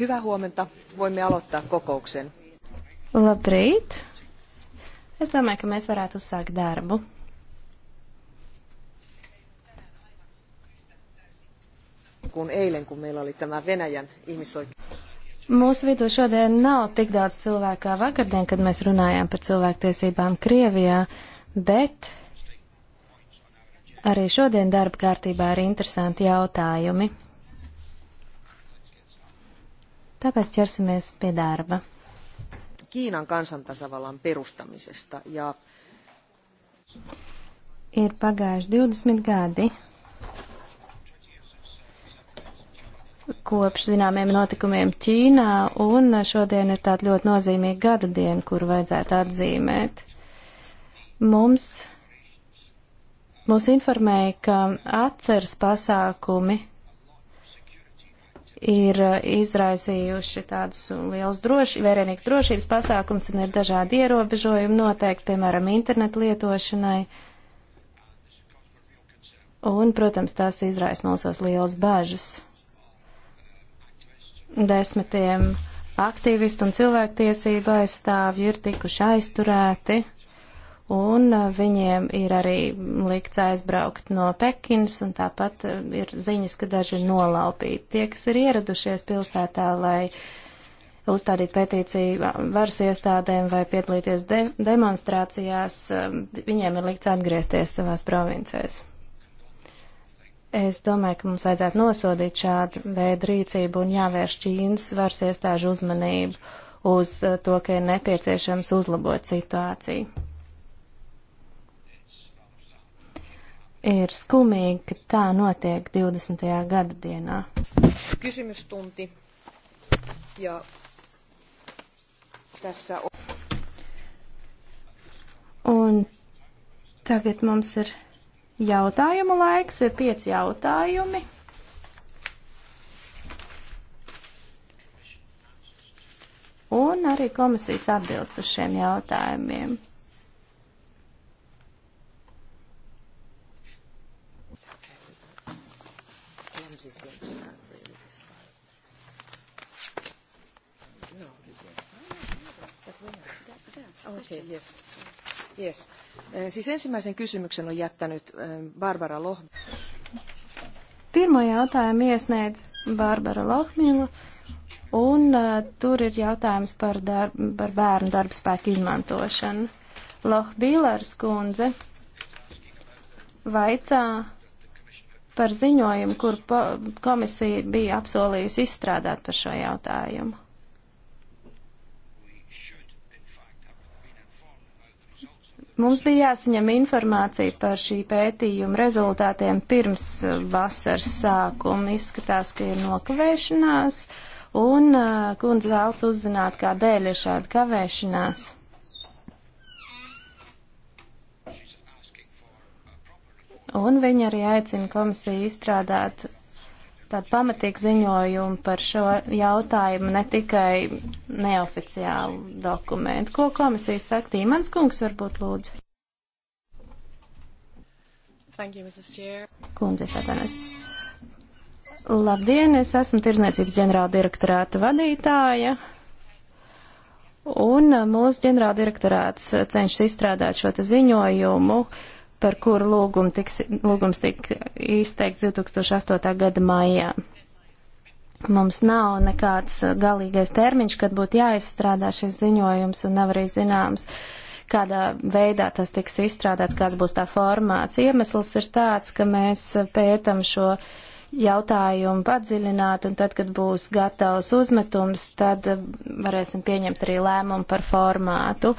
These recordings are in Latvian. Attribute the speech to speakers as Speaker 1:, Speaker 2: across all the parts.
Speaker 1: Hyvää huomenta. Voimme aloittaa kokouksen.
Speaker 2: Labrīt. Es domāju, ka mēs varētu uzsākt darbu.
Speaker 1: Kun eilen, kun meillä oli tämä Venäjän ihmisoikeus.
Speaker 2: Mūsu vidū šodien nav tik daudz cilvēku kā vakardien, kad mēs runājām par cilvēktiesībām Krievijā, bet Arī šodien darba kārtībā ir interesanti jautājumi. Tāpēc ķersimies pie darba.
Speaker 1: Kiinan kansantasavallan perustamisesta ja
Speaker 2: Ir pagājuši 20 gadi kopš zināmiem notikumiem Ķīnā, un šodien ir tāda ļoti nozīmīga gada diena, kuru vajadzētu atzīmēt. Mums Mūs informēja, ka atceras pasākumi ir izraisījuši tādus liels droši, vērienīgs drošības pasākums un ir dažādi ierobežojumi noteikti, piemēram, internetu lietošanai. Un, protams, tās izraisa mūsos liels bažas. Desmitiem aktīvistu un cilvēktiesību aizstāvju ir tikuši aizturēti un uh, viņiem ir arī likts aizbraukt no Pekinas, un tāpat uh, ir ziņas, ka daži ir nolaupīti. Tie, kas ir ieradušies pilsētā, lai uzstādīt petīciju varas iestādēm vai piedalīties de demonstrācijās, uh, viņiem ir likts atgriezties savās provincēs. Es domāju, ka mums vajadzētu nosodīt šādu veidu rīcību un jāvērš Ķīnas varas iestāžu uzmanību uz to, ka ir nepieciešams uzlabot situāciju. ir skumīgi, ka tā notiek 20. gada dienā.
Speaker 1: Kysymystunti. Ja tässä on...
Speaker 2: Un tagad mums ir jautājumu laiks, ir pieci jautājumi. Un arī komisijas atbildes uz šiem jautājumiem.
Speaker 1: Okay, yes. Yes. Äh, siis ensimmäisen kysymyksen on jättänyt ähm, Barbara Loh.
Speaker 2: Pirmo jautājumu iesniedz Barbara Lohmila, un uh, tur ir jautājums par, darb, par bērnu darbspēku izmantošanu. Lohbīlārs kundze vaicā par ziņojumu, kur komisija bija apsolījusi izstrādāt par šo jautājumu. Mums bija jāsaņem informācija par šī pētījuma rezultātiem pirms eh, vasaras sākuma. Izskatās, ka ir nokavēšanās, un eh, kundze vēlas uzzināt, kādēļ ir šāda kavēšanās. Un viņa arī aicina komisiju izstrādāt tādu pamatīgu ziņojumu par šo jautājumu, ne tikai neoficiālu dokumentu. Ko komisija saka? Tīmans kungs varbūt lūdzu. Thank you, Mrs. Chair. Kundze, es atvainojos. Labdien, es esmu Tirzniecības ģenerāla direktorāta vadītāja. Un mūsu ģenerāla direktorāts cenšas izstrādāt šo ziņojumu, uh, par kuru lūgum tiks, lūgums tika izteikts 2008. gada maijā. Mums nav nekāds galīgais termiņš, kad būtu jāizstrādā šis ziņojums un nav arī zināms, kādā veidā tas tiks izstrādāts, kāds būs tā formāts. Iemesls ir tāds, ka mēs pētam šo jautājumu padziļināt, un tad, kad būs gatavs uzmetums, tad varēsim pieņemt arī lēmumu par formātu.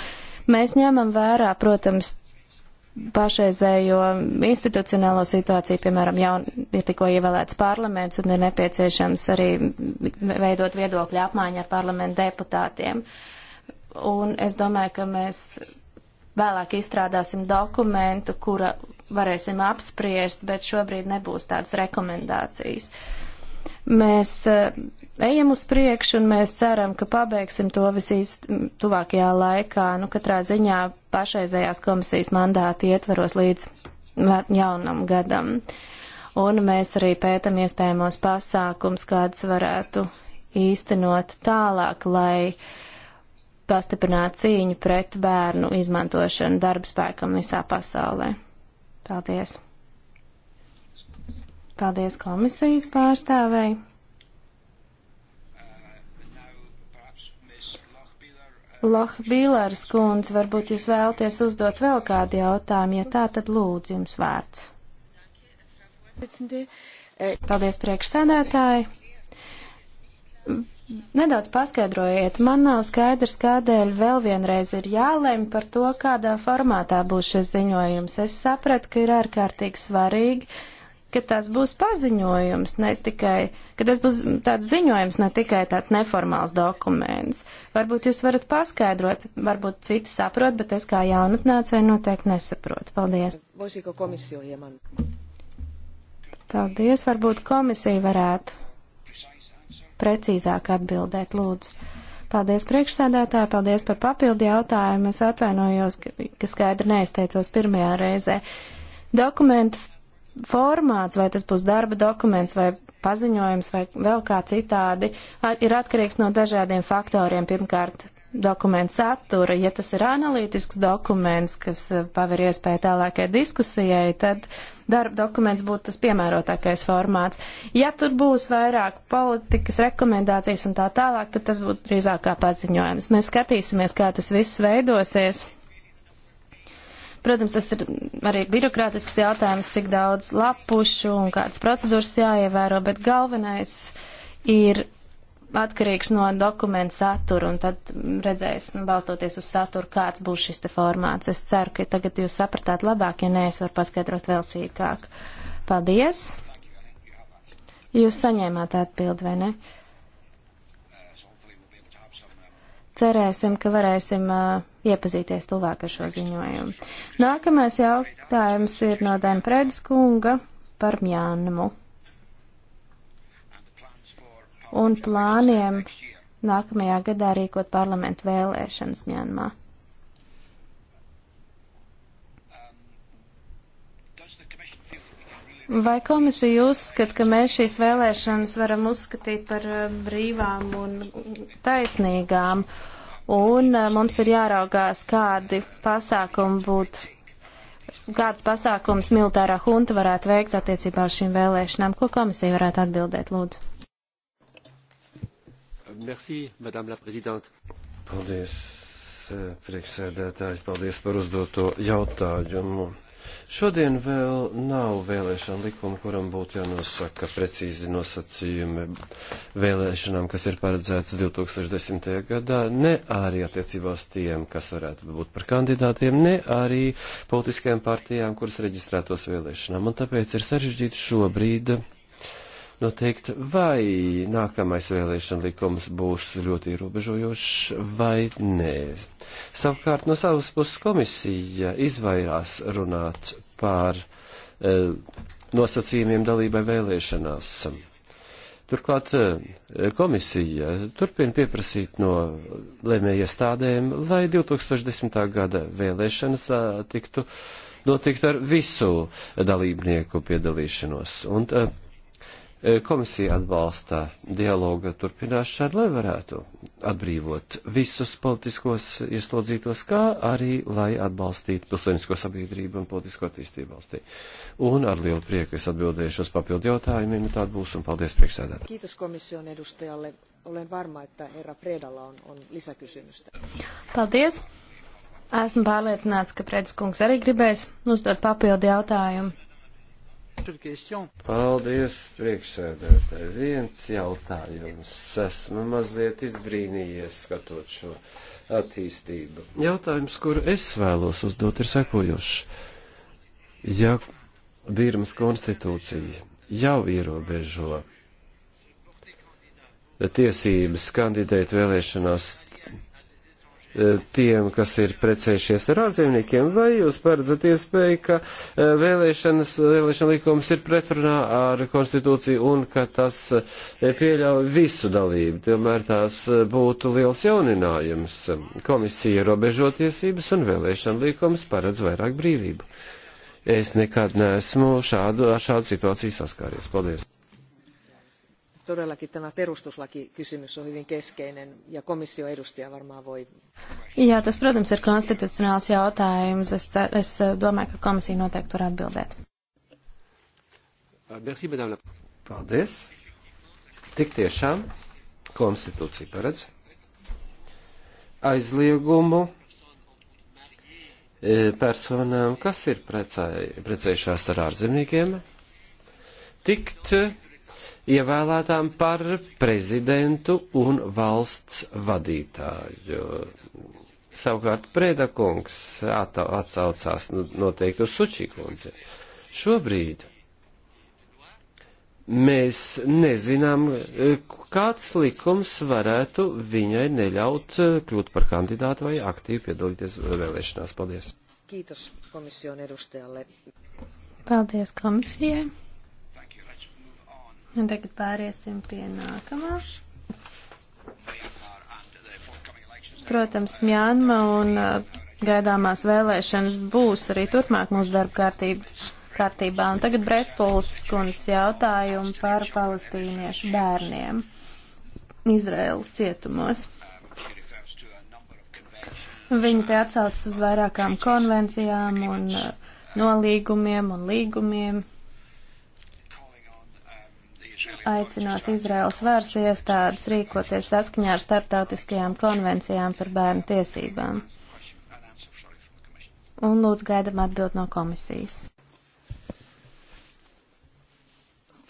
Speaker 2: Mēs ņemam vērā, protams, pašreizējo institucionālo situāciju, piemēram, jaun, ir tikko ievēlēts parlaments un ir nepieciešams arī veidot viedokļu apmaiņu ar parlamentu deputātiem. Un es domāju, ka mēs vēlāk izstrādāsim dokumentu, kura varēsim apspriest, bet šobrīd nebūs tādas rekomendācijas. Mēs eh, ejam uz priekšu, un mēs ceram, ka pabeigsim to visīs tuvākajā laikā, nu, katrā ziņā pašreizējās komisijas mandāti ietveros līdz jaunam gadam. Un mēs arī pētam iespējamos pasākums, kādus varētu īstenot tālāk, lai pastiprinātu cīņu pret bērnu izmantošanu darbspēkam visā pasaulē. Paldies! Paldies komisijas pārstāvēji! Lohbīlērs kundze, varbūt jūs vēlaties uzdot vēl kādu jautājumu, ja tā, tad lūdzu jums vārds. Paldies priekšsēdētāji. Nedaudz paskaidrojiet, man nav skaidrs, kādēļ vēl vienreiz ir jālem par to, kādā formātā būs šis ziņojums. Es sapratu, ka ir ārkārtīgi svarīgi, ka tas būs paziņojums, ne tikai, ka tas būs tāds ziņojums, ne tikai tāds neformāls dokuments. Varbūt jūs varat paskaidrot, varbūt citi saprot, bet es kā jaunatnācēju noteikti nesaprotu. Paldies. Paldies, varbūt komisija varētu precīzāk atbildēt, lūdzu. Paldies priekšsēdētāji, paldies par papildu jautājumu. Es atvainojos, ka, ka skaidri neizteicos pirmajā reizē. Dokumentu formāts, vai tas būs darba dokuments, vai paziņojums, vai vēl kā citādi, ir atkarīgs no dažādiem faktoriem. Pirmkārt, dokumenta satura. Ja tas ir analītisks dokuments, kas paver iespēju tālākai diskusijai, tad darba dokuments būtu tas piemērotākais formāts. Ja tur būs vairāk politikas rekomendācijas un tā tālāk, tad tas būtu drīzāk kā paziņojums. Mēs skatīsimies, kā tas viss veidosies Protams, tas ir arī birokrātisks jautājums, cik daudz lapušu un kādas procedūras jāievēro, bet galvenais ir atkarīgs no dokumentu satura, un tad redzēs, nu, balstoties uz saturu, kāds būs šis te formāts. Es ceru, ka tagad jūs sapratāt labāk, ja nē, es varu paskaidrot vēl sīkāk. Paldies! Jūs saņēmāt atbildi, vai ne? Uh, cerēsim, ka varēsim uh, iepazīties tuvāk ar šo ziņojumu. Nākamais jautājums ir no Dēna Prēdas kunga par Mjānumu un plāniem nākamajā gadā rīkot parlamentu vēlēšanas Mjānumā. Vai komisija uzskata, ka mēs šīs vēlēšanas varam uzskatīt par eh, brīvām un taisnīgām, un eh, mums ir jāraugās, kādi pasākumi būtu, kāds pasākums militārā hunta varētu veikt attiecībā uz šīm vēlēšanām? Ko komisija varētu atbildēt, lūdzu?
Speaker 3: Merci, madame la présidente. Paldies, eh, priekšsēdētājs, paldies par uzdoto jautājumu. Šodien vēl nav vēlēšana likuma, kuram būtu jānosaka precīzi nosacījumi vēlēšanām, kas ir paredzētas 2010. gadā, ne arī attiecībā uz tiem, kas varētu būt par kandidātiem, ne arī politiskajām partijām, kuras reģistrētos vēlēšanām. Un tāpēc ir sarežģīti šobrīd noteikt, vai nākamais vēlēšana likums būs ļoti ierobežojošs vai nē. Savukārt no savas puses komisija izvairās runāt par e, nosacījumiem dalībai vēlēšanās. Turklāt eh, komisija turpina pieprasīt no lēmējiestādēm, lai 2010. gada vēlēšanas eh, tiktu notikt ar visu dalībnieku piedalīšanos. Un, uh, E, komisija atbalsta dialoga turpināšanu, lai varētu atbrīvot visus politiskos ieslodzītos, kā arī, lai atbalstītu pilsonisko sabiedrību un politisko attīstību valstī. Un ar lielu prieku es atbildēšu uz papildu jautājumiem, ja tāda būs, un paldies priekšsēdētājiem.
Speaker 1: Kiitos komission edustajalle. Olen varma, että herra Predalla on, on lisäkysymystä.
Speaker 2: Paldies. Esmu pārliecināts, ka Predis kungs arī gribēs uzdot papildu jautājumu.
Speaker 3: Paldies, priekšsēdētāji. Viens jautājums. Esmu mazliet izbrīnījies skatot šo attīstību. Jautājums, kuru es vēlos uzdot, ir sekojošs. Ja Birmas konstitūcija jau ierobežo tiesības kandidēt vēlēšanās tiem, kas ir precējušies ar ārzemniekiem, vai jūs paredzat iespēju, ka e, vēlēšanas, vēlēšana likums ir pretrunā ar konstitūciju un ka tas e, pieļauj visu dalību. Tomēr tās e, būtu liels jauninājums. Komisija ierobežo tiesības un vēlēšana likums paredz vairāk brīvību. Es nekad neesmu šādu, ar šādu situāciju saskāries. Paldies!
Speaker 1: todellakin tämä perustuslakikysymys on hyvin keskeinen ja komission edustaja varmaan voi.
Speaker 2: Jā, tas, protams, ir konstitucionāls jautājums. Es, cer, es eh, domāju, ka komisija noteikti var atbildēt.
Speaker 3: Eh, merci, madame. Paldies. Tik tiešām konstitūcija paredz aizliegumu eh, personām, kas ir precējušās ar ārzemniekiem, tikt ievēlētām par prezidentu un valsts vadītāju. Savukārt Prēda kungs atsaucās nu, noteikti uz Sučikundzi. Šobrīd mēs nezinām, kāds likums varētu viņai neļaut eh, kļūt par kandidātu vai aktīvi piedalīties vēlēšanās. Paldies!
Speaker 1: Kītos komisijone edustajalle. Paldies
Speaker 2: komisijai. Un tagad pāriesim pie nākamā. Protams, Mjānma un uh, gaidāmās vēlēšanas būs arī turpmāk mūsu darba kārtība, kārtībā. Un tagad Bretpuls kundas jautājumu par palestīniešu bērniem Izraēlas cietumos. Viņi te atsaucas uz vairākām konvencijām un uh, nolīgumiem un līgumiem aicināt Izraels vairs iestādes rīkoties saskaņā ar starptautiskajām konvencijām par bērnu tiesībām. Un lūdzu gaidam atbild no komisijas.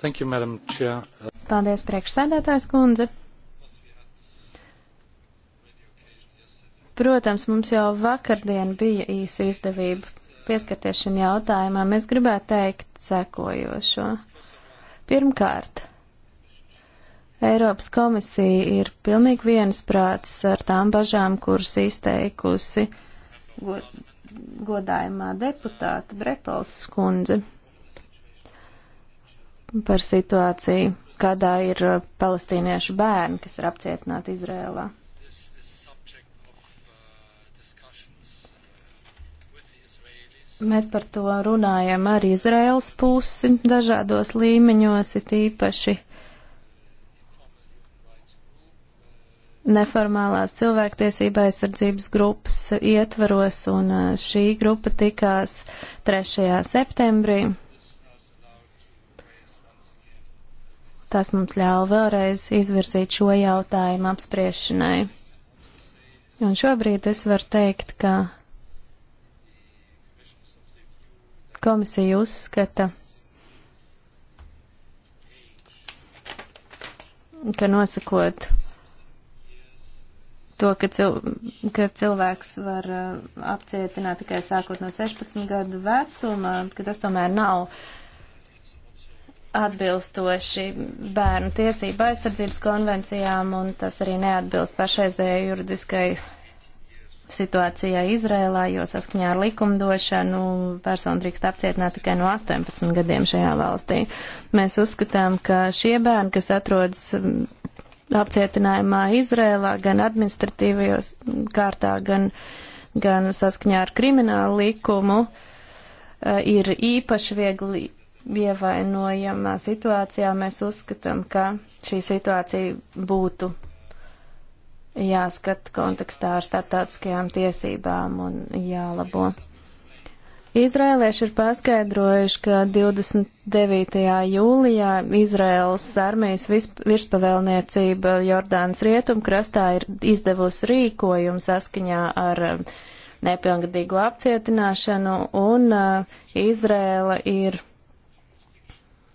Speaker 4: Thank you, Madam Chair.
Speaker 2: Paldies, priekšsēdētājs kundze. Protams, mums jau vakardien bija īsa izdevība pieskarties šim jautājumam. Es gribētu teikt sekojošo. Pirmkārt, Eiropas komisija ir pilnīgi viensprātis ar tām bažām, kuras izteikusi god, godājumā deputāta Brepels skundze par situāciju, kādā ir palestīniešu bērni, kas ir apcietināti Izrēlā. Mēs par to runājam ar Izraels pusi dažādos līmeņos, it īpaši neformālās cilvēktiesība aizsardzības grupas ietvaros, un šī grupa tikās 3. septembrī. Tas mums ļāva vēlreiz izvirzīt šo jautājumu apspriešanai. Un šobrīd es varu teikt, ka Komisija uzskata, ka nosakot to, ka, cil, ka cilvēks var uh, apcietināt tikai sākot no 16 gadu vecuma, ka tas tomēr nav atbilstoši bērnu tiesību aizsardzības konvencijām, un tas arī neatbilst pašreizējai juridiskai situācijā Izrēlā, jo saskaņā ar likumdošanu persona drīkst apcietināt tikai no 18 gadiem šajā valstī. Mēs uzskatām, ka šie bērni, kas atrodas apcietinājumā Izrēlā, gan administratīvajos kārtā, gan, gan saskaņā ar kriminālu likumu, e, ir īpaši viegli ievainojamā situācijā. Mēs uzskatām, ka šī situācija būtu jāskat kontekstā ar starptautiskajām tiesībām un jālabo. Izrēlieši ir paskaidrojuši, ka 29. jūlijā Izraels armijas virspavēlniecība Jordānas rietumkrastā ir izdevusi rīkojumu saskaņā ar um, nepilngadīgu apcietināšanu, un uh, Izrēla ir,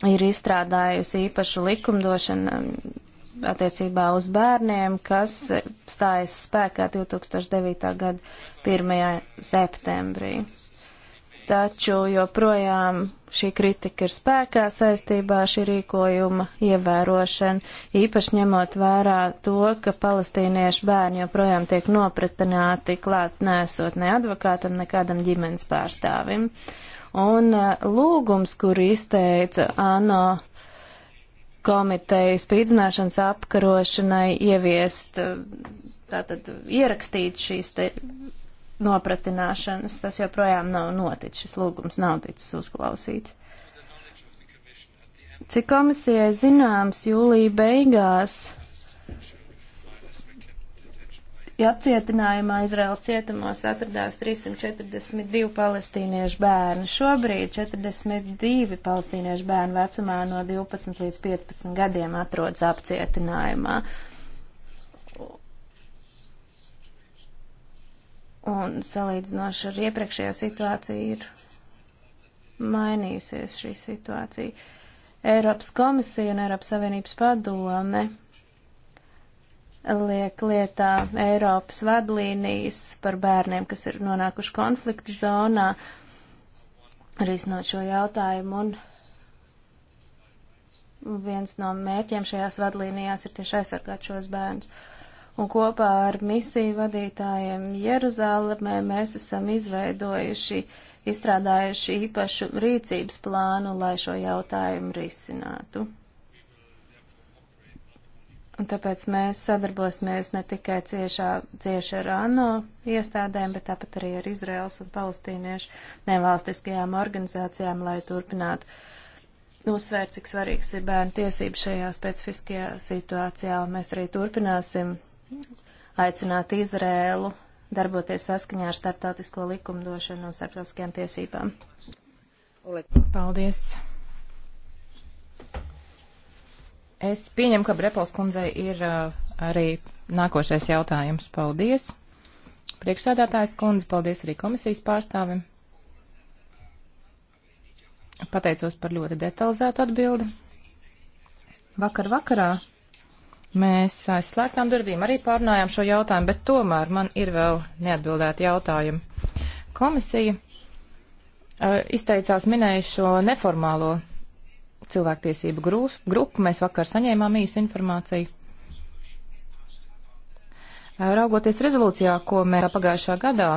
Speaker 2: ir izstrādājusi īpašu likumdošanu um, attiecībā uz bērniem, kas stājas spēkā 2009. gada 1. septembrī. Taču joprojām šī kritika ir spēkā saistībā ar šī rīkojuma ievērošanu, īpaši ņemot vērā to, ka palestīniešu bērni joprojām tiek nopratināti klāt nesot ne advokātam, nekādam ģimenes pārstāvim. Un lūgums, kur izteica ANO komitejas spīdzināšanas apkarošanai ieviest, eh, tātad ierakstīt šīs te nopratināšanas, tas joprojām nav noticis, šis lūgums nav ticis uzklausīts. Cik komisijai zināms, jūlija beigās apcietinājumā Izraels cietumos atradās 342 palestīniešu bērni. Šobrīd 42 palestīniešu bērnu vecumā no 12 līdz 15 gadiem atrodas apcietinājumā. Un salīdzinoši ar iepriekšējo situāciju ir mainījusies šī situācija. Eiropas komisija un Eiropas Savienības padome liek lietā Eiropas vadlīnijas par bērniem, kas ir nonākuši konflikta zonā, arī snot šo jautājumu. Un viens no mērķiem šajās vadlīnijās ir tieši aizsargāt šos bērnus. Un kopā ar misiju vadītājiem Jeruzālēmē mēs esam izveidojuši, izstrādājuši īpašu rīcības plānu, lai šo jautājumu risinātu. Un tāpēc mēs sadarbosimies ne tikai ciešā, cieši ar ANO iestādēm, bet tāpat arī ar Izraels un palestīniešu nevalstiskajām organizācijām, lai turpinātu uzsvērt, cik svarīgs ir bērnu tiesības šajā specifiskajā situācijā. Un mēs arī turpināsim aicināt Izrēlu darboties saskaņā ar starptautisko likumdošanu un starptautiskajām tiesībām. Paldies! Es pieņemu, ka Brepels kundzei
Speaker 4: ir uh, arī nākošais jautājums. Paldies. Priekšsēdētājs kundze, paldies arī komisijas pārstāvim. Pateicos par ļoti detalizētu atbildi. Vakar vakarā mēs aizslēgtām durvīm arī pārnājām šo jautājumu, bet tomēr man ir vēl neatbildēti jautājumi. Komisija uh, izteicās minējušo neformālo cilvēktiesību grupu. Mēs vakar saņēmām īsu informāciju. Raugoties rezolūcijā, ko mēs pagājušā gadā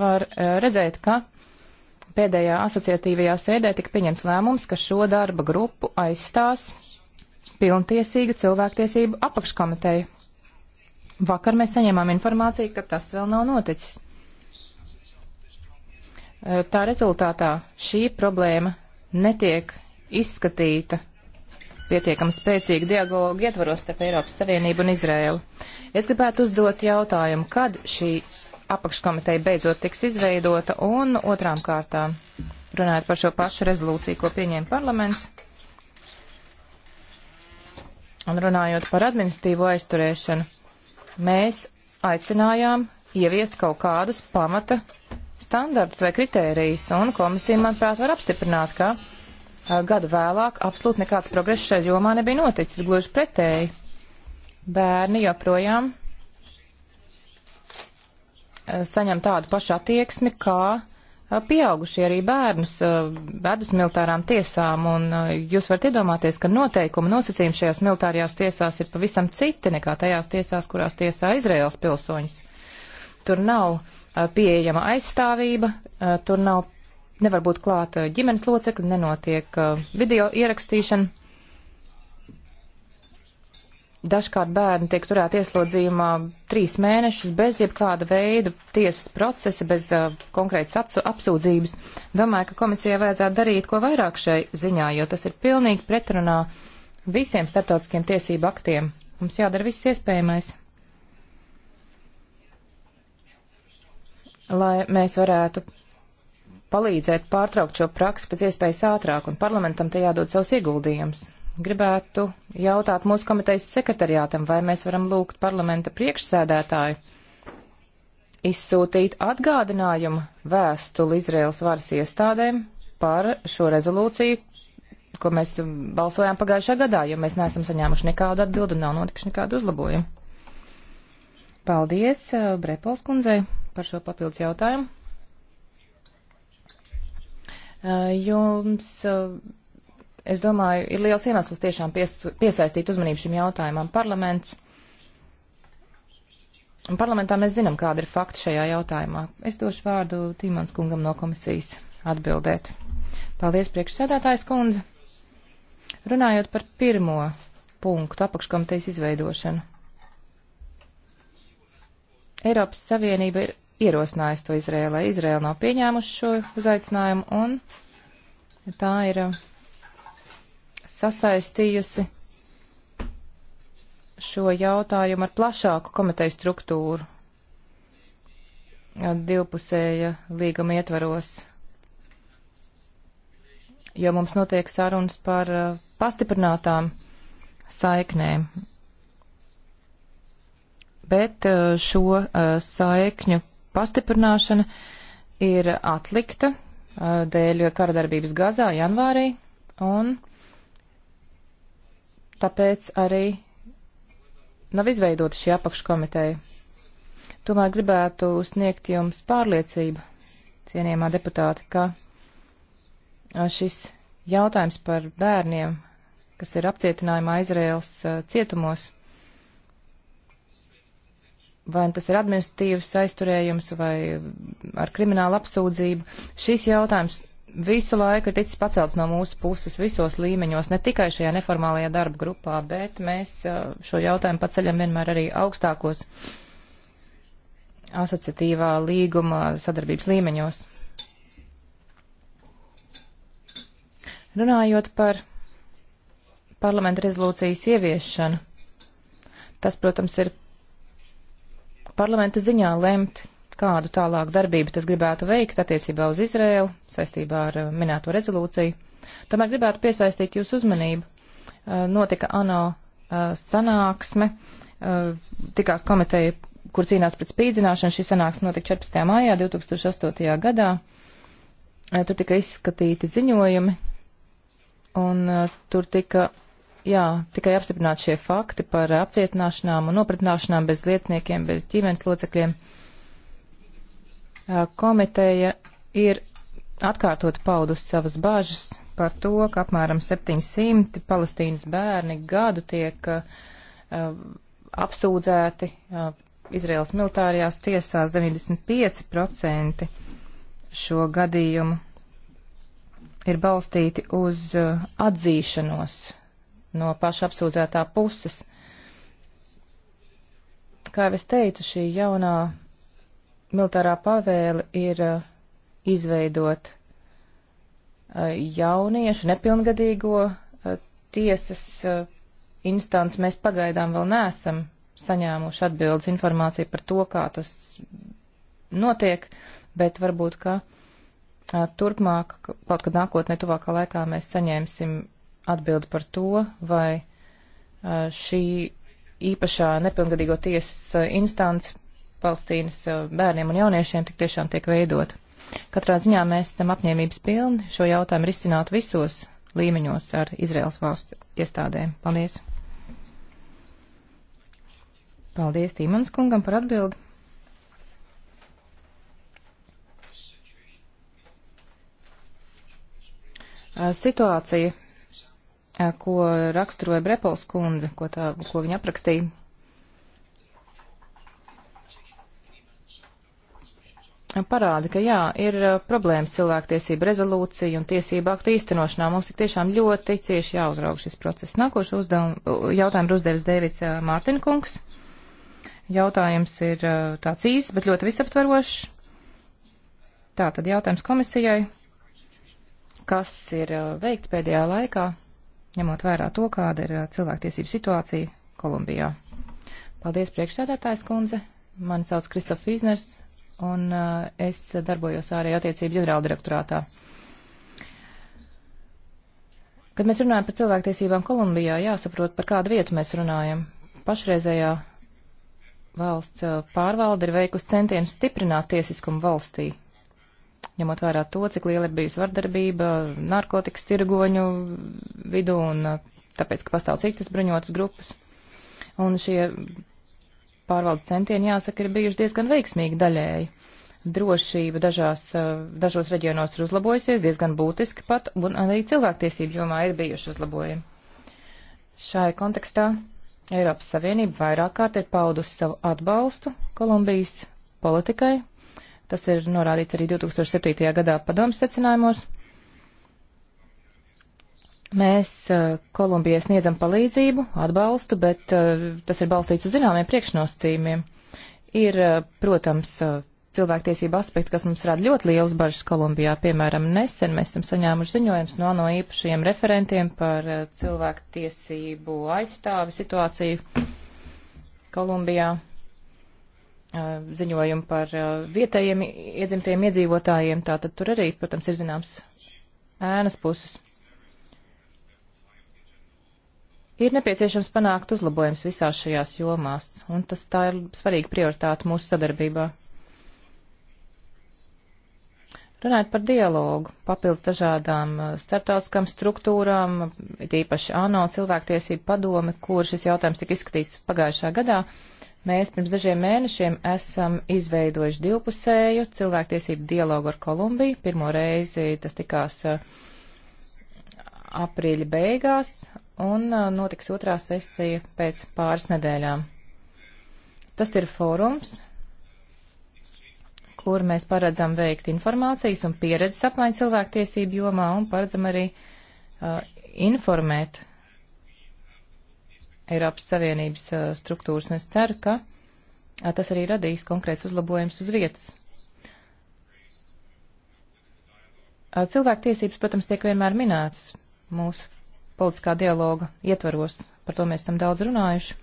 Speaker 4: var redzēt, ka pēdējā asociatīvajā sēdē tika pieņemts lēmums, ka šo darba grupu aizstās pilntiesīga cilvēktiesību apakškomiteja. Vakar mēs saņēmām informāciju, ka tas vēl nav noticis. Tā rezultātā šī problēma netiek izskatīta pietiekami spēcīga dialoga ietvaros starp Eiropas Savienību un Izrēlu. Es gribētu uzdot jautājumu, kad šī apakškomiteja beidzot tiks izveidota un otrām kārtām runājot par šo pašu rezolūciju, ko pieņēma parlaments. Un runājot par administīvo aizturēšanu, mēs aicinājām ieviest kaut kādus pamata standartus vai kritērijus, un komisija, manuprāt, var apstiprināt, ka Eh, gadu vēlāk absolūti nekāds progress šajā jomā nebija noticis, gluži pretēji. Bērni joprojām eh, saņem tādu pašu attieksmi, kā eh, pieaugušie arī bērnus ved uz militārām tiesām, un jūs varat iedomāties, ka noteikumi nosacījumi šajās militārajās tiesās ir pavisam citi nekā tajās tiesās, kurās tiesā Izraels pilsoņus. Tur nav pieejama aizstāvība, tur nav nevar būt klāt eh, ģimenes locekļi, nenotiek eh, video ierakstīšana. Dažkārt bērni tiek turēti ieslodzījumā trīs mēnešus bez jebkāda veida tiesas procesa, bez uh, konkrētas apsūdzības. Domāju, ka komisijai vajadzētu darīt ko vairāk šai ziņā, jo tas ir pilnīgi pretrunā visiem starptautiskiem tiesību aktiem. Mums jādara viss iespējamais. Lai mēs varētu palīdzēt pārtraukt šo praksi pēc iespējas ātrāk, un parlamentam te jādod savus ieguldījums. Gribētu jautāt mūsu komitejas sekretariātam, vai mēs varam lūgt parlamenta priekšsēdētāju izsūtīt atgādinājumu vēstuli Izraels varas iestādēm par šo rezolūciju, ko mēs balsojām pagājušā gadā, jo mēs neesam saņēmuši nekādu atbildu un nav notikuši nekādu uzlabojumu. Paldies eh, Brepols kundzei par šo papildus jautājumu. Eh, jums, eh, es domāju, ir liels iemesls tiešām piesaistīt uzmanību šim jautājumam. Parlaments. Un parlamentā mēs zinām, kāda ir fakta šajā jautājumā. Es došu vārdu Tīmans kungam no komisijas atbildēt. Paldies, priekšsēdētājs kundze. Runājot par pirmo punktu apakškomitejas izveidošanu. Eiropas Savienība ir ierosinājusi to Izrēlē. Izrēla nav pieņēmuši šo uzaicinājumu un tā ir uh, sasaistījusi šo jautājumu ar plašāku komiteju struktūru divpusēja līguma ietvaros, jo mums notiek sarunas par uh, pastiprinātām saiknēm. Bet uh, šo saikņu pastiprināšana ir atlikta eh, dēļ karadarbības Gazā janvārī, un tāpēc arī nav izveidota šī apakškomiteja. Tomēr gribētu sniegt jums pārliecību, cienījumā deputāti, ka eh, šis jautājums par bērniem, kas ir apcietinājumā Izraels eh, cietumos, vai tas ir administratīvs aizturējums vai ar kriminālu apsūdzību. Šis jautājums visu laiku ir ticis pacelts no mūsu puses visos līmeņos, ne tikai šajā neformālajā darba grupā, bet mēs uh, šo jautājumu paceļam vienmēr arī augstākos asociatīvā līguma sadarbības līmeņos. Runājot par parlamenta rezolūcijas ieviešanu, tas, protams, ir parlamenta ziņā lemt, kādu tālāku darbību tas gribētu veikt attiecībā uz Izrēlu saistībā ar uh, minēto rezolūciju. Tomēr gribētu piesaistīt jūsu uzmanību. Uh, notika ANO uh, sanāksme, tikās komiteja, kur cīnās pret spīdzināšanu. Šī sanāksme notika 14. maijā 2008. gadā. Tur tika izskatīti ziņojumi, un tur tika jā, tikai apstiprināt šie fakti par apcietināšanām un nopratināšanām bez lietniekiem, bez ģimenes locekļiem. Komiteja ir atkārtot paudus savas bāžas par to, ka apmēram 700 palestīnas bērni gadu tiek uh, apsūdzēti uh, Izraels militārajās tiesās 95% šo gadījumu ir balstīti uz uh, atzīšanos no paša apsūdzētā puses. Kā jau es teicu, šī jaunā militārā pavēle ir uh, izveidot uh, jauniešu nepilngadīgo uh, tiesas instants. Mēs pagaidām vēl neesam saņēmuši atbildes informāciju par to, kā tas notiek, bet varbūt, ka turpmāk, kaut kad nākotnē, tuvākā laikā mēs saņēmsim atbildi par to, vai šī īpašā nepilngadīgo tiesas instance Palestīnas bērniem un jauniešiem tik tiešām tiek veidot. Katrā ziņā mēs esam apņēmības pilni šo jautājumu risināt visos līmeņos ar Izraels valsts iestādēm. Paldies! Paldies Tīmans kungam par atbildi. Situācija ko raksturoja Brepols kundze, ko, tā, ko viņa aprakstīja. Parāda, ka jā, ir problēmas cilvēktiesība rezolūcija un tiesība aktu īstenošanā. Mums ir tiešām ļoti cieši jāuzraug šis process. Nākošu uzdevumu jautājumu uzdevis Dēvids Mārtiņkungs. Jautājums ir tāds īss, bet ļoti visaptvarošs. Tā tad jautājums komisijai. Kas ir veikts pēdējā laikā? ņemot vērā to, kāda ir uh, cilvēktiesību situācija Kolumbijā. Paldies, priekšsēdētājs kundze. Mani sauc Kristof Fīzners, un uh, es darbojos ārēju attiecību ģenerāldirektorātā. Kad mēs runājam par cilvēktiesībām Kolumbijā, jāsaprot, par kādu vietu mēs runājam. Pašreizējā valsts uh, pārvalde ir veikusi centienus stiprināt tiesiskumu valstī, ņemot vērā to, cik liela ir bijusi vardarbība narkotikas tirgoņu vidū un uh, tāpēc, ka pastāv citas bruņotas grupas. Un šie pārvaldes centieni, jāsaka, ir bijuši diezgan veiksmīgi daļēji. Drošība dažās, uh, dažos reģionos ir uzlabojusies diezgan būtiski pat, un arī cilvēktiesību jomā ir bijuši uzlabojumi. Šai kontekstā Eiropas Savienība vairāk kārt ir paudusi savu atbalstu Kolumbijas politikai Tas ir norādīts arī 2007. gadā padomas secinājumos. Mēs eh, Kolumbijai sniedzam palīdzību, atbalstu, bet eh, tas ir balstīts uz zināmiem priekšnosacījumiem. Ir, eh, protams, cilvēktiesība aspekti, kas mums rada ļoti liels bažas Kolumbijā. Piemēram, nesen mēs esam saņēmuši ziņojums no ANO īpašajiem referentiem par cilvēktiesību aizstāvi situāciju Kolumbijā ziņojumu par vietējiem iedzimtajiem iedzīvotājiem, tātad tur arī, protams, ir zināms ēnas puses. Ir nepieciešams panākt uzlabojums visās šajās jomās, un tas tā ir svarīga prioritāte mūsu sadarbībā. Runājot par dialogu, papildus dažādām starptautiskām struktūrām, tīpaši ANO cilvēktiesību padome, kur šis jautājums tika izskatīts pagājušā gadā, uh, Mēs pirms dažiem mēnešiem esam izveidojuši divpusēju cilvēktiesību dialogu ar Kolumbiju. Pirmo reizi tas tikās eh, aprīļa beigās un eh, notiks otrā sesija pēc pāris nedēļām. Tas ir fórums, kur mēs paredzam veikt informācijas un pieredzes apmaiņu cilvēktiesību jomā un paredzam arī uh, informēt Eiropas Savienības uh, struktūras, un es ceru, ka tas arī radīs konkrēts uzlabojums uz vietas. Cilvēku tiesības, protams, tiek vienmēr minētas mūsu politiskā dialoga ietvaros, par to mēs esam daudz runājuši.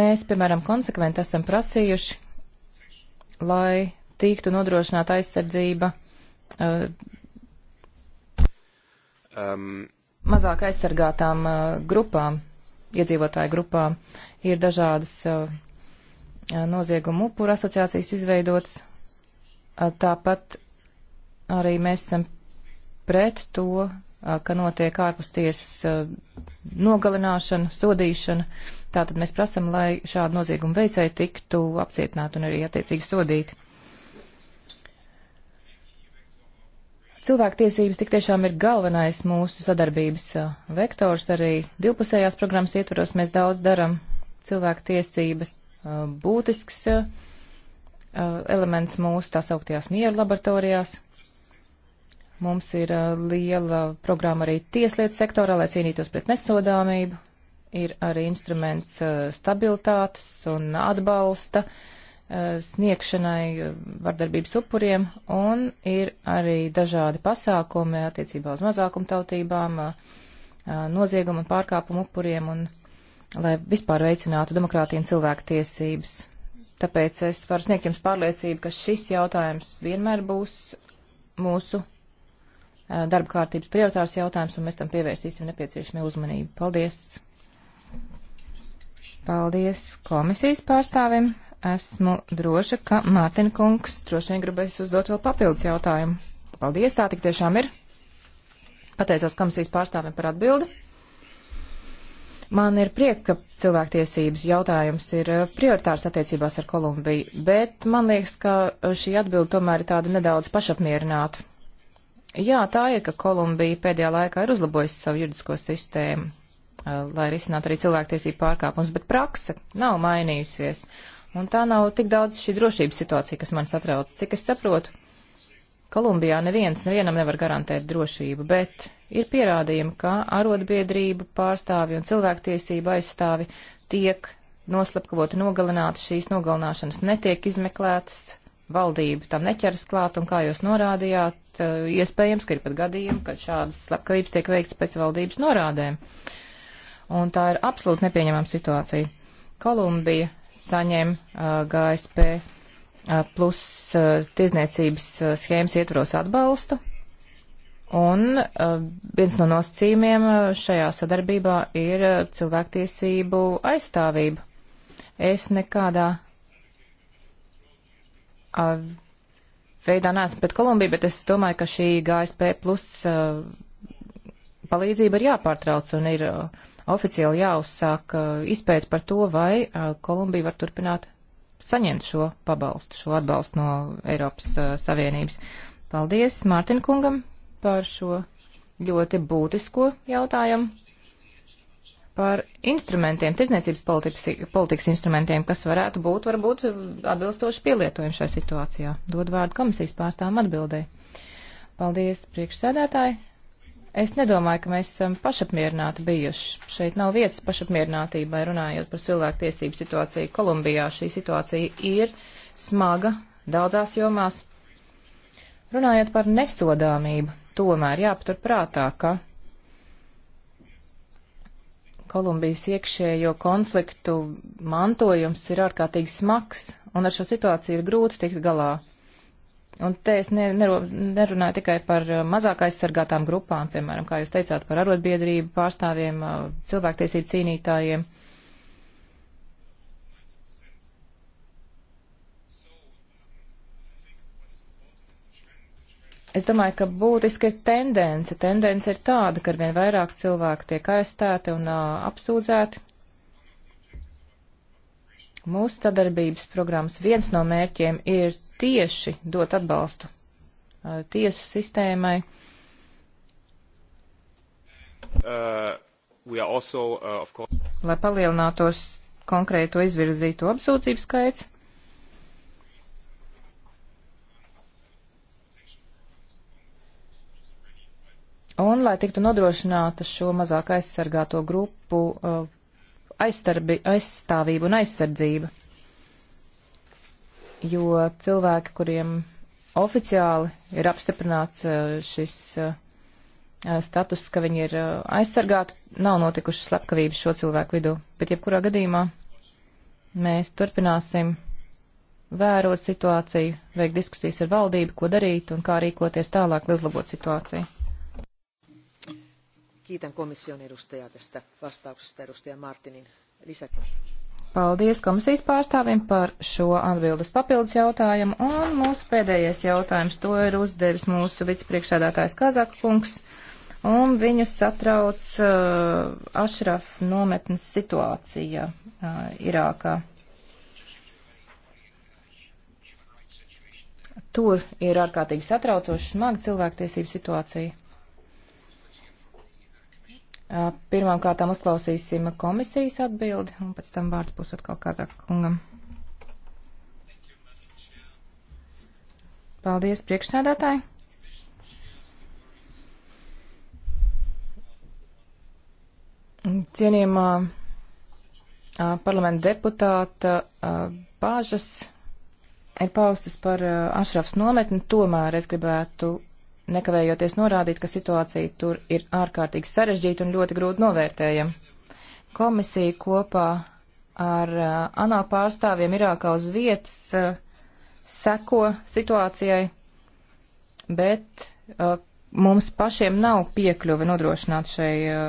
Speaker 4: Mēs, piemēram, konsekventi esam prasījuši, lai tiktu nodrošināta aizsardzība. Uh, um mazāk aizsargātām uh, grupām, iedzīvotāju grupām. Ir dažādas uh, uh, noziegumu upuru asociācijas izveidotas. Tāpat arī mēs esam pret to, ka notiek ārpus tiesas nogalināšana, sodīšana. Tātad mēs prasam, lai šādu noziegumu veicēji tiktu apcietināti un arī attiecīgi sodīti. Cilvēktiesības tik tiešām ir galvenais mūsu sadarbības vektors. Arī divpusējās programmas ietvaros mēs daudz daram. Cilvēktiesības būtisks elements mūsu tā sauktajās mieru laboratorijās. Mums ir liela programma arī tieslietu sektorā, lai cīnītos pret nesodāmību. Ir arī instruments stabilitātes un atbalsta uh, Eh, sniegšanai eh, vardarbības upuriem, un ir arī dažādi pasākumi attiecībā uz mazākumtautībām, eh, noziegumu un pārkāpumu upuriem, un lai vispār veicinātu demokrātiju un cilvēku tiesības. Tāpēc es varu sniegt jums pārliecību, ka šis jautājums vienmēr būs mūsu darba kārtības prioritārs jautājums, un mēs tam pievērsīsim nepieciešamie uzmanību. Paldies! Paldies komisijas pārstāvim! esmu droša, ka Mārtiņa kungs droši vien gribēs uzdot vēl papildus jautājumu. Paldies, tā tik tiešām ir. Pateicos komisijas pārstāvim par atbildi. Man ir prieks, ka cilvēktiesības jautājums ir eh, prioritārs attiecībās ar Kolumbiju, bet man liekas, ka eh, šī atbilde tomēr ir tāda nedaudz pašapmierināta. Jā, tā ir, ka Kolumbija pēdējā laikā ir uzlabojusi savu juridisko sistēmu, eh, lai risinātu arī cilvēktiesību pārkāpumus, bet prakse nav mainījusies. Uh, Un tā nav tik daudz šī drošības situācija, kas man satrauc. Cik es saprotu, Kolumbijā neviens nevienam nevar garantēt drošību, bet ir pierādījumi, ka arotbiedrība pārstāvi un cilvēktiesība aizstāvi tiek noslapkavoti, nogalināti, šīs nogalināšanas netiek izmeklētas, valdība tam neķers klāt, un kā jūs norādījāt, eh, iespējams, ka ir pat gadījumi, kad šādas slepkavības tiek veikts pēc valdības norādēm. Un tā ir absolūti nepieņemama situācija. Kolumbija saņem GSP plus tirzniecības schēmas ietvaros atbalstu. Un viens no nosacījumiem šajā sadarbībā ir cilvēktiesību aizstāvība. Es nekādā veidā neesmu pret Kolumbiju, bet es domāju, ka šī GSP plus palīdzība ir jāpārtrauc un ir oficiāli jāuzsāk uh, izpēti par to, vai uh, Kolumbija var turpināt saņemt šo pabalstu, šo atbalstu no Eiropas uh, Savienības. Paldies Mārtiņa kungam par šo ļoti būtisko jautājumu par instrumentiem, tirzniecības politikas, politikas instrumentiem, kas varētu būt varbūt atbilstoši pielietojumi šajā situācijā. Dod vārdu komisijas pārstāvam atbildēji. Paldies, priekšsēdētāji. Es nedomāju, ka mēs esam pašapmierināti bijuši. Šeit nav vietas pašapmierinātībai runājot par cilvēku tiesību situāciju Kolumbijā. Šī situācija ir smaga daudzās jomās. Runājot par nesodāmību, tomēr jāpatur prātā, ka Kolumbijas iekšējo konfliktu mantojums ir ārkārtīgi smags, un ar šo situāciju ir grūti tikt galā. Un te es ne, nerunāju tikai par uh, mazāk aizsargātām grupām, piemēram, kā jūs teicāt, par arotbiedrību pārstāvjiem, uh, cilvēktiesību cīnītājiem. Es domāju, ka būtiski ir tendence. Tendence ir tāda, ka arvien vairāk cilvēku tiek arestēti un uh, apsūdzēti. Mūsu sadarbības programmas viens no mērķiem ir tieši dot atbalstu uh, tiesu sistēmai.
Speaker 1: Uh, also, uh, course...
Speaker 4: Lai palielinātos konkrēto izvirzīto apsūdzību skaits. Un, lai tiktu nodrošināta šo mazāk aizsargāto grupu uh, aizstarbi, aizstāvība un aizsardzība. Jo cilvēki, kuriem oficiāli ir apstiprināts uh, šis uh, status, ka viņi ir uh, aizsargāti, nav notikušas slepkavības šo cilvēku vidū. Bet jebkurā gadījumā mēs turpināsim vērot situāciju, veikt diskusijas ar valdību, ko darīt un kā rīkoties tālāk, lai uzlabotu situāciju.
Speaker 1: Kiitän komission edustajaa tästä vastauksesta edustaja Martinin lisä.
Speaker 4: Paldies komisijas pārstāvim par šo atbildes papildus jautājumu. Un mūsu pēdējais jautājums to ir uzdevis mūsu vicepriekšādātājs Kazakungs. Un viņu satrauc uh, Ašraf nometnes situācija uh, Irākā. Tur ir ārkārtīgi satraucoši smaga cilvēktiesību situācija. Pirmām kārtām uzklausīsim komisijas atbildi, un pēc tam vārds būs atkal Kazaka kungam. Paldies, priekšsēdētāji! Cienījumā parlamenta deputāta bāžas ir paustas par Ašrafs nometni, tomēr es gribētu nekavējoties norādīt, ka situācija tur ir ārkārtīgi sarežģīta un ļoti grūti novērtējama. Komisija kopā ar uh, ANO pārstāvjiem Irākā uz vietas uh, seko situācijai, bet uh, mums pašiem nav piekļuve nodrošināt šai uh,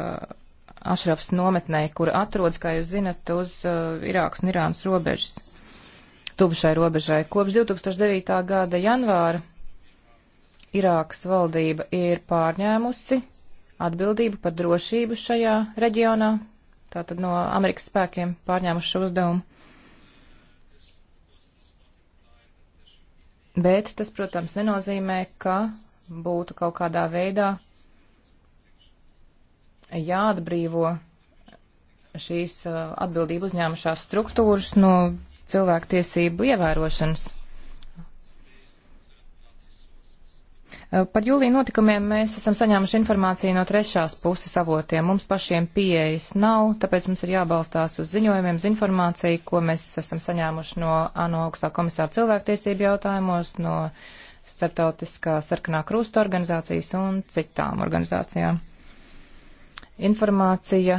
Speaker 4: Ašrafs nometnē, kur atrodas, kā jūs zinat, uz uh, Irākas un Irānas robežas, tuvu šai robežai. Kopš 2009. gada janvāra Irākas valdība ir pārņēmusi atbildību par drošību šajā reģionā, tātad no Amerikas spēkiem pārņēmuši šo uzdevumu. Bet tas, protams, nenozīmē, ka būtu kaut kādā veidā jāatbrīvo šīs uh, atbildību uzņēmušās struktūras no cilvēktiesību ievērošanas. Eh, par jūlija notikumiem mēs esam saņēmuši informāciju no trešās puses avotiem. Mums pašiem pieejas nav, tāpēc mums ir jābalstās uz ziņojumiem, uz informāciju, ko mēs esam saņēmuši no ANO augstā komisāra cilvēktiesību jautājumos, no Startautiskā sarkanā krusta organizācijas un citām organizācijām. Informācija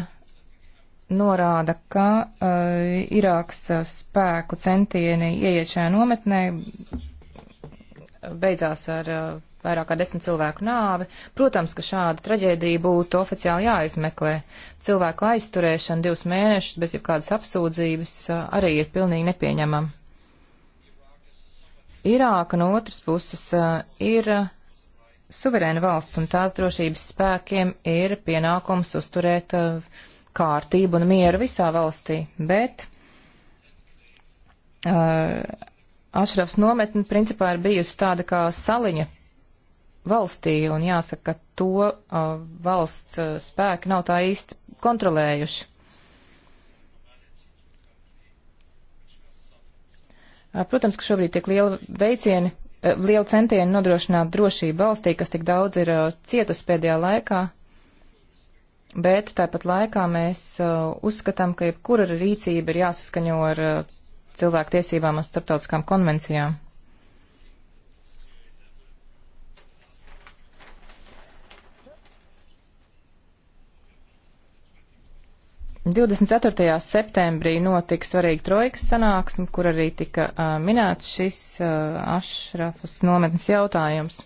Speaker 4: norāda, ka uh, Irāks eh, spēku centieni ieiet šajā nometnē beidzās ar uh, vairāk kā desmit cilvēku nāvi. Protams, ka šāda traģēdija būtu oficiāli jāizmeklē. Cilvēku aizturēšana divus mēnešus bez jebkādas apsūdzības arī ir pilnīgi nepieņemama. Irāka no otras puses ir suverēna valsts, un tās drošības spēkiem ir pienākums uzturēt kārtību un mieru visā valstī, bet uh, Ašrafs nometne principā ir bijusi tāda kā saliņa valstī, un jāsaka, ka to uh, valsts uh, spēki nav tā īsti kontrolējuši. Uh, protams, ka šobrīd tiek liela veicieni, uh, liela centieni nodrošināt drošību valstī, kas tik daudz ir uh, cietusi pēdējā laikā, bet tāpat laikā mēs uh, uzskatām, ka jebkura rīcība ir jāsaskaņo ar uh, cilvēku tiesībām un starptautiskām konvencijām. 24. septembrī notika svarīga trojkas sanāksme, kur arī tika uh, minēts šis uh, Ašrafas nometnes jautājums.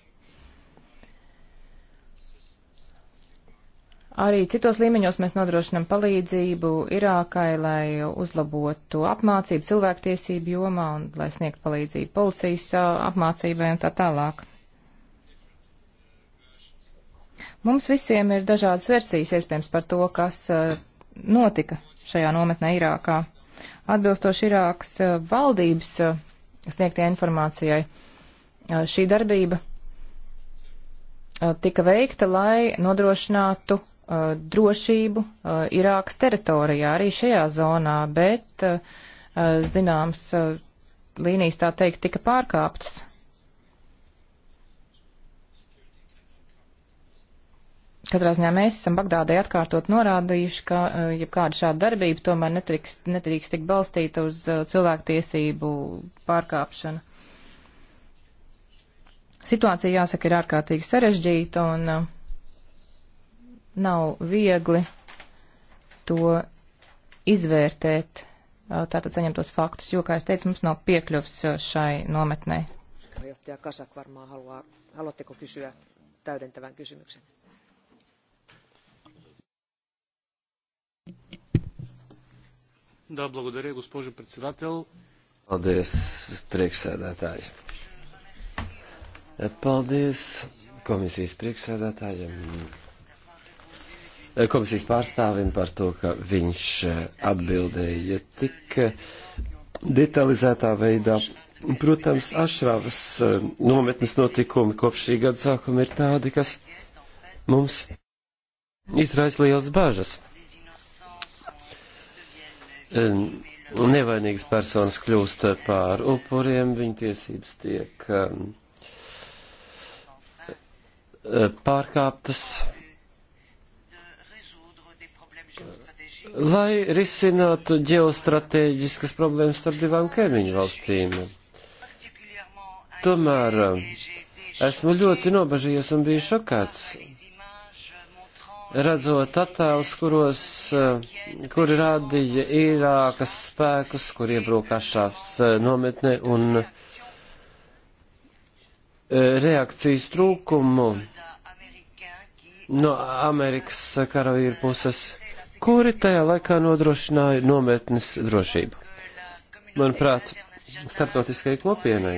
Speaker 4: Arī citos līmeņos mēs nodrošinam palīdzību Irākai, lai uzlabotu apmācību cilvēktiesību jomā un lai sniegtu palīdzību policijas apmācībai un tā tālāk. Mums visiem ir dažādas versijas iespējams par to, kas notika šajā nometnē Irākā. Atbilstoši Irākas eh, valdības eh, sniegtie informācijai, eh, šī darbība tika veikta, lai nodrošinātu drošību Irākas teritorijā, arī šajā zonā, bet, zināms, līnijas tā teikt tika pārkāptas Katrā ziņā mēs esam Bagdādai atkārtot norādījuši, ka eh, jebkāda šāda darbība tomēr netrīkst, netrīkst tik balstīta uz eh, cilvēktiesību pārkāpšanu. Situācija, jāsaka, ir ārkārtīgi sarežģīta un eh, nav viegli to izvērtēt, tātad saņemtos faktus, jo, kā es teicu, mums nav piekļuvs šai nometnei.
Speaker 1: Johtaja Kasak varmaan haluaa, haluatteko kysyä täydentävän kysymyksen?
Speaker 3: Да, благодаря, госпожо председател. Paldies, priekšsēdētāji. Paldies komisijas priekšsēdētājiem, komisijas pārstāvim par to, ka viņš atbildēja tik detalizētā veidā. Protams, Ašravas nometnes notikumi kopš šī gada sākuma ir tādi, kas mums izraisa liels bažas nevainīgas personas kļūst par upuriem, viņa tiesības tiek pārkāptas. Lai risinātu ģeostrateģiskas problēmas starp divām kaimiņu valstīm. Tomēr esmu ļoti nobažījies un biju šokāts redzot attēlus, kuros, eh, kuri rādīja īrākas spēkus, kur iebruka šāfs eh, nometne un eh, reakcijas trūkumu no Amerikas karavīru puses, kuri tajā laikā nodrošināja nometnes drošību. Manuprāt, starptautiskajai kopienai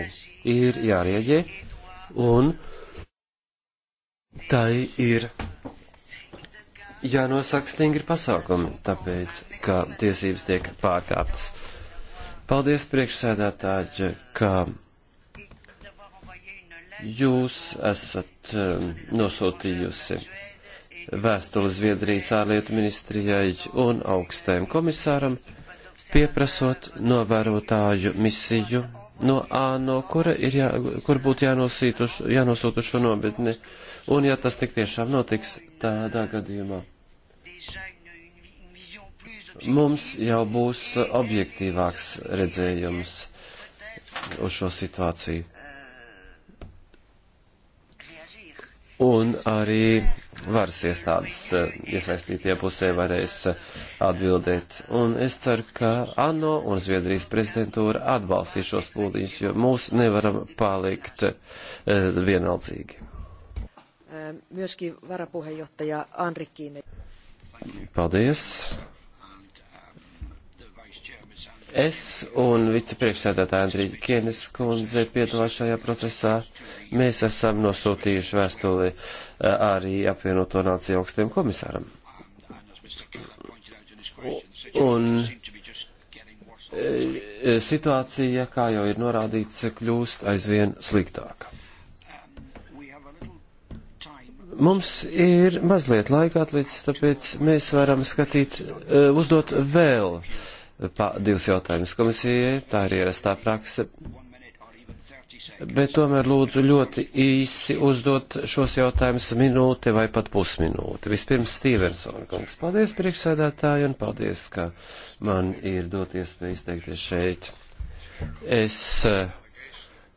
Speaker 3: ir jārieģē un tai ir jānosaka stingri pasākumi, tāpēc, ka tiesības tiek pārkāptas. Paldies priekšsēdētāji, ka jūs esat um, nosūtījusi vēstuli Zviedrijas ārlietu ministrijai un augstajam komisāram, pieprasot novērotāju misiju no ANO, kura ir jā, kur būtu jānosūta šo nobietni, un ja tas tik tiešām notiks tādā gadījumā mums jau būs objektīvāks redzējums uz šo situāciju. Un arī varas iestādes eh, iesaistītie pusē varēs eh, atbildēt. Un es ceru, ka ANO un Zviedrijas prezidentūra atbalstīs šos pūliņus, jo mūs nevaram palikt eh, vienaldzīgi.
Speaker 1: Myöskin varapuheenjohtaja Andri Kiine.
Speaker 3: Paldies. Es un vicepriekšsēdētāja Andrija Kienes kundze piedalās šajā procesā. Mēs esam nosūtījuši vēstuli eh, arī apvienoto nāciju augstiem komisāram. Un eh, situācija, kā jau ir norādīts, kļūst aizvien sliktāka. Mums ir mazliet laika atlicis, tāpēc mēs varam skatīt, eh, uzdot vēl uh, pa, divus jautājumus komisijai, tā ir ierastā prakse. Bet tomēr lūdzu ļoti īsi uzdot šos jautājumus minūte vai pat pusminūte. Vispirms Stīvensona kungs. Paldies priekšsēdētāji un paldies, ka man ir dot iespēju izteikties šeit. Es uh,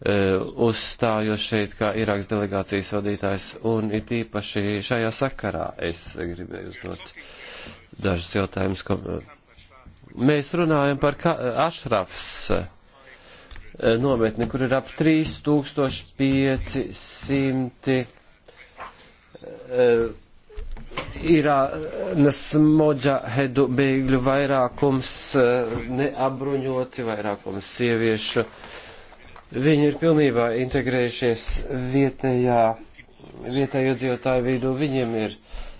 Speaker 3: eh, uzstājos šeit kā Irākas delegācijas vadītājs, un it īpaši šajā sakarā es gribēju uzdot dažus jautājumus Mēs runājam par Ašrafs eh, nometni, kur ir ap 3500 eh, Irānas moģahedu bēgļu vairākums eh, neabruņoti, vairākums sieviešu. Viņi ir pilnībā integrējušies vietējā, vietējo dzīvotāju vidū. Viņiem ir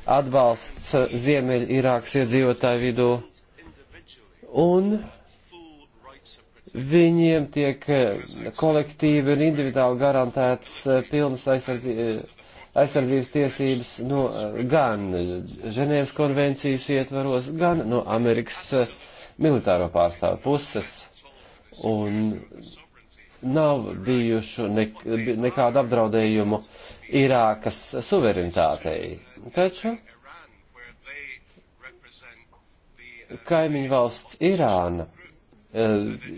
Speaker 3: atbalsts Ziemeļ Irāks iedzīvotāju vidū un viņiem tiek eh, kolektīvi un individuāli garantētas eh, pilnas aizsardzības eh, aizsardzības tiesības no, gan Ženēvas konvencijas ietvaros, gan no Amerikas militāro pārstāvu puses. Un nav bijušu nek nekādu apdraudējumu Irākas suverenitātei. Taču kaimiņu valsts Irāna eh,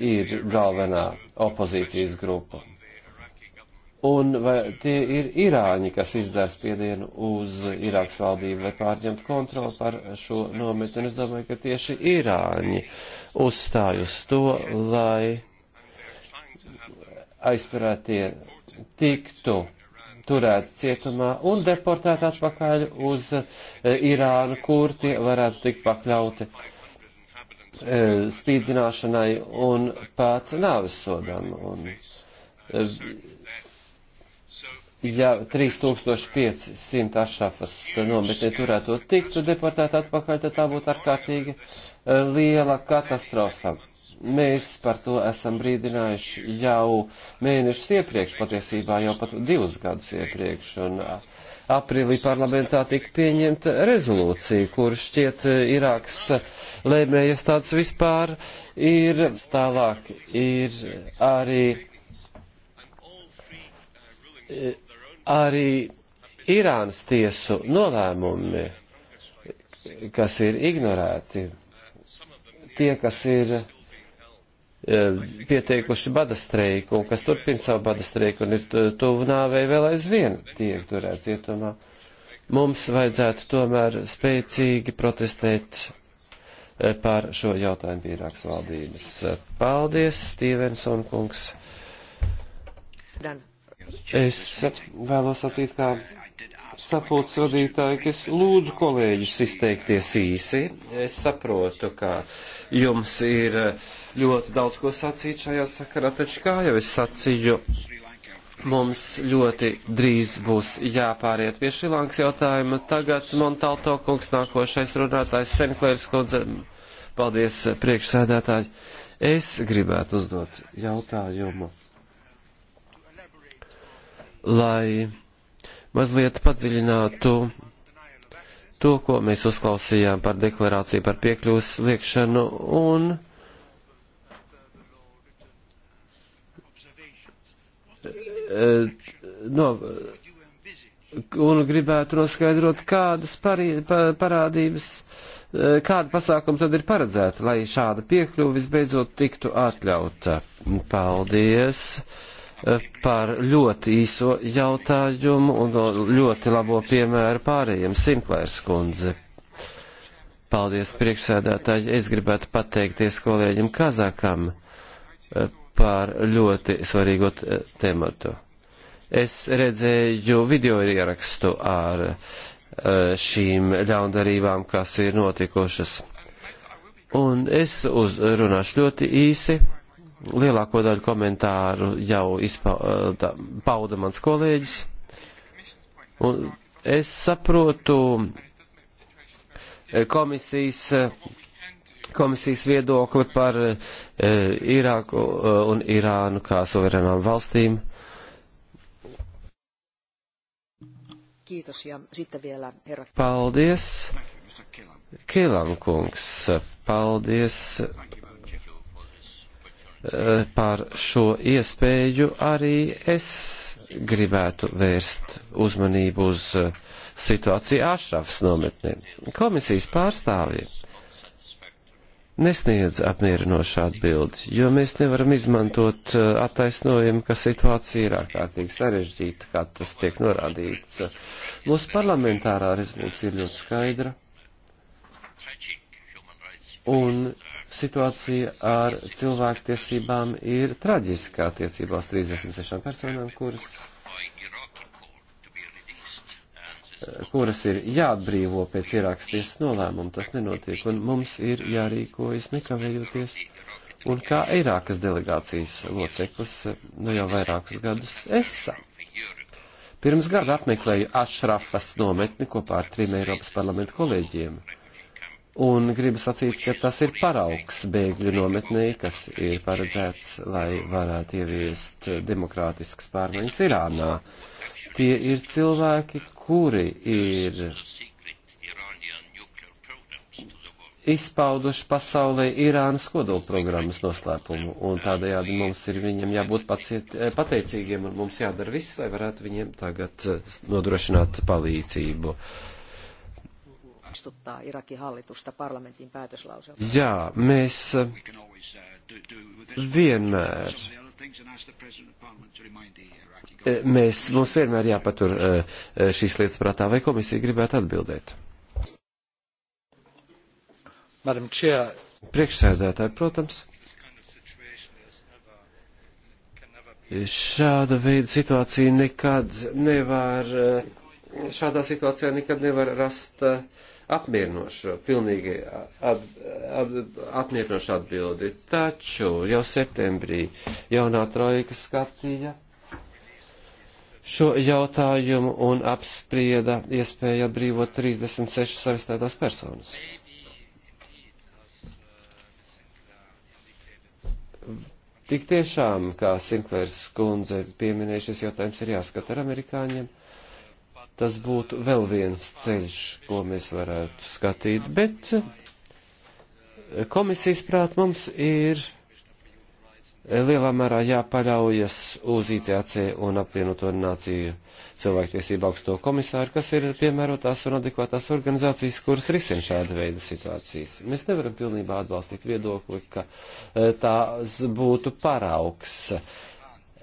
Speaker 3: ir galvenā opozīcijas grupa. Un vai tie ir Irāņi, kas izdara spiedienu uz Irākas valdību, lai pārņemtu kontroli par šo nometni? Un es domāju, ka tieši Irāņi uzstāj uz to, lai aizturētie tiktu turēti cietumā un deportēti atpakaļ uz eh, Irānu, kur tie varētu tikt pakļauti uh, E, spīdzināšanai un pat nāves sodam. Un, e, ja 3500 ašafas nometnē turēto tiktu deportēt atpakaļ, tad tā būtu ārkārtīgi e, liela katastrofa. Mēs par to esam brīdinājuši jau mēnešus iepriekš, patiesībā jau pat divus gadus iepriekš. Un, uh, aprīlī parlamentā tika pieņemta rezolūcija, kur šķiet eh, Irāks lēmējas tāds vispār ir. Tālāk ir arī, eh, arī Irānas tiesu nolēmumi, kas ir ignorēti. Tie, kas ir E, pieteikuši badastreiku un kas turpina savu badastreiku un ir tuvu nāvei vēl aizvien tiek turēt cietumā. Mums vajadzētu tomēr spēcīgi protestēt e, par šo jautājumu pie Irākas valdības. Paldies, Stevenson kungs. Dan. Es vēlos sacīt, ka sapulces vadītāji, ka es lūdzu kolēģus izteikties īsi. Es saprotu, ka jums ir eh, ļoti daudz ko sacīt šajā sakarā, taču kā jau es sacīju, mums ļoti drīz būs jāpāriet pie Šilankas jautājuma. Tagad Montalto kungs nākošais runātājs Senklērs kundze. Paldies, priekšsēdētāji. Es gribētu uzdot jautājumu. Lai mazliet padziļinātu to, ko mēs uzklausījām par deklarāciju par piekļuvas liekšanu un eh, no, un gribētu noskaidrot, kādas parī, pa, parādības, eh, kāda pasākuma tad ir paredzēta, lai šāda piekļuva visbeidzot tiktu atļauta. Paldies! Eh, par ļoti īso jautājumu un ļoti labo piemēru pārējiem. Simplērs kundze. Paldies priekšsēdētāji. Es gribētu pateikties kolēģim Kazakam eh, par ļoti svarīgo tematu. Es redzēju video ierakstu ar eh, šīm ļaundarībām, kas ir notikušas. Un es uzrunāšu ļoti īsi Lielāko daļu komentāru jau izpauda eh, pauda mans kolēģis. Un es saprotu eh, komisijas, eh, komisijas viedokli par Irāku un Irānu kā suverenām valstīm.
Speaker 1: Kiitos ja sitten vielä herra.
Speaker 3: Paldies. Kelan kungs, paldies. Eh, par šo iespēju arī es gribētu vērst uzmanību uz eh, situāciju Ašrafs nometnē. Komisijas pārstāvji nesniedz apmierinošu atbildi, jo mēs nevaram izmantot eh, attaisnojumu, ka situācija ir ārkārtīgi sarežģīta, kā tas tiek norādīts. Mūsu parlamentārā rezolūcija ir ļoti skaidra. Un situācija ar cilvēktiesībām ir traģiskā attiecībā uz 36 personām, kuras, kuras ir jāatbrīvo pēc Irākas tiesas nolēmuma. Tas nenotiek, un mums ir jārīkojas nekavējoties. Un kā Irākas delegācijas loceklis nu jau vairākus gadus esam. Pirms gada apmeklēju Ašrafas nometni kopā ar trim Eiropas parlamentu kolēģiem Un gribu sacīt, ka tas ir paraugs bēgļu nometnē, kas ir paredzēts, lai varētu ieviest demokrātiskas pārmaiņas Irānā. Tie ir cilvēki, kuri ir izpauduši pasaulē Irānas kodolprogrammas noslēpumu, un tādējādi mums ir viņam jābūt paciet, pateicīgiem, un mums jādara viss, lai varētu viņiem tagad nodrošināt palīdzību. Uh,
Speaker 1: muistuttaa Irakin hallitusta parlamentin päätöslauselma.
Speaker 3: Jā, mēs vienmēr. Mēs, eh, mums vienmēr jāpatur eh, eh, šīs lietas prātā, vai komisija gribētu atbildēt? Priekšsēdētāji, protams. Šāda veida situācija nekad nevar, šādā situācijā nekad nevar rast uh, apmierinošu, pilnīgi at, at, apmierinošu atbildi. Taču jau septembrī jaunā trojka skatīja šo jautājumu un apsprieda iespēju atbrīvot 36 savistētās personas. Tik tiešām, kā Sinklērs kundze pieminēja, šis jautājums ir jāskata ar amerikāņiem. Tas būtu vēl viens ceļš, ko mēs varētu skatīt, bet eh, komisijas prāt mums ir eh, lielā mērā jāpaļaujas uz ICAC un apvienoto nāciju cilvēktiesību augsto komisāru, kas ir piemērotās un adekvātās organizācijas, kuras risina šāda veida situācijas. Mēs nevaram pilnībā atbalstīt viedokli, ka eh, tās būtu paraugs uh,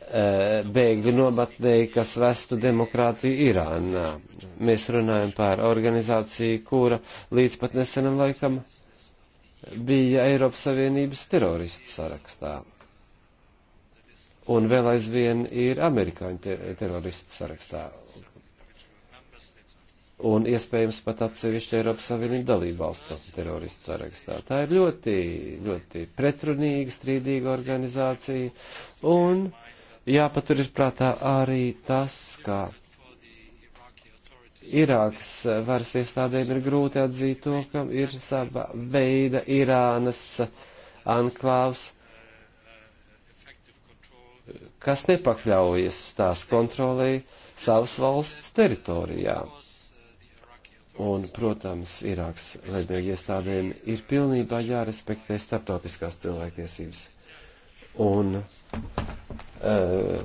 Speaker 3: Eh, bēgļu nobatnei, kas vestu demokrātiju Irānā. Mēs runājam par organizāciju, kura līdz pat nesenam laikam bija Eiropas Savienības teroristu sarakstā. Un vēl aizvien ir amerikāņu ter teroristu sarakstā. Un iespējams pat atsevišķi Eiropas Savienību dalību valstu teroristu sarakstā. Tā ir ļoti, ļoti pretrunīga, strīdīga organizācija. Un jāpatur ir prātā arī tas, ka Irākas varas iestādēm ir grūti atzīt to, ka ir sava veida Irānas anklāvs, kas nepakļaujas tās kontrolē savas valsts teritorijā. Un, protams, Irāks lednieki iestādēm ir pilnībā jārespektē starptautiskās cilvēktiesības un uh,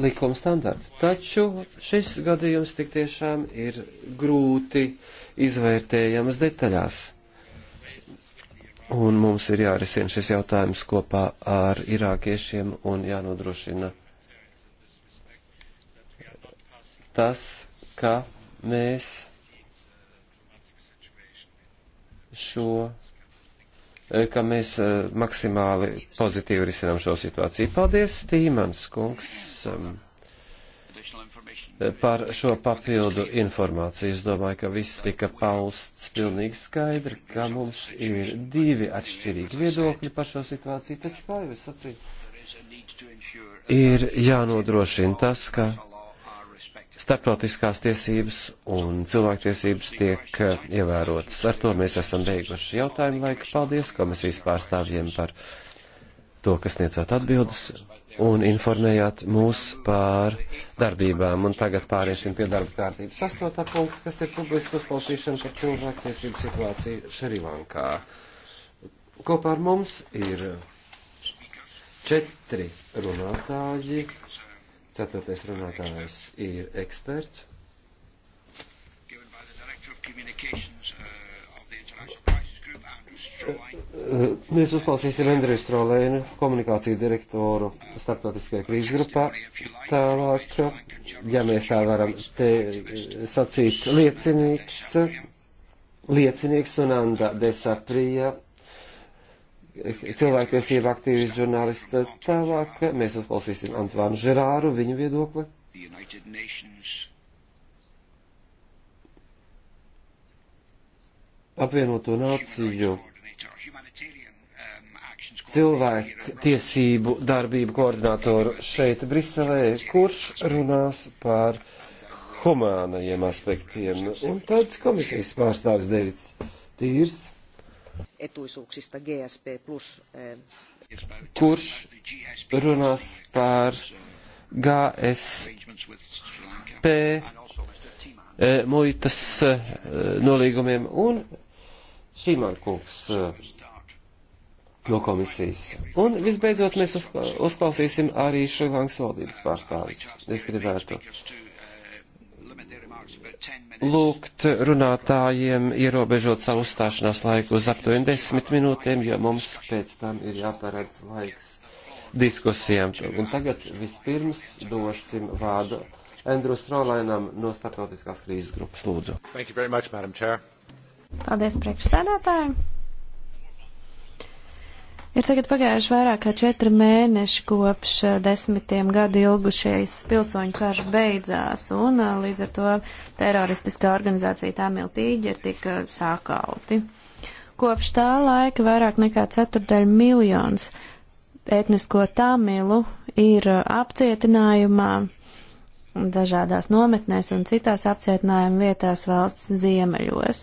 Speaker 3: likuma standarti. Taču šis gadījums tik tiešām ir grūti izvērtējams detaļās. Un mums ir jārisina šis jautājums kopā ar irākiešiem un jānodrošina tas, ka mēs šo Eh, ka mēs eh, maksimāli pozitīvi risinām šo situāciju. Paldies, Tīmans kungs, ehm, eh, par šo papildu informāciju. Es domāju, ka viss tika pausts pilnīgi skaidri, ka mums ir divi atšķirīgi viedokļi par šo situāciju, taču kā jau es sacīju, ir jānodrošina tas, ka starptautiskās tiesības un cilvēktiesības tiek eh, ievērotas. Ar to mēs esam beiguši jautājumu laiku. Paldies komisijas pārstāvjiem par to, kas niecāt atbildes un informējāt mūs par darbībām. Un tagad pāriesim pie darba kārtības astotā punkta, kas ir publiska uzklausīšana par cilvēktiesību situāciju Šrilankā. Kopā ar mums ir četri runātāji Ceturtais runātājs ir eksperts. Uh, mēs uzklausīsim Andriju Strolēnu, komunikāciju direktoru starptautiskajā krīzes grupā. Tālāk, ja mēs tā varam te sacīt, liecinieks, liecinieks un Anda Desaprija cilvēktiesību aktīvis žurnālists. Tālāk mēs uzklausīsim Antvānu Žerāru, viņa viedokli. Apvienoto nāciju cilvēku tiesību darbību koordinātoru šeit Briselē, kurš runās par humānajiem aspektiem. Un
Speaker 1: tad komisijas
Speaker 3: pārstāvis Devits Tīrs
Speaker 1: etuisuuksista GSP plus. Eh,
Speaker 3: Kurš runās par
Speaker 1: GSP
Speaker 3: eh, muitas eh, nolīgumiem un Šīmankungs no komisijas. Un visbeidzot mēs uzklausīsim arī Šrilankas valdības pārstāvis. Es gribētu uh, lūgt runātājiem ierobežot savu uzstāšanās laiku uz aptuveni desmit minūtēm, jo mums pēc tam ir jāparedz laiks diskusijām. Un tagad vispirms dosim vārdu Andrew Strolainam no Startautiskās krīzes grupas lūdzu. Much,
Speaker 2: Paldies priekšsēdētājiem! Ir tagad pagājuši vairāk kā četri mēneši kopš eh, desmitiem gadu ilgušais pilsoņu karš beidzās, un eh, līdz ar to teroristiskā organizācija Tamil Tīģer tika eh, sākauti. Kopš tā laika vairāk nekā ceturdaļ miljons etnisko tamilu ir apcietinājumā dažādās nometnēs un citās apcietinājuma vietās valsts ziemeļos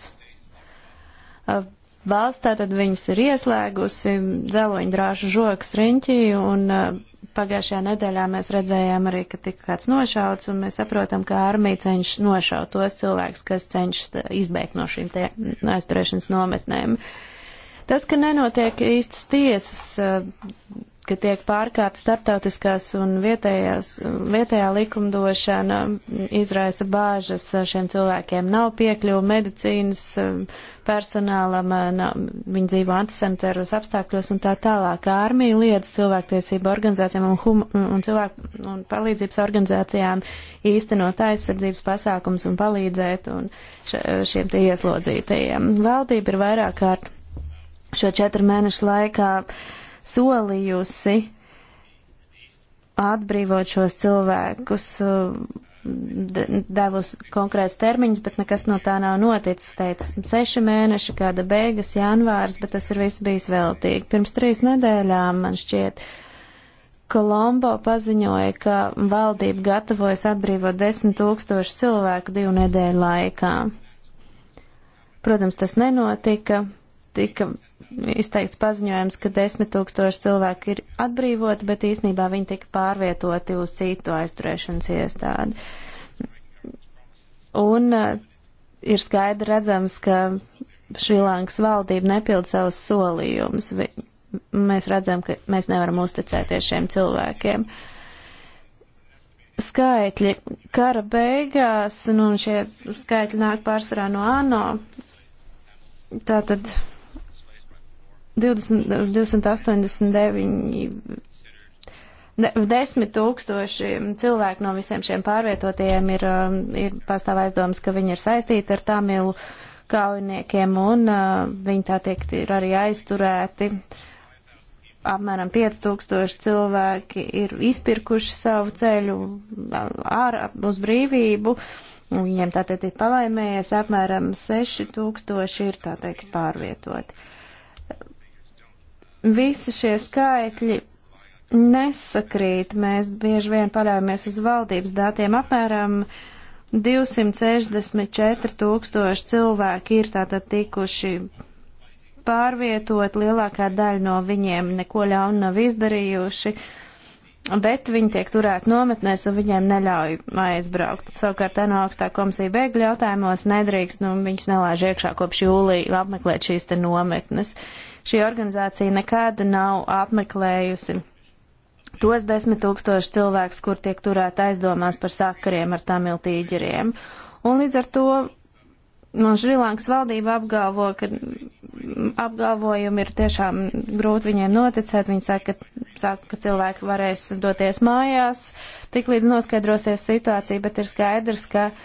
Speaker 2: valsts tātad viņus ir ieslēgusi dzeloņdrāšu žoks riņķī un uh, pagājušajā nedēļā mēs redzējām arī, ka tika kāds nošauts un mēs saprotam, ka armija cenšas nošaut tos cilvēkus, kas cenšas uh, izbēgt no šīm te mm, aizturēšanas nometnēm. Tas, ka nenotiek īstas tiesas uh, ka tiek pārkāpt starptautiskās un vietējās, vietējā likumdošana izraisa bāžas šiem cilvēkiem. Nav piekļuva medicīnas personālam, nav, viņi dzīvo antisanitēros apstākļos un tā tālāk. Armija liedz cilvēktiesību organizācijām un, hum, un cilvēku un palīdzības organizācijām īstenot aizsardzības pasākums un palīdzēt un šiem tie ieslodzītajiem. Valdība ir vairāk kārt šo četru mēnešu laikā uh, solījusi atbrīvot šos cilvēkus, uh, devus konkrēts termiņus, bet nekas no tā nav noticis. Teicu, seši mēneši, kāda beigas, janvārs, bet tas ir viss bijis veltīgi. Pirms trīs nedēļām, man šķiet, Kolombo paziņoja, ka valdība gatavojas atbrīvot desmit tūkstošu cilvēku divu nedēļu laikā. Protams, tas nenotika, tika izteikts paziņojums, ka desmit tūkstoši cilvēku ir atbrīvoti, bet īsnībā viņi tika pārvietoti uz citu aizturēšanas iestādi. Un eh, ir skaidri redzams, ka Šrilankas valdība nepilda savus solījumus. Mēs redzam, ka mēs nevaram uzticēties šiem cilvēkiem. Uh, skaitļi kara beigās, nu, un šie skaitļi nāk pārsvarā no ANO. Tātad 20, 289 desmit tūkstoši cilvēku no visiem šiem pārvietotajiem ir, um, ir pastāv aizdomas, ka viņi ir saistīti ar tamilu kaujiniekiem un uh, viņi tā tiek ir arī aizturēti. Apmēram 5000 cilvēki ir izpirkuši savu ceļu ārā uz brīvību. Viņiem tātad ir palaimējies, apmēram 6000 ir tā teikt pārvietoti. Uh, visi šie skaitļi nesakrīt. Mēs bieži vien paļaujamies uz valdības datiem. Apmēram 264 tūkstoši cilvēki ir tātad tikuši pārvietot, lielākā daļa no viņiem neko ļaunu nav izdarījuši, bet viņi tiek turēti nometnēs un viņiem neļauj aizbraukt. Savukārt ANO augstā komisija bēgļu jautājumos nedrīkst, nu viņš nelāž iekšā kopš jūlija apmeklēt šīs te nometnes. Uh, šī organizācija nekad nav apmeklējusi tos desmit tūkstoši cilvēkus, kur tiek turēt aizdomās par sakariem ar tamil tīģeriem. Un līdz ar to no Šrilankas valdība apgalvo, ka apgalvojumi ir tiešām grūti viņiem noticēt. Viņi saka, ka, saka, ka cilvēki varēs doties mājās, tik līdz noskaidrosies situācija, bet ir skaidrs, ka uh,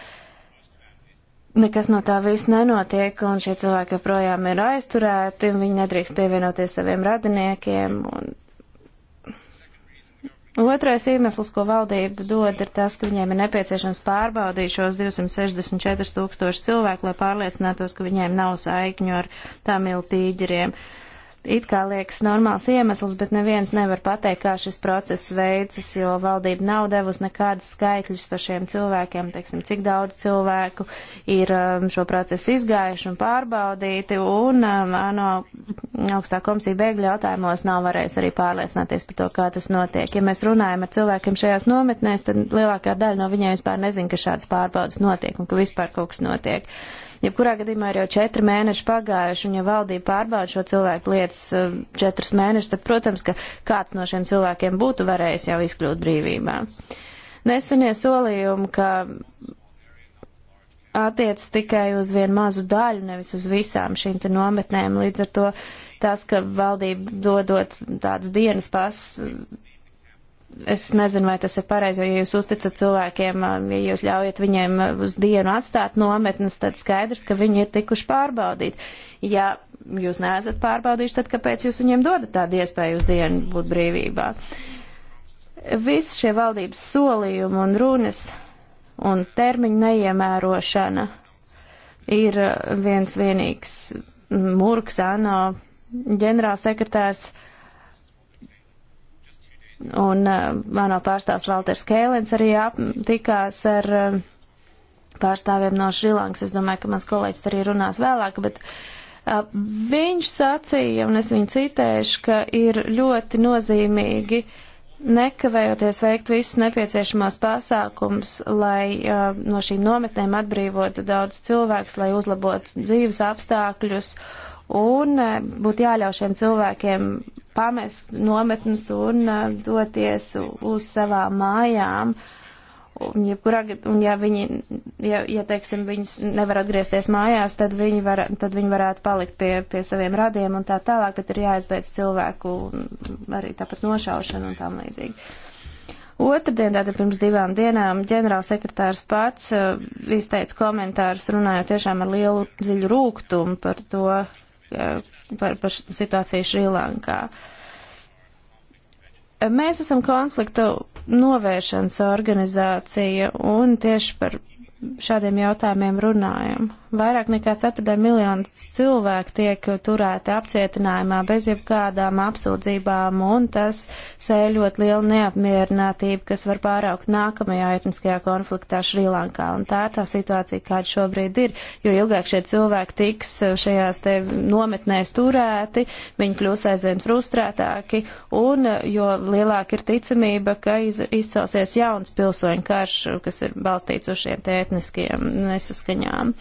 Speaker 2: nekas no tā viss nenotiek, un šie cilvēki joprojām ir aizturēti, un viņi nedrīkst pievienoties saviem radiniekiem. Un... Otrais iemesls, ko valdība dod, ir tas, ka viņiem ir nepieciešams pārbaudīt šos 264 tūkstoši cilvēku, lai pārliecinātos, ka viņiem nav saikņu ar tamil tīģeriem. Uh, it kā liekas normāls iemesls, bet neviens nevar pateikt, kā šis process veicas, jo valdība nav devusi nekādas skaitļus par šiem cilvēkiem, teiksim, cik daudz cilvēku ir um, šo procesu izgājuši un pārbaudīti, un um, ANO augstā komisija bēgļu jautājumos nav varējusi arī pārliecināties par to, kā tas notiek. Ja mēs runājam ar cilvēkiem šajās nometnēs, tad lielākā daļa no viņiem vispār nezin, ka šāds pārbaudas notiek un ka vispār kaut kas notiek. Uh, Jebkurā gadījumā ir jau četri mēneši pagājuši, un ja valdība pārbauda šo cilvēku lietas eh, četrus mēnešus, tad, protams, ka kāds no šiem cilvēkiem būtu varējis jau izkļūt brīvībā. Nesenie solījumi, ka attiec tikai uz vienu mazu daļu, nevis uz visām šīm te nometnēm, līdz ar to tas, ka valdība dodot tādas dienas pas es nezinu, vai tas ir pareizi, jo, ja jūs uzticat cilvēkiem, um, ja jūs ļaujat viņiem uh, uz dienu atstāt nometnes, tad skaidrs, ka viņi ir tikuši pārbaudīt. Ja jūs neesat pārbaudījuši, tad kāpēc jūs viņiem dodat tādu iespēju uz dienu būt brīvībā? Viss šie valdības solījumi un runas un termiņu neiemērošana ir uh, viens vienīgs murks ANO ģenerālsekretārs Un mano eh, pārstāvs Valters Kēlins arī ap, tikās ar eh, pārstāvjiem no Šrilankas. Es domāju, ka mans kolēģis arī runās vēlāk, bet ap, eh, viņš sacīja, un es viņu citēšu, ka ir ļoti nozīmīgi nekavējoties veikt visus nepieciešamos pasākums, lai uh, no šīm nometnēm atbrīvotu daudz cilvēks, lai uzlabotu dzīves apstākļus un e, būtu jāļauj šiem cilvēkiem pamest nometnes un e, doties uz savām mājām. Un, ja, kurā, un ja viņi, ja, ja teiksim, viņas nevar atgriezties mājās, tad viņi, var, tad viņi varētu palikt pie, pie saviem radiem un tā tālāk, bet ir jāizbeidz cilvēku arī tāpat nošaušana un tam līdzīgi. Otradien, tātad pirms divām dienām, ģenerālsekretārs pats e, izteica komentārus runājot tiešām ar lielu dziļu rūgtumu par to, Eh, par, par situāciju Šrilankā. Mēs esam konfliktu novēršanas organizācija un tieši par šādiem jautājumiem runājam. Vairāk nekā 4 miljonu cilvēku tiek turēti apcietinājumā bez jebkādām apsūdzībām, un tas sēž ļoti liela neapmierinātība, kas var pāraukt nākamajā etniskajā konfliktā Šrilankā. Un tā ir tā situācija, kāda šobrīd ir, jo ilgāk šie cilvēki tiks šajās te nometnēs turēti, viņi kļūs aizvien frustrētāki, un jo lielāka ir ticamība, ka iz, izcelsies jauns pilsoņu karš, kas ir balstīts uz šiem te etniskajām nesaskaņām.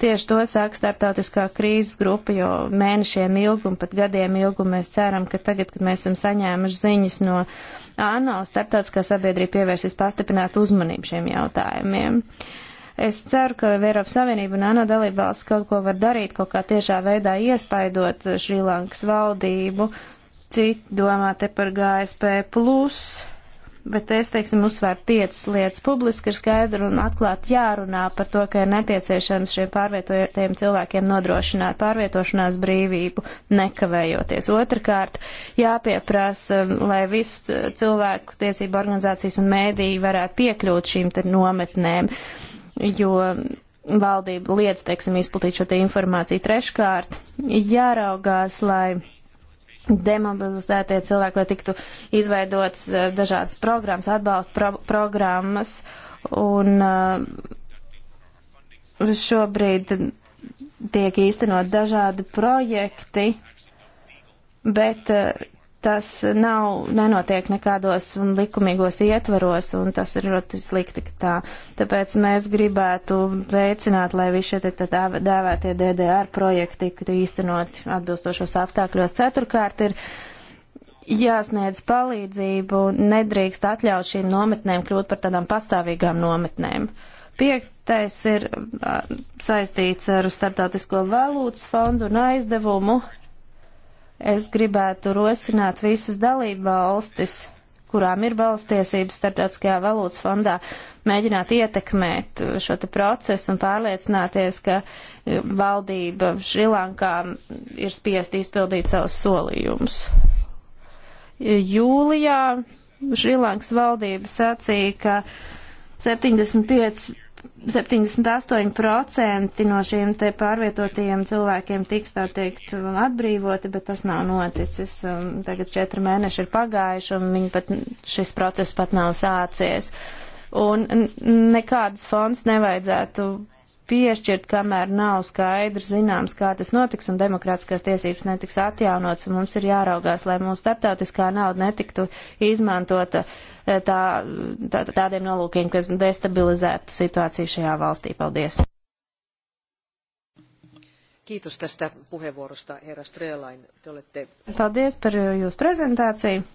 Speaker 2: Tieši to sāk starptautiskā krīzes grupa, jo mēnešiem ilgi un pat gadiem ilgi mēs ceram, ka tagad, kad mēs esam saņēmuši ziņas no ANO, starptautiskā sabiedrība pievērsīs pastiprināt uzmanību šiem jautājumiem. Es ceru, ka Eiropas Savienība un ANO dalībvalsts kaut ko var darīt, kaut kā tiešā veidā iespaidot Šrilankas valdību. Citi domā te par GSP plus bet es, teiksim, uzsvēru piecas lietas. Publiski ir skaidri un atklāti jārunā par to, ka ir nepieciešams šiem pārvietotajiem cilvēkiem nodrošināt pārvietošanās brīvību, nekavējoties. Otrakārt, jāpieprasa, lai viss cilvēku tiesību organizācijas un mēdīji varētu piekļūt šīm te nometnēm, jo valdība liedz, teiksim, izplatīt šo te informāciju. Treškārt, jāraugās, lai demobilizētie cilvēki, lai tiktu izveidotas eh, dažādas programmas, atbalsta pro programmas. Un eh, šobrīd tiek īstenot dažādi projekti, bet eh, tas nav, nenotiek nekādos likumīgos ietvaros, un tas ir ļoti slikti, ka tā. Tāpēc mēs gribētu veicināt, lai visi šie te dēvētie DDR projekti tiktu īstenot atbilstošos apstākļos. Ceturkārt ir jāsniedz palīdzību, nedrīkst atļaut šīm nometnēm kļūt par tādām pastāvīgām nometnēm. Piektais ir saistīts ar Startautisko valūtas fondu un aizdevumu es gribētu rosināt visas dalību valstis, kurām ir balstiesības starptautiskajā valūtas fondā, mēģināt ietekmēt šo te procesu un pārliecināties, ka e, valdība Šrilankā ir spiest izpildīt savus solījumus. E, jūlijā Šrilankas valdība sacīja, ka 75 78% no šiem te pārvietotajiem cilvēkiem tiks tā teikt atbrīvoti, bet tas nav noticis. Tagad četri mēneši ir pagājuši un viņi pat, šis process pat nav sācies. Un nekādas fonds nevajadzētu piešķirt, kamēr nav skaidrs zināms, kā tas notiks, un demokrātiskās tiesības netiks atjaunots, un mums ir jāraugās, lai mūsu starptautiskā nauda netiktu izmantota eh, tā, tā, tādiem nolūkiem, kas destabilizētu situāciju šajā valstī. Paldies!
Speaker 1: Kiitos tästä puheenvuorosta, herra Strölain. Te olette...
Speaker 2: Paldies par eh, jūsu prezentāciju.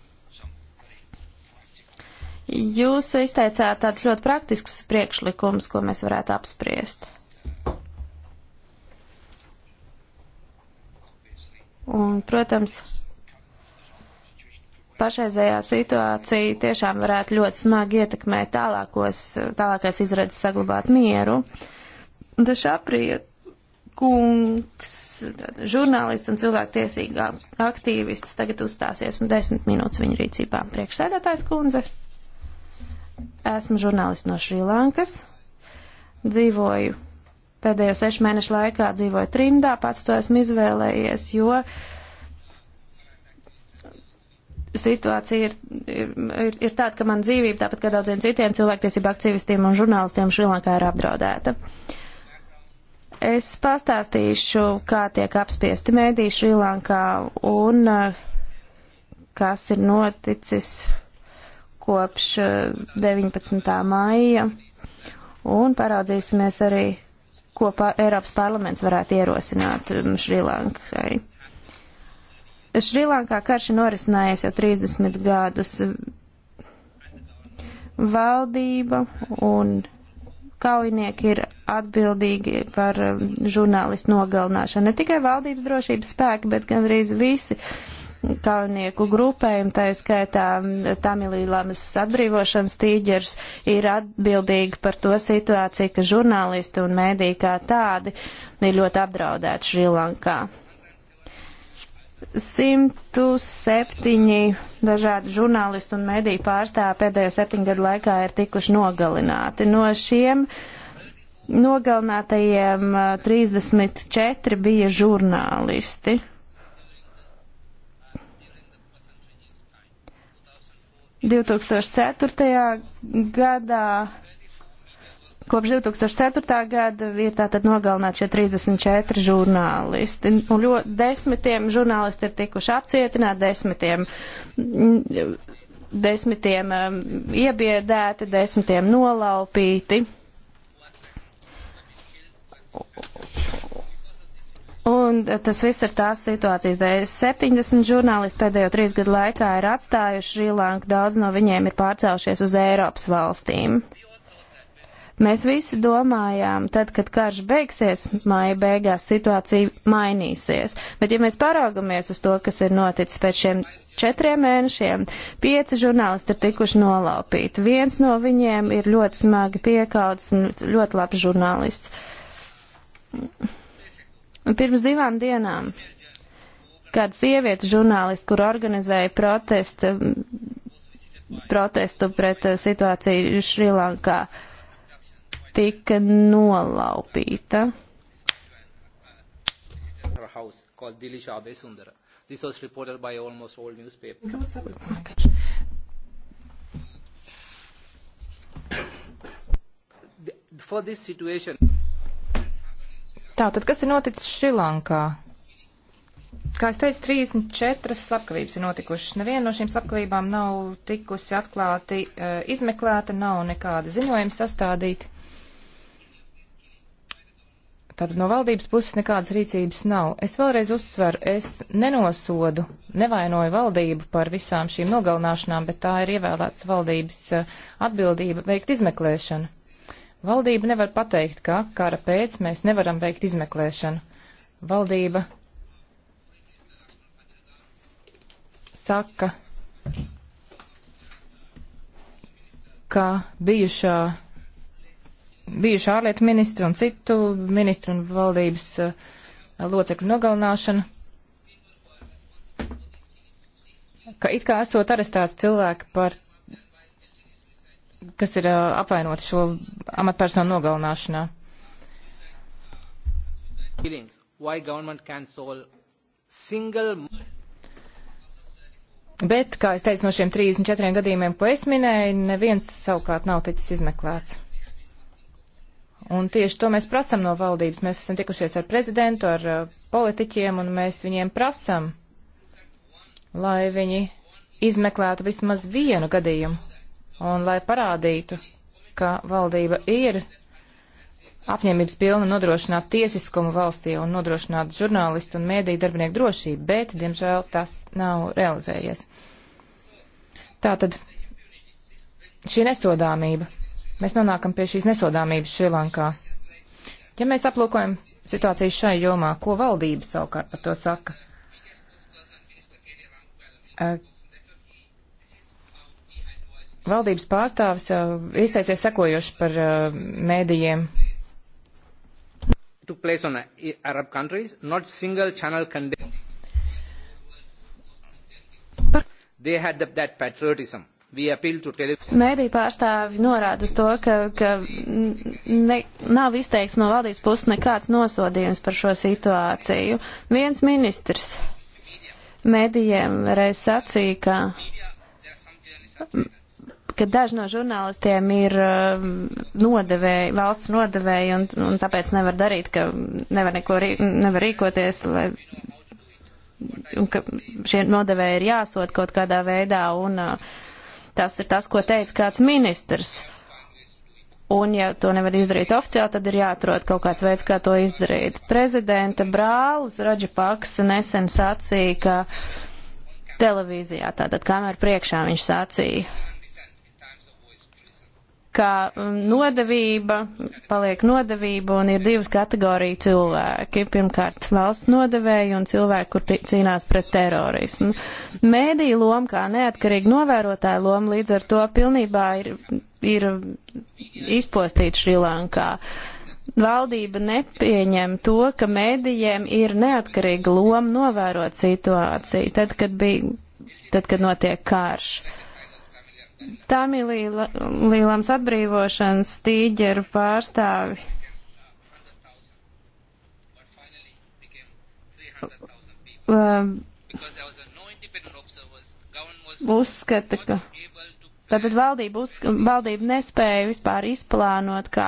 Speaker 2: Jūs izteicāt tādus ļoti praktiskus priekšlikumus, ko mēs varētu apspriest. Un, protams, pašreizējā situācija tiešām varētu ļoti smagi ietekmēt tālākos, tālākais izredzes saglabāt mieru. Dešaprija kungs, žurnālists un cilvēktiesīgā aktīvists tagad uzstāsies un desmit minūtes viņa rīcībā. Priekšsēdētājs kundze, esmu žurnālists no Šrilankas, dzīvoju pēdējo sešu mēnešu laikā dzīvoju trimdā, pats to esmu izvēlējies, jo situācija ir, ir, ir, ir tāda, ka man dzīvība, tāpat kā daudziem citiem cilvēktiesību aktīvistiem un žurnālistiem Šrilankā ir apdraudēta. Es pastāstīšu, kā tiek apspiesti mēdī Šrilankā un eh, kas ir noticis kopš 19. Eh, maija. Un paraudzīsimies arī ko pa Eiropas parlaments varētu ierosināt um, Šrilankai. Šrilankā karš ir norisinājies jau 30 gadus. Valdība un kaujinieki ir atbildīgi par um, žurnālistu nogalināšanu. Ne tikai valdības drošības spēki, bet gan arī visi uh, kaujinieku grupējumu, tā skaitā Tamilīlamas atbrīvošanas tīģers, ir atbildīgi par to situāciju, ka žurnālisti un mēdī kā tādi ir ļoti apdraudēti Šrilankā. 107 dažādi žurnālisti un mēdī pārstāvi pēdējo septiņu gadu laikā ir tikuši nogalināti. No šiem nogalinātajiem 34 bija žurnālisti. 2004. gadā, kopš 2004. gada ir tātad nogalināti šie 34 žurnālisti. Un ļoti desmitiem žurnālisti ir tikuši apcietināti, desmitiem, desmitiem um, iebiedēti, desmitiem nolaupīti. Un tas viss ir tās situācijas dēļ. 70 žurnālisti pēdējo trīs gadu laikā ir atstājuši Šrilanku, daudz no viņiem ir pārcēlušies uz Eiropas valstīm. Mēs visi domājām, tad, kad karš beigsies, māja beigās situācija mainīsies. Bet ja mēs paraugamies uz to, kas ir noticis pēc šiem četriem mēnešiem, pieci žurnālisti ir tikuši nolaupīti. Viens no viņiem ir ļoti smagi piekauts un ļoti labs žurnālists. Pirms divām dienām kāda sieviete žurnālisti, kur organizēja protestu, protestu pret eh, situāciju Šrilankā, tika nolaupīta.
Speaker 5: House called Dilisha Abe Sundara. This was reported by almost all newspapers. For this situation.
Speaker 4: Tātad, kas ir noticis Šrilankā? Kā es teicu, 34 slepkavības ir notikušas. Neviena no šīm slepkavībām nav tikusi atklāti uh, izmeklēta, nav nekāda ziņojuma sastādīta. Tātad no valdības puses nekādas rīcības nav. Es vēlreiz uzsveru, es nenosodu, nevainoju valdību par visām šīm nogalināšanām, bet tā ir ievēlētas valdības uh, atbildība veikt izmeklēšanu. Valdība nevar pateikt, ka kara pēc mēs nevaram veikt izmeklēšanu. Valdība saka, ka bijušā, bijušā ārlietu ministra un citu ministru un valdības uh, locekļu nogalināšana, ka it kā esot arestēti cilvēki par kas ir apvainoti šo amatpersonu nogalināšanā. Bet, kā es teicu, no šiem 34 gadījumiem, ko es minēju, neviens savukārt nav ticis izmeklēts. Un tieši to mēs prasam no valdības. Mēs esam tikušies ar prezidentu, ar politiķiem, un mēs viņiem prasam, lai viņi izmeklētu vismaz vienu gadījumu un lai parādītu, ka valdība ir apņēmības pilna nodrošināt tiesiskumu valstī un nodrošināt žurnālistu un mēdīju darbinieku drošību, bet, diemžēl, tas nav realizējies. Tātad šī nesodāmība. Mēs nonākam pie šīs nesodāmības Šrilankā. Ja mēs aplūkojam situāciju šai jomā, ko valdība savukārt par to saka? valdības pārstāvis uh, izteicies sekojoši par uh, mēdījiem.
Speaker 5: Uh, They had the, that patriotism. Mēdīja
Speaker 2: pārstāvi norāda uz to, ka, ka ne, nav izteikts no valdības puses nekāds nosodījums par šo situāciju. Viens ministrs mēdījiem reiz sacīja, ka ka daži no žurnālistiem ir eh, nodevēji, valsts nodevēji, un, un tāpēc nevar darīt, ka nevar neko rī, nevar rīkoties, lai, un ka šie nodevēji ir jāsot kaut kādā veidā, un eh, tas ir tas, ko teica kāds ministrs. Un, ja to nevar izdarīt oficiāli, tad ir jāatrod kaut kāds veids, kā to izdarīt. Prezidenta brālis Raģipaks nesen sacīja, ka televīzijā, tātad kamera priekšā viņš sacīja, ka mm, nodevība paliek nodevība un ir divas kategorija cilvēki. Pirmkārt, valsts nodevēji un cilvēki, kur cīnās pret terorismu. Mēdī loma kā neatkarīga novērotāja loma līdz ar to pilnībā ir, ir izpostīta Šrilankā. Valdība nepieņem to, ka mēdījiem ir neatkarīga loma novērot situāciju, tad, kad bija, tad, kad notiek karš. Uh, Tamilīlams atbrīvošanas tīģeru pārstāvi. Um, uzskata, ka tātad valdība, uz, valdība nespēja vispār izplānot, kā,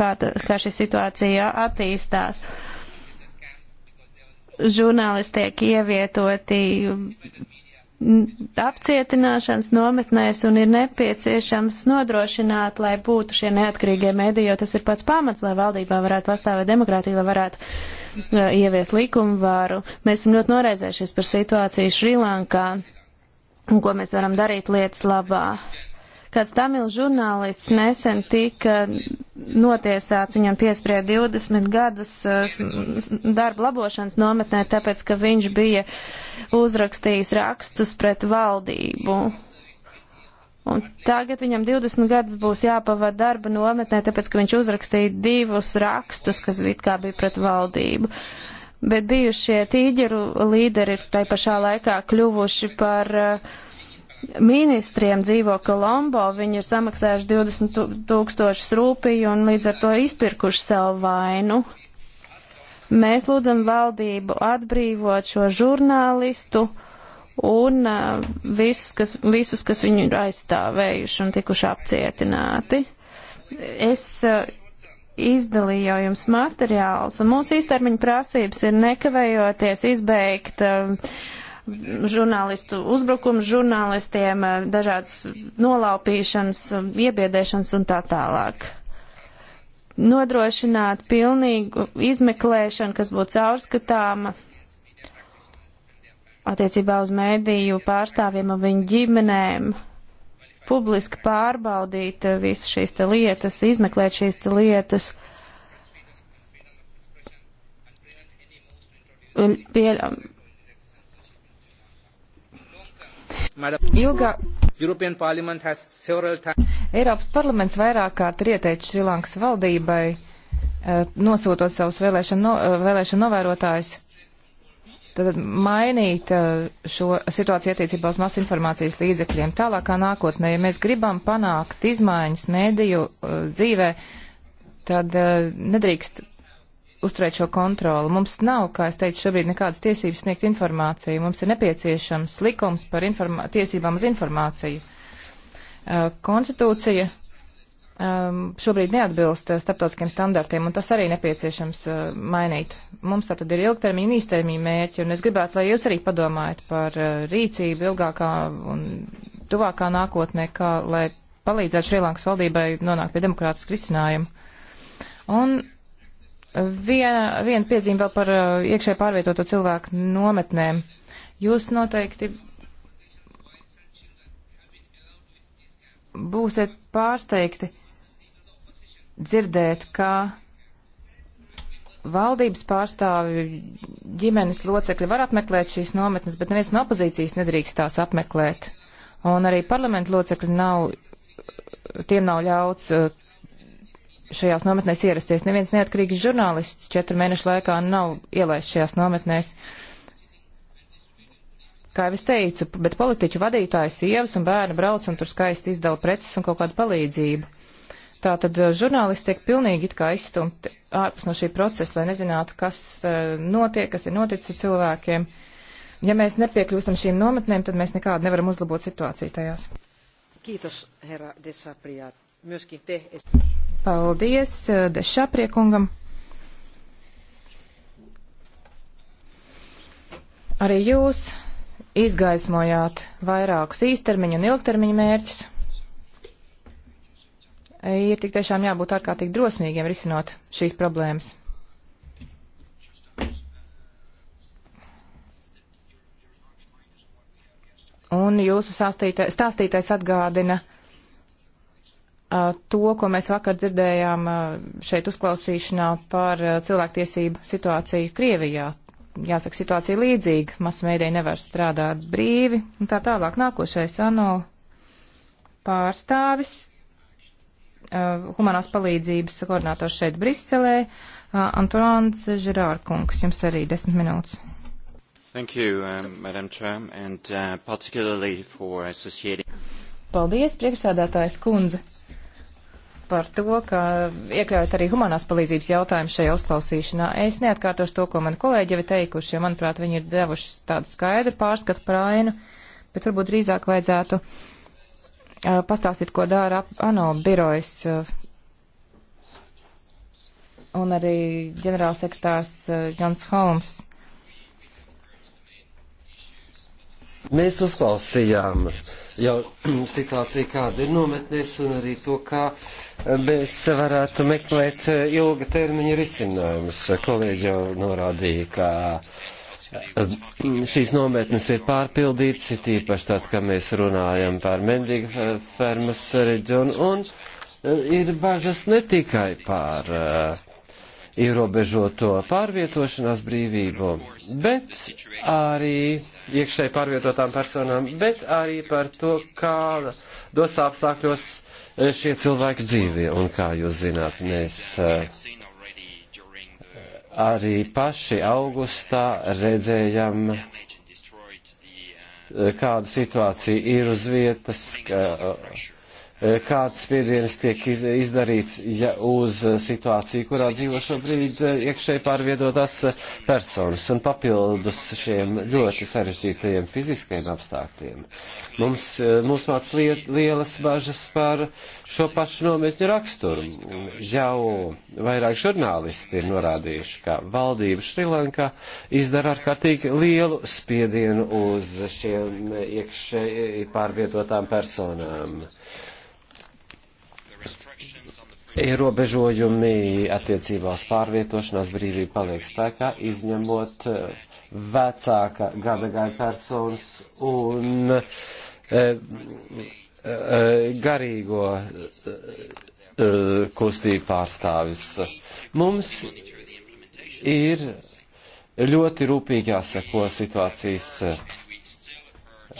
Speaker 2: kā, tā, kā šī situācija attīstās. Žurnālisti tiek ievietoti apcietināšanas nometnēs un ir nepieciešams nodrošināt, lai būtu šie neatkarīgie mediji, jo tas ir pats pamats, lai valdībā varētu pastāvēt demokrātija, lai varētu uh, ieviest likumu varu. Mēs esam ļoti noraizējušies par situāciju Šrilankā un ko mēs varam darīt lietas labā. Kāds Tamil žurnālists nesen tika notiesāts, viņam piesprieda 20 gadus eh, darba labošanas nometnē, tāpēc, ka viņš bija uzrakstījis rakstus pret valdību. Un tagad viņam 20 gadus būs jāpavada darba nometnē, tāpēc, ka viņš uzrakstīja divus rakstus, kas it kā bija pret valdību. Bet bijušie tīģeru līderi ir tai pašā laikā kļuvuši par uh, ministriem dzīvo Kolombo, viņi ir samaksājuši 20 tūkstošus rūpiju un līdz ar to izpirkuši savu vainu. Mēs lūdzam valdību atbrīvot šo žurnālistu un uh, visus, kas, visus, kas viņu ir aizstāvējuši un tikuši apcietināti. Es uh, izdalīju jau jums materiālus, un mūsu īstermiņa prasības ir nekavējoties izbeigt uh, žurnālistu uzbrukums žurnālistiem, eh, dažādas nolaupīšanas, eh, iebiedēšanas un tā tālāk. Nodrošināt pilnīgu izmeklēšanu, kas būtu caurskatāma attiecībā uz mēdīju pārstāvjiem un viņu ģimenēm, publiski pārbaudīt eh, visas šīs te lietas, izmeklēt šīs te lietas. Pie,
Speaker 5: Ilgā...
Speaker 4: Eiropas parlaments vairāk kārt ir ieteicis Šrilankas valdībai eh, nosūtot savus vēlēšanu, no, eh, vēlēšanu novērotājus, tad mainīt eh, šo situāciju attiecībā uz masu informācijas līdzekļiem. Tālākā nākotnē, ja mēs gribam panākt izmaiņas mēdīju dzīvē, tad nedrīkst uzturēt šo kontroli. Mums nav, kā es teicu, šobrīd nekādas tiesības sniegt informāciju. Mums ir nepieciešams likums par tiesībām uz informāciju. Uh, konstitūcija um, šobrīd neatbilst uh, starptautiskiem standartiem, un tas arī nepieciešams uh, mainīt. Mums tātad ir ilgtermiņa un īstermiņa mērķi, un es gribētu, lai jūs arī padomājat par uh, rīcību ilgākā un tuvākā nākotnē, kā lai palīdzētu Šrilankas valdībai nonākt pie demokrātiskas risinājuma. Un Viena, viena piezīme vēl par uh, iekšēji pārvietoto cilvēku nometnēm. Jūs noteikti būsiet pārsteigti dzirdēt, ka valdības pārstāvi, ģimenes locekļi var apmeklēt šīs nometnes, bet neviens no opozīcijas nedrīkst tās apmeklēt. Un arī parlamentu locekļi nav, tiem nav ļauts uh, šajās nometnēs ierasties. Neviens neatkarīgs žurnālists četru mēnešu laikā nav ielaists šajās nometnēs. Kā jau es teicu, bet politiķu vadītāji sievas un bērni brauc un tur skaisti izdala preces un kaut kādu palīdzību. Tātad eh, žurnālisti tiek pilnīgi it kā izstumti ārpus no šī procesa, lai nezinātu, kas eh, notiek, kas ir noticis ar cilvēkiem. Ja mēs nepiekļūstam šīm nometnēm, tad mēs nekādu nevaram uzlabot situāciju tajās.
Speaker 1: Kītos, herra Desaprija. Myöskin te.
Speaker 4: Paldies eh, Dešapriekungam. Arī jūs izgaismojāt vairākus īstermiņu un ilgtermiņu mērķus. Ir tik tiešām jābūt ārkārtīgi drosmīgiem risinot šīs problēmas. Un jūsu stāstītais atgādina uh, to, ko mēs vakar dzirdējām šeit uzklausīšanā par cilvēktiesību situāciju Krievijā. Jāsaka, situācija līdzīga, masmēdēji nevar strādāt brīvi un tā tālāk. Nākošais ANO pārstāvis, humanās palīdzības koordinators šeit Briselē, Antoāns Žerārkungs, jums arī desmit minūtes.
Speaker 3: Thank you, um, Madam Chair, and uh, particularly for associating.
Speaker 4: Paldies, priekšsādātājs kundze. Uh, par to, ka iekļaujot arī humanās palīdzības jautājumu šajā uzklausīšanā. Es neatkārtošu to, ko mani kolēģi jau ir teikuši, jo, manuprāt, viņi ir devuši tādu skaidru pārskatu par ainu, bet varbūt drīzāk vajadzētu uh, pastāstīt, ko dara ANO birojas uh, un arī ģenerālsekretārs uh, Jans Holms.
Speaker 3: Mēs uzklausījām uh, jau situācija kāda ir nometnēs un arī to, kā mēs varētu meklēt eh, ilga termiņa risinājumus. Kolēģi jau norādīja, ka eh, šīs nometnes ir pārpildītas, it īpaši tad, kad mēs runājam par Mendīga fermas reģionu, un eh, ir bažas ne tikai par uh, ierobežoto pārvietošanās brīvību, bet arī iekšēji pārvietotām personām, bet arī par to, kādos apstākļos eh, šie cilvēki dzīvie. Un kā jūs zināt, mēs eh, arī paši augustā redzējam eh, kāda situācija ir uz vietas, ka, Eh, kāds spiediens tiek izdarīts ja uz eh, situāciju, kurā dzīvo šobrīd eh, iekšēji pārviedotās personas un papildus šiem ļoti sarežģītajiem fiziskajiem apstākļiem. Mums, mums nāc lielas bažas par šo pašu nometņu raksturu. Jau vairāk žurnālisti ir norādījuši, ka valdība Šrilankā izdara ārkārtīgi lielu spiedienu uz šiem iekšēji pārvietotām personām ierobežojumi attiecībā uz pārvietošanās brīvību paliek spēkā, izņemot eh, vecāka gadagāja personas un e, e, garīgo e, kustību pārstāvis. Mums ir ļoti rūpīgi jāseko situācijas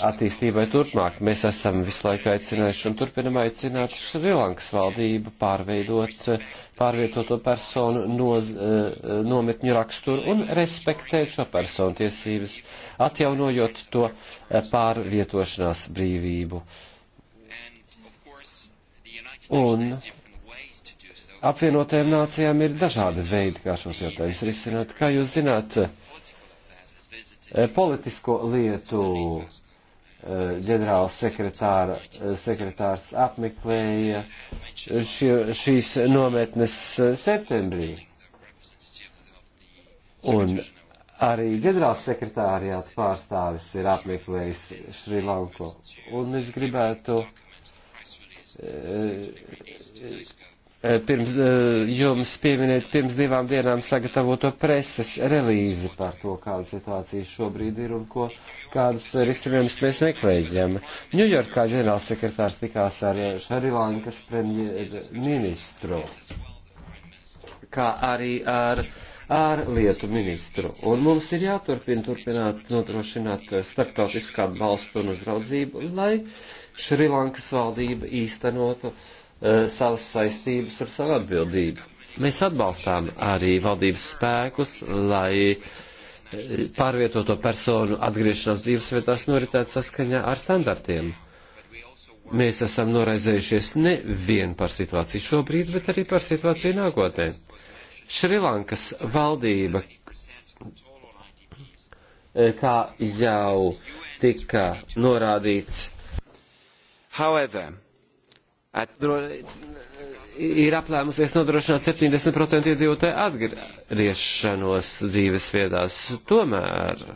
Speaker 3: attīstībai turpmāk. Mēs esam visu laiku aicinājuši un turpinam aicināt Šrilankas valdību pārveidot pārvietoto personu noz, eh, nometņu raksturu un respektēt šo personu tiesības, atjaunojot to eh, pārvietošanās brīvību. Un apvienotajām nācijām ir dažādi veidi, kā šos jautājumus risināt. Kā jūs zināt, eh, politisko lietu ģenerāls sekretāra, sekretārs apmeklēja šie, šīs nometnes septembrī. Un arī ģenerāls sekretārijāts pārstāvis ir apmeklējis Šrilanku. Un es gribētu eh, Eh, pirms, eh, jums pieminēt pirms divām dienām sagatavoto preses relīzi par to, kāda situācija šobrīd ir un ko, kādus risinājumus mēs meklējam. Ņujorkā ģenerālsekretārs tikās ar Šarilankas premjerministru, kā arī ar ārlietu ministru. Un mums ir jāturpina turpināt nodrošināt starptautisku atbalstu un uzraudzību, lai Šrilankas valdība īstenotu uh, Eh, savas saistības un savu atbildību. Mēs atbalstām arī valdības spēkus, lai eh, pārvietoto personu atgriešanās dzīvesvietās noritētu saskaņā ar standartiem. Mēs esam noraizējušies nevien par situāciju šobrīd, bet arī par situāciju nākotnē. Šrilankas valdība, eh, kā jau tika norādīts, However, Atdro, ir aplēmusies nodrošināt 70% iedzīvotāju atgriešanos dzīves viedās. Tomēr e,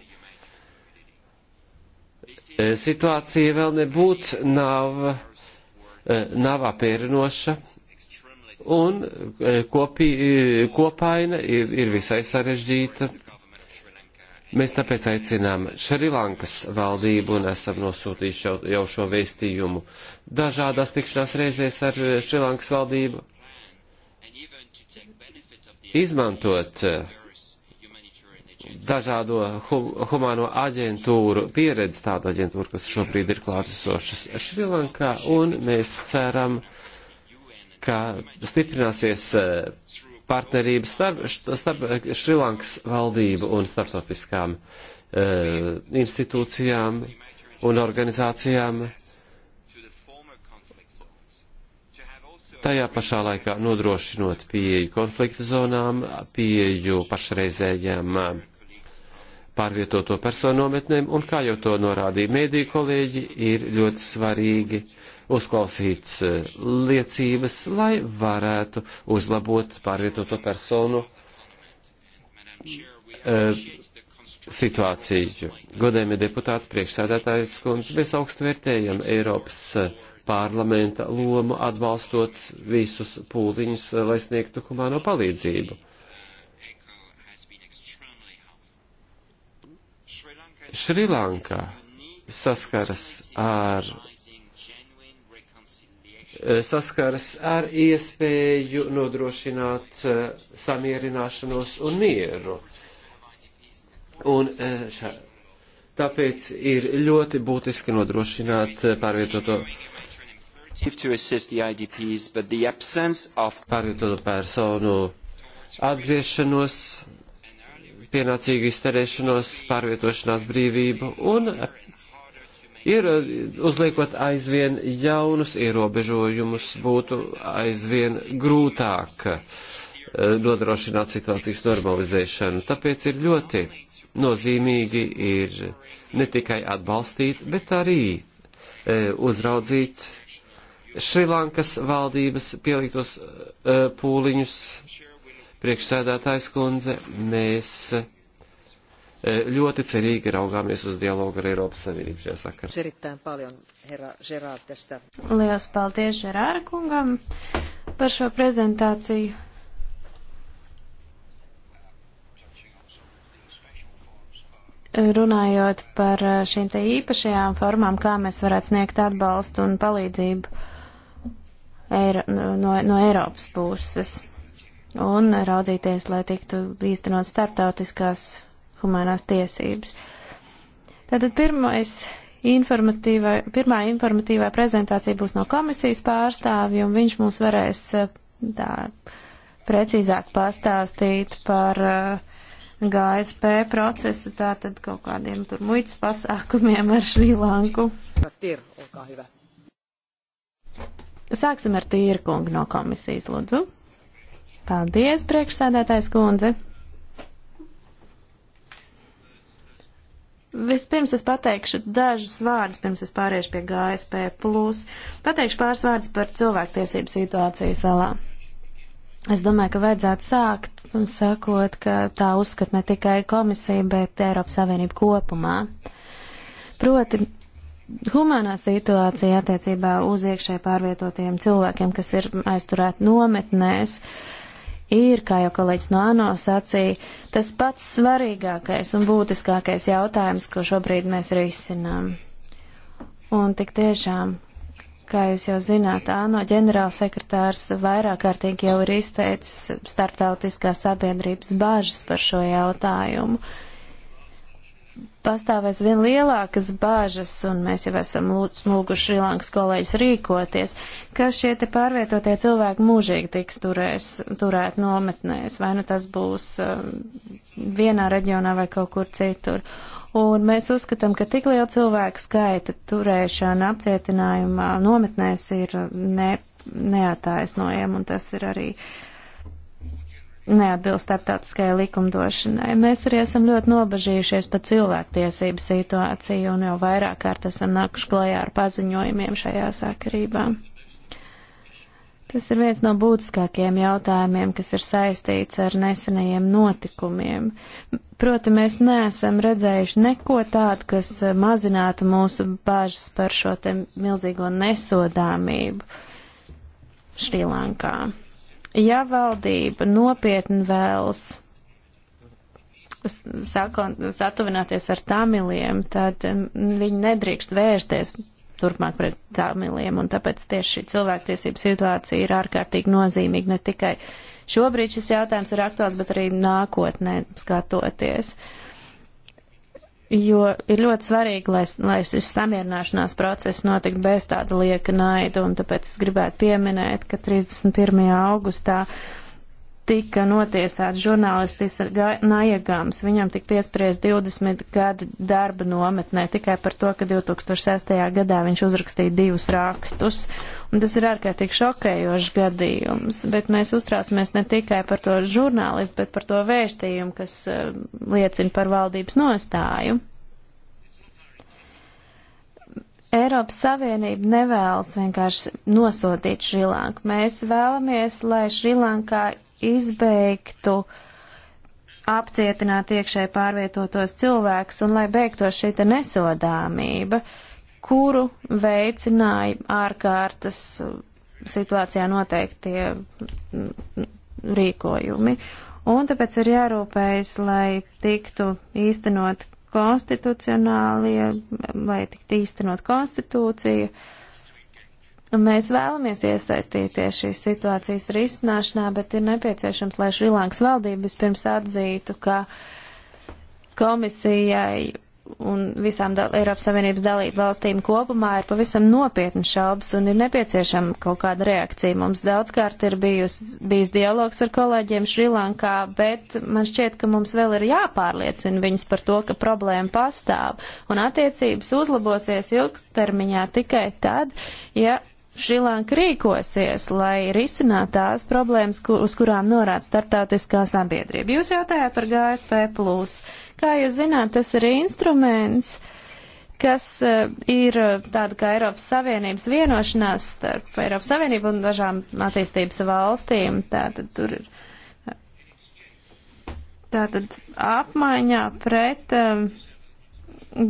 Speaker 3: situācija vēl nebūtu nav, e, nav apierinoša un e, kopī, kopaina ir, ir visai sarežģīta Mēs tāpēc aicinām Šrilankas valdību un esam nosūtījuši jau, jau šo vēstījumu dažādās tikšanās reizēs ar Šrilankas valdību. Izmantot eh, dažādo hum, humāno aģentūru pieredzi, tādu aģentūru, kas šobrīd ir klātesošas Šrilankā, un mēs ceram, ka stiprināsies eh, partnerību starp, starp Šrilankas valdību un starptautiskām e, institūcijām un organizācijām. Tajā pašā laikā nodrošinot pieeju konflikta zonām, pieeju pašreizējām pārvietoto personu nometnēm, un kā jau to norādīja mēdīju kolēģi, ir ļoti svarīgi uzklausīt eh, liecības, lai varētu uzlabot pārvietoto personu uh, situāciju. Godējumie deputāti, priekšsēdētājs kundze, mēs augstu vērtējam Eiropas eh, parlamenta lomu atbalstot visus pūliņus, lai sniegtu humāno palīdzību Šrilanka saskaras ar saskaras ar iespēju nodrošināt eh, samierināšanos un mieru. Un eh, šā, tāpēc ir ļoti būtiski nodrošināt eh, pārvietoto IDPs, of... pārvietoto personu atgriešanos pienācīgu izterēšanos, pārvietošanās brīvību un ir uzliekot aizvien jaunus ierobežojumus, būtu aizvien grūtāk eh, nodrošināt situācijas normalizēšanu. Tāpēc ir ļoti nozīmīgi ir ne tikai atbalstīt, bet arī eh, uzraudzīt Šrilankas valdības pieliktos eh, pūliņus priekšsēdētājs kundze, mēs e, ļoti cerīgi raugāmies uz dialogu ar Eiropas
Speaker 1: Savienību šajā
Speaker 2: sakarā. Lielas paldies Žerāra kungam par šo prezentāciju. Runājot par e, šīm te īpašajām formām, kā mēs varētu sniegt atbalstu un palīdzību Eiro, no, no Eiropas puses un raudzīties, lai tiktu īstenot starptautiskās humanās tiesības. Tātad pirmais informatīvā, pirmā informatīvā prezentācija būs no komisijas pārstāvja, un viņš mums varēs eh, tā precīzāk pastāstīt par eh, GSP procesu, tātad kaut kādiem tur muitas pasākumiem ar Šrilanku. Sāksim ar tīrkungu no komisijas, lūdzu. Paldies, priekšsēdētājs kundze. Vispirms es pateikšu dažus vārdus, pirms es pāriešu pie GSP. Pateikšu pāris vārdus par cilvēktiesību situāciju salā. Es domāju, ka vajadzētu sākt, sakot, ka tā uzskat ne tikai komisija, bet Eiropas Savienība kopumā. Proti, humānā situācija attiecībā uz iekšēji pārvietotiem cilvēkiem, kas ir aizturēti nometnēs, uh, ir, kā jau kolēģis no ANO sacīja, tas pats svarīgākais un būtiskākais jautājums, ko šobrīd mēs risinām. Un tik tiešām, kā jūs jau zināt, ANO ģenerālsekretārs vairāk kārtīgi jau ir izteicis starptautiskās sabiedrības bažas par šo jautājumu. Uh, pastāvēs vien lielākas bāžas, un mēs jau esam lūguši Šrilankas kolēģis rīkoties, ka šie te pārvietotie cilvēki mūžīgi tiks turēs, turēt nometnēs, vai nu tas būs um, vienā reģionā vai kaut kur citur. Un mēs uzskatām, ka tik liela cilvēku skaita turēšana apcietinājumā nometnēs ir ne, neataisnojama, un tas ir arī uh, neatbilst starptautiskajai likumdošanai. Mēs arī esam ļoti nobažījušies par cilvēktiesību situāciju un jau vairāk kārt esam nākuši klajā ar paziņojumiem šajā sakarībā. Tas ir viens no būtiskākajiem jautājumiem, kas ir saistīts ar nesenajiem notikumiem. Proti, mēs neesam redzējuši neko tādu, kas mazinātu mūsu bāžas par šo te milzīgo nesodāmību Šrilankā. Ja valdība nopietni vēlas satuvināties ar tamiliem, tad viņi nedrīkst vērsties turpmāk pret tamiliem, un tāpēc tieši šī cilvēktiesība situācija ir ārkārtīgi nozīmīga ne tikai šobrīd šis jautājums ir aktuāls, bet arī nākotnē skatoties. Uh, jo ir ļoti svarīgi, lai, lai šis samierināšanās process notiktu bez tāda lieka naida, un tāpēc es gribētu pieminēt, ka 31. augustā uh, tika notiesāts žurnālistis Naiegams. Viņam tika piespriezt 20 gadu darba nometnē tikai par to, ka 2006. gadā viņš uzrakstīja divus rakstus. Un tas ir ārkārtīgi šokējošs gadījums, bet mēs uztraucamies ne tikai par to žurnālistu, bet par to vēstījumu, kas uh, liecina par valdības nostāju. Eiropas Savienība nevēlas vienkārši nosodīt Šrilanku. Mēs vēlamies, lai Šrilankā izbeigtu apcietināt iekšēji pārvietotos cilvēkus un lai beigtos šī nesodāmība, kuru veicināja ārkārtas situācijā noteiktie rīkojumi. Un tāpēc ir jārūpējas, lai tiktu īstenot konstitucionālie, lai tiktu īstenot konstitūcija, uh, Mēs vēlamies iesaistīties šīs situācijas risināšanā, bet ir nepieciešams, lai Šrilankas valdība vispirms atzītu, ka komisijai un visām Eiropas Savienības dalību valstīm kopumā ir pavisam nopietni šaubas un ir nepieciešama kaut kāda reakcija. Mums daudzkārt ir bijus, bijis dialogs ar kolēģiem Šrilankā, bet man šķiet, ka mums vēl ir jāpārliecina viņus par to, ka problēma pastāv. Un attiecības uzlabosies ilgtermiņā tikai tad, ja Šrilanka rīkosies, lai risinātu tās problēmas, kur, uz kurām norāda starptautiskā sabiedrība. Jūs jautājāt par GSP. Kā jūs zināt, tas ir instruments, kas eh, ir eh, tāda kā Eiropas Savienības vienošanās starp Eiropas Savienību un dažām attīstības valstīm. Tātad tur ir eh, tātad apmaiņā pret um,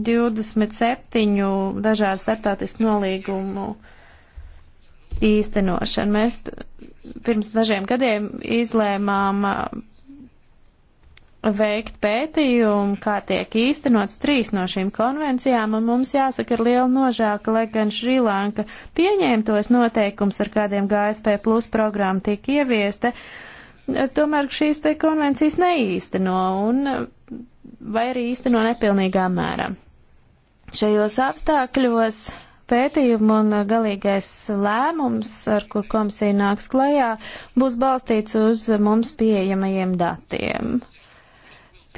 Speaker 2: 27 dažādu starptautisku nolīgumu uh, īstenošanu. Mēs pirms dažiem gadiem izlēmām uh, veikt pētījumu, kā tiek īstenots trīs no šīm konvencijām, un mums jāsaka ar lielu nožēlu, ka, lai gan Šrilanka pieņēma tos noteikums, ar kādiem GSP plus programma tiek ieviesta, tomēr šīs te konvencijas neīsteno, un vai arī īsteno nepilnīgā mērā. Šajos apstākļos pētījumu un uh, galīgais lēmums, ar kur komisija nāks klajā, būs balstīts uz uh, mums pieejamajiem datiem.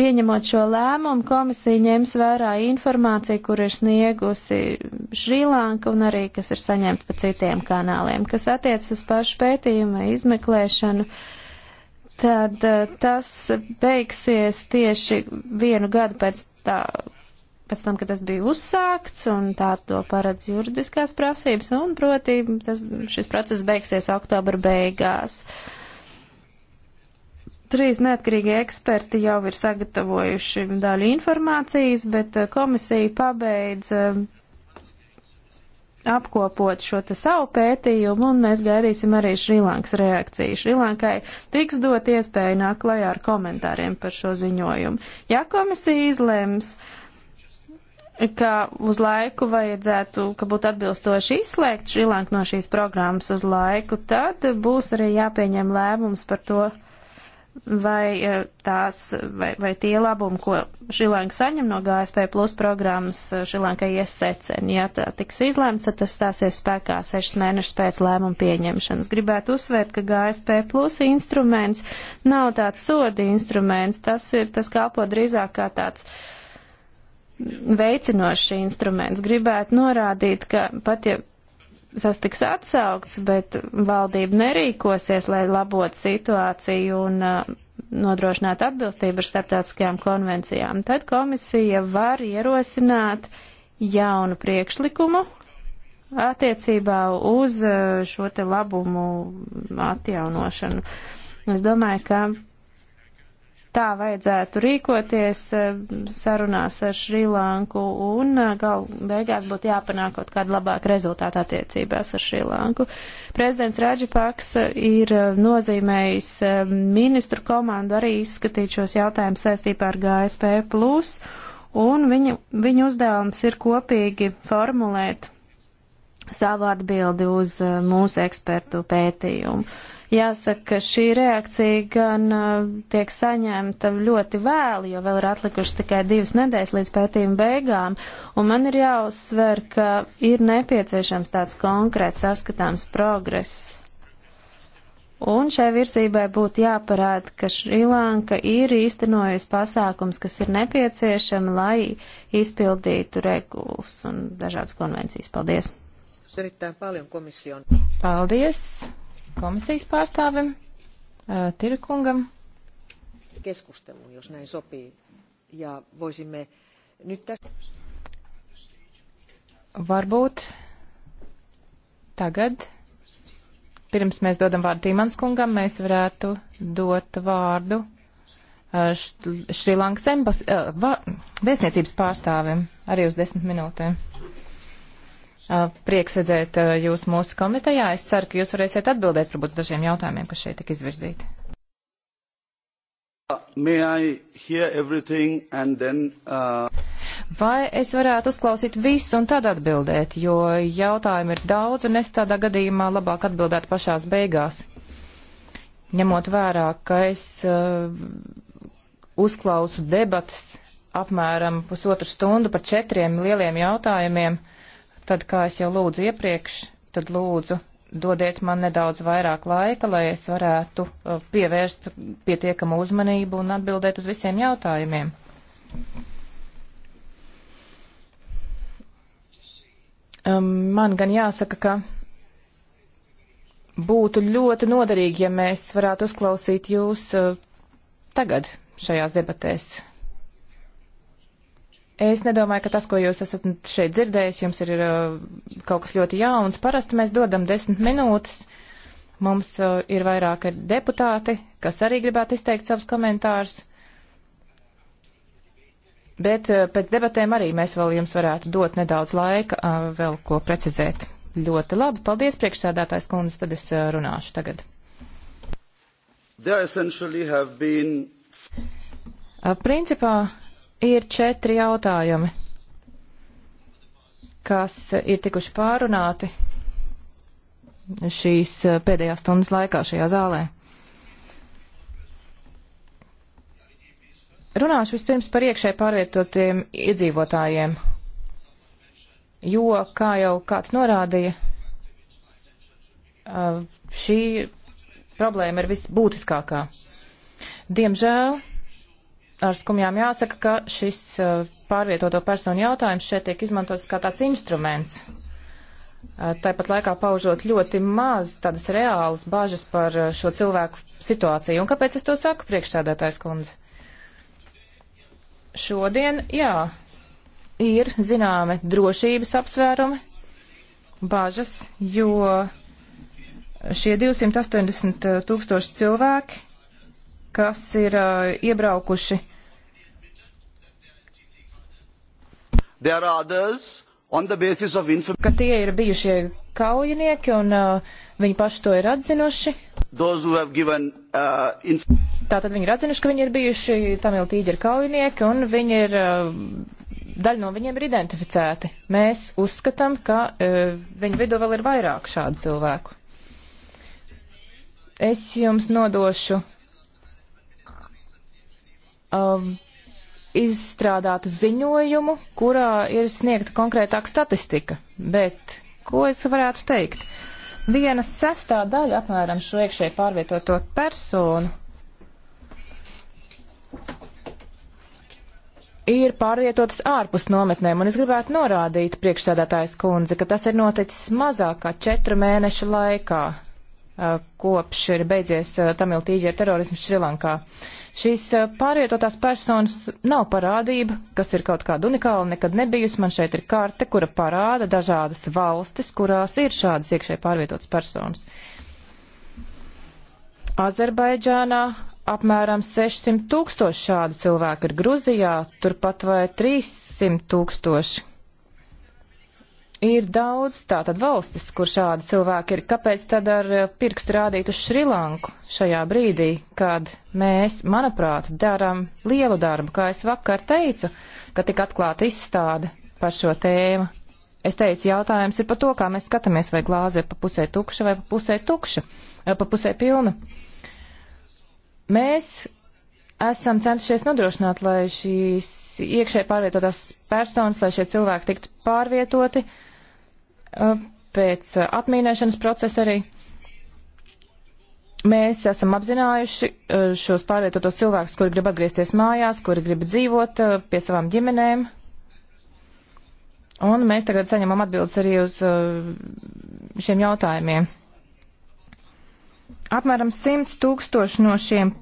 Speaker 2: Pieņemot šo lēmumu, komisija ņems vērā informāciju, kur ir sniegusi Šrilanka un arī, kas ir saņemta pa citiem kanāliem, kas attiec uz pašu pētījumu izmeklēšanu. Tad uh, tas beigsies tieši vienu gadu pēc tā pēc tam, kad tas bija uzsākts, un tā to paredz juridiskās prasības, un proti tas, šis process beigsies oktobra beigās. Trīs neatkarīgi eksperti jau ir sagatavojuši daļu informācijas, bet eh, komisija pabeidz eh, apkopot šo te savu pētījumu, un mēs gaidīsim arī Šrilankas reakciju. Šrilankai tiks dot iespēja nāk klajā ar komentāriem par šo ziņojumu. Ja komisija izlems, uh, ka uz laiku vajadzētu, ka būtu atbilstoši izslēgt Šrilanku no šīs programmas uz laiku, tad būs arī jāpieņem lēmums par to, vai eh, tās, vai, vai tie labumi, ko Šrilanka saņem no GSP plus programmas, eh, Šrilankai iesecen. Ja tā tiks izlēmts, tad tas stāsies spēkā sešas mēnešus pēc lēmuma pieņemšanas. Gribētu uzsvērt, ka GSP plus instruments nav tāds sodi instruments, tas ir, tas kalpo drīzāk kā tāds. Uh, veicinošs instruments. Gribētu norādīt, ka pat ja tas tiks atsaukts, bet valdība nerīkosies, lai labotu situāciju un uh, nodrošinātu atbilstību ar starptautiskajām konvencijām, tad komisija var ierosināt jaunu priekšlikumu attiecībā uz uh, šo te labumu atjaunošanu. Es domāju, ka tā vajadzētu rīkoties eh, sarunās ar Šrilanku un eh, gal beigās būtu jāpanāk kaut kāda labāka rezultāta attiecībās ar Šrilanku. Prezidents Raģipaks eh, ir nozīmējis ministru komandu arī izskatīt šos jautājumus saistībā ar GSP plus un viņa, viņa uzdevums ir kopīgi formulēt savu atbildi uz mūsu ekspertu pētījumu. Jāsaka, ka šī reakcija gan uh, tiek saņemta ļoti vēli, jo vēl ir atlikušas tikai divas nedēļas līdz pētījuma beigām, un man ir jāuzsver, ka ir nepieciešams tāds konkrēts saskatāms progress. Un šai virzībai būtu jāparāda, ka Šrilanka ir īstenojusi pasākums, kas ir nepieciešami, lai izpildītu regulas un dažādas konvencijas. Paldies!
Speaker 1: Eh,
Speaker 2: paldies!
Speaker 4: komisijas pārstāvim, Tirkungam.
Speaker 1: Keskustelu, jos näin sopii. Ja voisimme nyt tästä...
Speaker 4: Varbūt tagad, pirms mēs dodam vārdu Tīmans kungam, mēs varētu dot vārdu Šrilankas embas... vēstniecības pārstāvim arī uz desmit minūtēm. Prieks redzēt jūs mūsu komitejā. Es ceru, ka jūs varēsiet atbildēt varbūt dažiem jautājumiem, kas šeit tika izvirzīti.
Speaker 5: Uh, then, uh...
Speaker 4: Vai es varētu uzklausīt visu un tad atbildēt, jo jautājumu ir daudz un es tādā gadījumā labāk atbildētu pašās beigās. Ņemot vērā, ka es uh, uzklausu debatas apmēram pusotru stundu par četriem lieliem jautājumiem. Uh, tad, kā es jau lūdzu iepriekš, tad lūdzu dodiet man nedaudz vairāk laika, lai es varētu uh, pievērst pietiekamu uzmanību un atbildēt uz visiem jautājumiem. Um, man gan jāsaka, ka būtu ļoti noderīgi, ja mēs varētu uzklausīt jūs uh, tagad šajās debatēs. Es nedomāju, ka tas, ko jūs esat šeit dzirdējis, jums ir uh, kaut kas ļoti jauns. Parasti mēs dodam desmit minūtes. Mums uh, ir vairāki deputāti, kas arī gribētu izteikt savus komentārus. Bet uh, pēc debatēm arī mēs vēl jums varētu dot nedaudz laika uh, vēl ko precizēt. Ļoti labi. Paldies, priekšsēdētājs kundze. Tad es uh, runāšu tagad.
Speaker 5: Been...
Speaker 4: Uh, principā Ir četri jautājumi, kas ir tikuši pārunāti šīs eh, pēdējās stundas laikā šajā zālē. Runāšu vispirms par iekšēji pārvietotiem iedzīvotājiem, jo, kā jau kāds norādīja, eh, šī problēma ir visbūtiskākā. Diemžēl ar skumjām jāsaka, ka šis uh, pārvietoto personu jautājums šeit tiek izmantots kā tāds instruments. Uh, tāpat laikā paužot ļoti maz tādas reālas bažas par uh, šo cilvēku situāciju. Un kāpēc es to saku, priekšsēdētājs kundze? Šodien, jā, ir zināmi drošības apsvērumi, bažas, jo šie 280 tūkstoši cilvēki, kas ir uh, iebraukuši ka tie ir bijušie kaujinieki un uh, viņi paši to ir atzinuši.
Speaker 5: Given, uh,
Speaker 4: Tātad viņi ir atzinuši, ka viņi ir bijuši Tamil tīģeri kaujinieki un viņi ir, uh, daļa no viņiem ir identificēti. Mēs uzskatām, ka uh, viņu vidū vēl ir vairāk šādu cilvēku. Es jums nodošu. Um, uh, izstrādātu ziņojumu, kurā ir sniegta konkrētāka statistika. Bet ko es varētu teikt? Viena sestā daļa apmēram šo iekšēji pārvietoto personu ir pārvietotas ārpus nometnēm, un es gribētu norādīt priekšsēdētājas kundze, ka tas ir noticis mazākā četru mēnešu laikā, eh, kopš ir beidzies eh, Tamil tīģeru terorismu Šrilankā. Uh, Šīs eh, pārvietotās personas nav parādība, kas ir kaut kāda unikāla, nekad nebijusi. Man šeit ir karte, kura parāda dažādas valstis, kurās ir šādas iekšēji pārvietotas personas. Azerbaidžānā apmēram 600 tūkstoši šādu cilvēku ir Gruzijā, turpat vai 300 tūkstoši Ir daudz tātad valstis, kur šādi cilvēki ir. Kāpēc tad ar eh, pirkstu rādīt uz Šrilanku šajā brīdī, kad mēs, manuprāt, darām lielu darbu, kā es vakar teicu, ka tik atklāta izstāde par šo tēmu. Es teicu, jautājums ir par to, kā mēs skatāmies, vai glāze ir pa pusē tukša vai pa pusē tukša, eh, pa pusē pilna. Mēs esam centušies nodrošināt, lai šīs iekšē pārvietotās personas, lai šie cilvēki tiktu pārvietoti, uh, Eh, pēc eh, atmīnēšanas procesa arī. Mēs esam apzinājuši eh, šos pārvietotos cilvēkus, kuri grib atgriezties mājās, kuri grib dzīvot pie savām ģimenēm. Un mēs tagad saņemam atbildes arī uz šiem jautājumiem. Apmēram 100 tūkstoši no šiem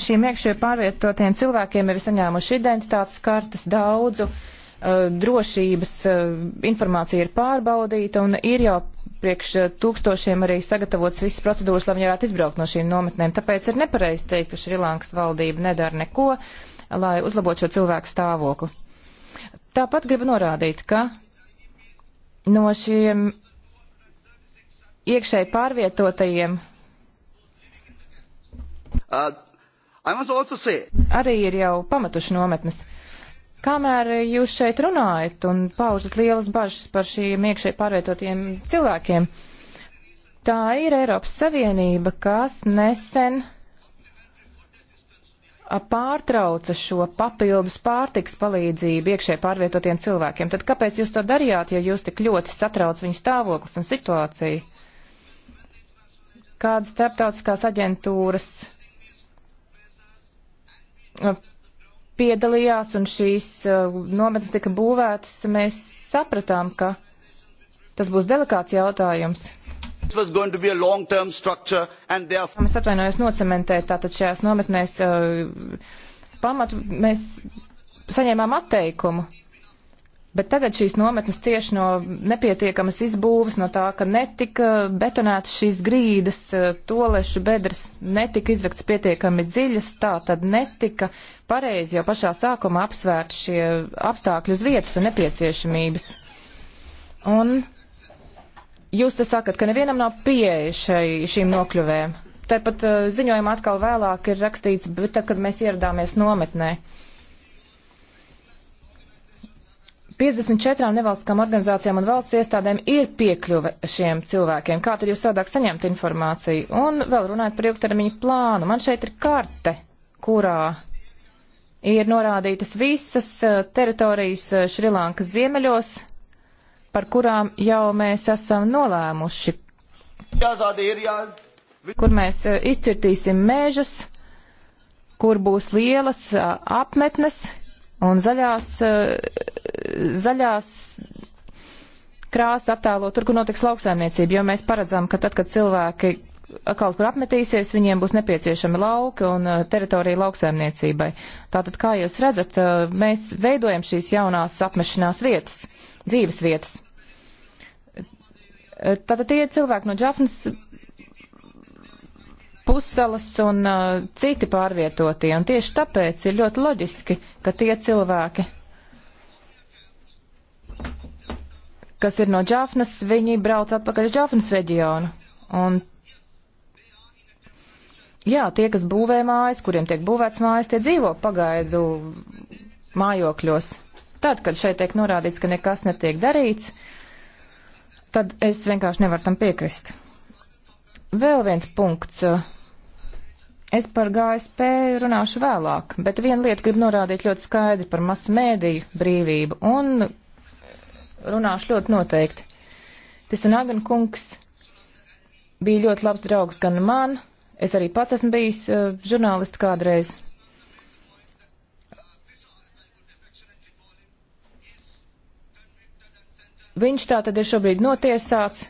Speaker 4: šiem iekšējiem pārvietotiem cilvēkiem ir saņēmuši identitātes kartas, daudzu Eh, drošības eh, informācija ir pārbaudīta un ir jau priekš eh, tūkstošiem arī sagatavots visas procedūras, lai viņi varētu izbraukt no šīm nometnēm. Tāpēc ir nepareizi teikt, ka Šrilankas valdība nedara neko, lai uzlabotu šo cilvēku stāvokli. Tāpat gribu norādīt, ka no šiem iekšēji pārvietotajiem
Speaker 5: uh, say...
Speaker 4: arī ir jau pametuši nometnes. Uh, Kamēr jūs šeit runājat un paužat lielas bažas par šīm iekšēji pārvietotiem cilvēkiem, tā ir Eiropas Savienība, kas nesen pārtrauca šo papildus pārtiks palīdzību iekšē pārvietotiem cilvēkiem. Tad kāpēc jūs to darījāt, ja jūs tik ļoti satrauc viņu stāvoklis un situāciju? Kādas starptautiskās aģentūras piedalījās un šīs uh, nometnes tika būvētas, mēs sapratām, ka tas būs delikāts jautājums.
Speaker 5: Therefore...
Speaker 4: Es atvainojos nocementēt tātad šajās nometnēs uh, pamatu, mēs saņēmām atteikumu. Bet tagad šīs nometnes cieši no nepietiekamas izbūves, no tā, ka netika betonētas šīs grīdas, eh, tolešu bedres netika izrakts pietiekami dziļas, tā tad netika pareizi jau pašā sākumā apsvērt šie apstākļi uz vietas un nepieciešamības. Un jūs te sakat, ka nevienam nav pieeja šai, šīm nokļuvēm. Tāpat eh, ziņojumā atkal vēlāk ir rakstīts, bet tad, kad mēs ieradāmies nometnē. Uh, 54 nevalstiskām organizācijām un valsts iestādēm ir piekļuve šiem cilvēkiem. Kā tad jūs savādāk saņemt informāciju? Un vēl runājot par ilgtermiņu plānu, man šeit ir karte, kurā ir norādītas visas eh, teritorijas eh, Šrilankas ziemeļos, par kurām jau mēs esam nolēmuši, kur mēs eh, izcirtīsim mēžas, kur būs lielas apmetnes, Un zaļās, eh, zaļās krāsa attēlo tur, kur notiks lauksaimniecība, jo mēs paredzam, ka tad, kad cilvēki kaut kur apmetīsies, viņiem būs nepieciešami lauki un eh, teritorija lauksaimniecībai. Tātad, kā jūs redzat, eh, mēs veidojam šīs jaunās apmešanās vietas, dzīves vietas. Tātad tie cilvēki no Džafnas pussalas un uh, citi pārvietotie. Un tieši tāpēc ir ļoti loģiski, ka tie cilvēki, kas ir no Džafnas, viņi brauc atpakaļ uz Džafnas reģionu. Un jā, tie, kas būvē mājas, kuriem tiek būvēts mājas, tie dzīvo pagaidu mājokļos. Tad, kad šeit tiek norādīts, ka nekas netiek darīts, tad es vienkārši nevaru tam piekrist. Vēl viens punkts. Es par GSP runāšu vēlāk, bet vienu lietu gribu norādīt ļoti skaidri par masu mēdīju brīvību un runāšu ļoti noteikti. Tas ir Nagan kungs, bija ļoti labs draugs gan man, es arī pats esmu bijis uh, žurnālists kādreiz. Viņš tā tad ir šobrīd notiesāts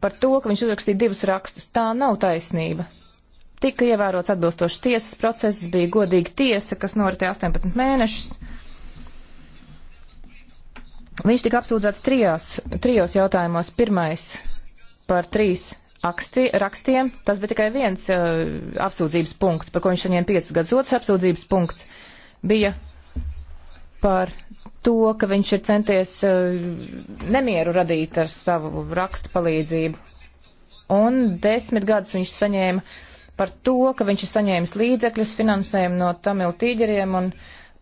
Speaker 4: par to, ka viņš uzrakstīja divus rakstus. Tā nav taisnība. Tika ievērots atbilstošs tiesas process, bija godīga tiesa, kas noritēja 18 mēnešus. Viņš tika apsūdzēts trijās, trijos jautājumos. Pirmais par trīs aksti, rakstiem, tas bija tikai viens uh, apsūdzības punkts, par ko viņš saņēma piecus gadus. Otrs apsūdzības punkts bija par to, ka viņš ir centies eh, nemieru radīt ar savu rakstu palīdzību. Un desmit gadus viņš saņēma par to, ka viņš ir saņēmis līdzekļus finansējumu no Tamilu tīģeriem, un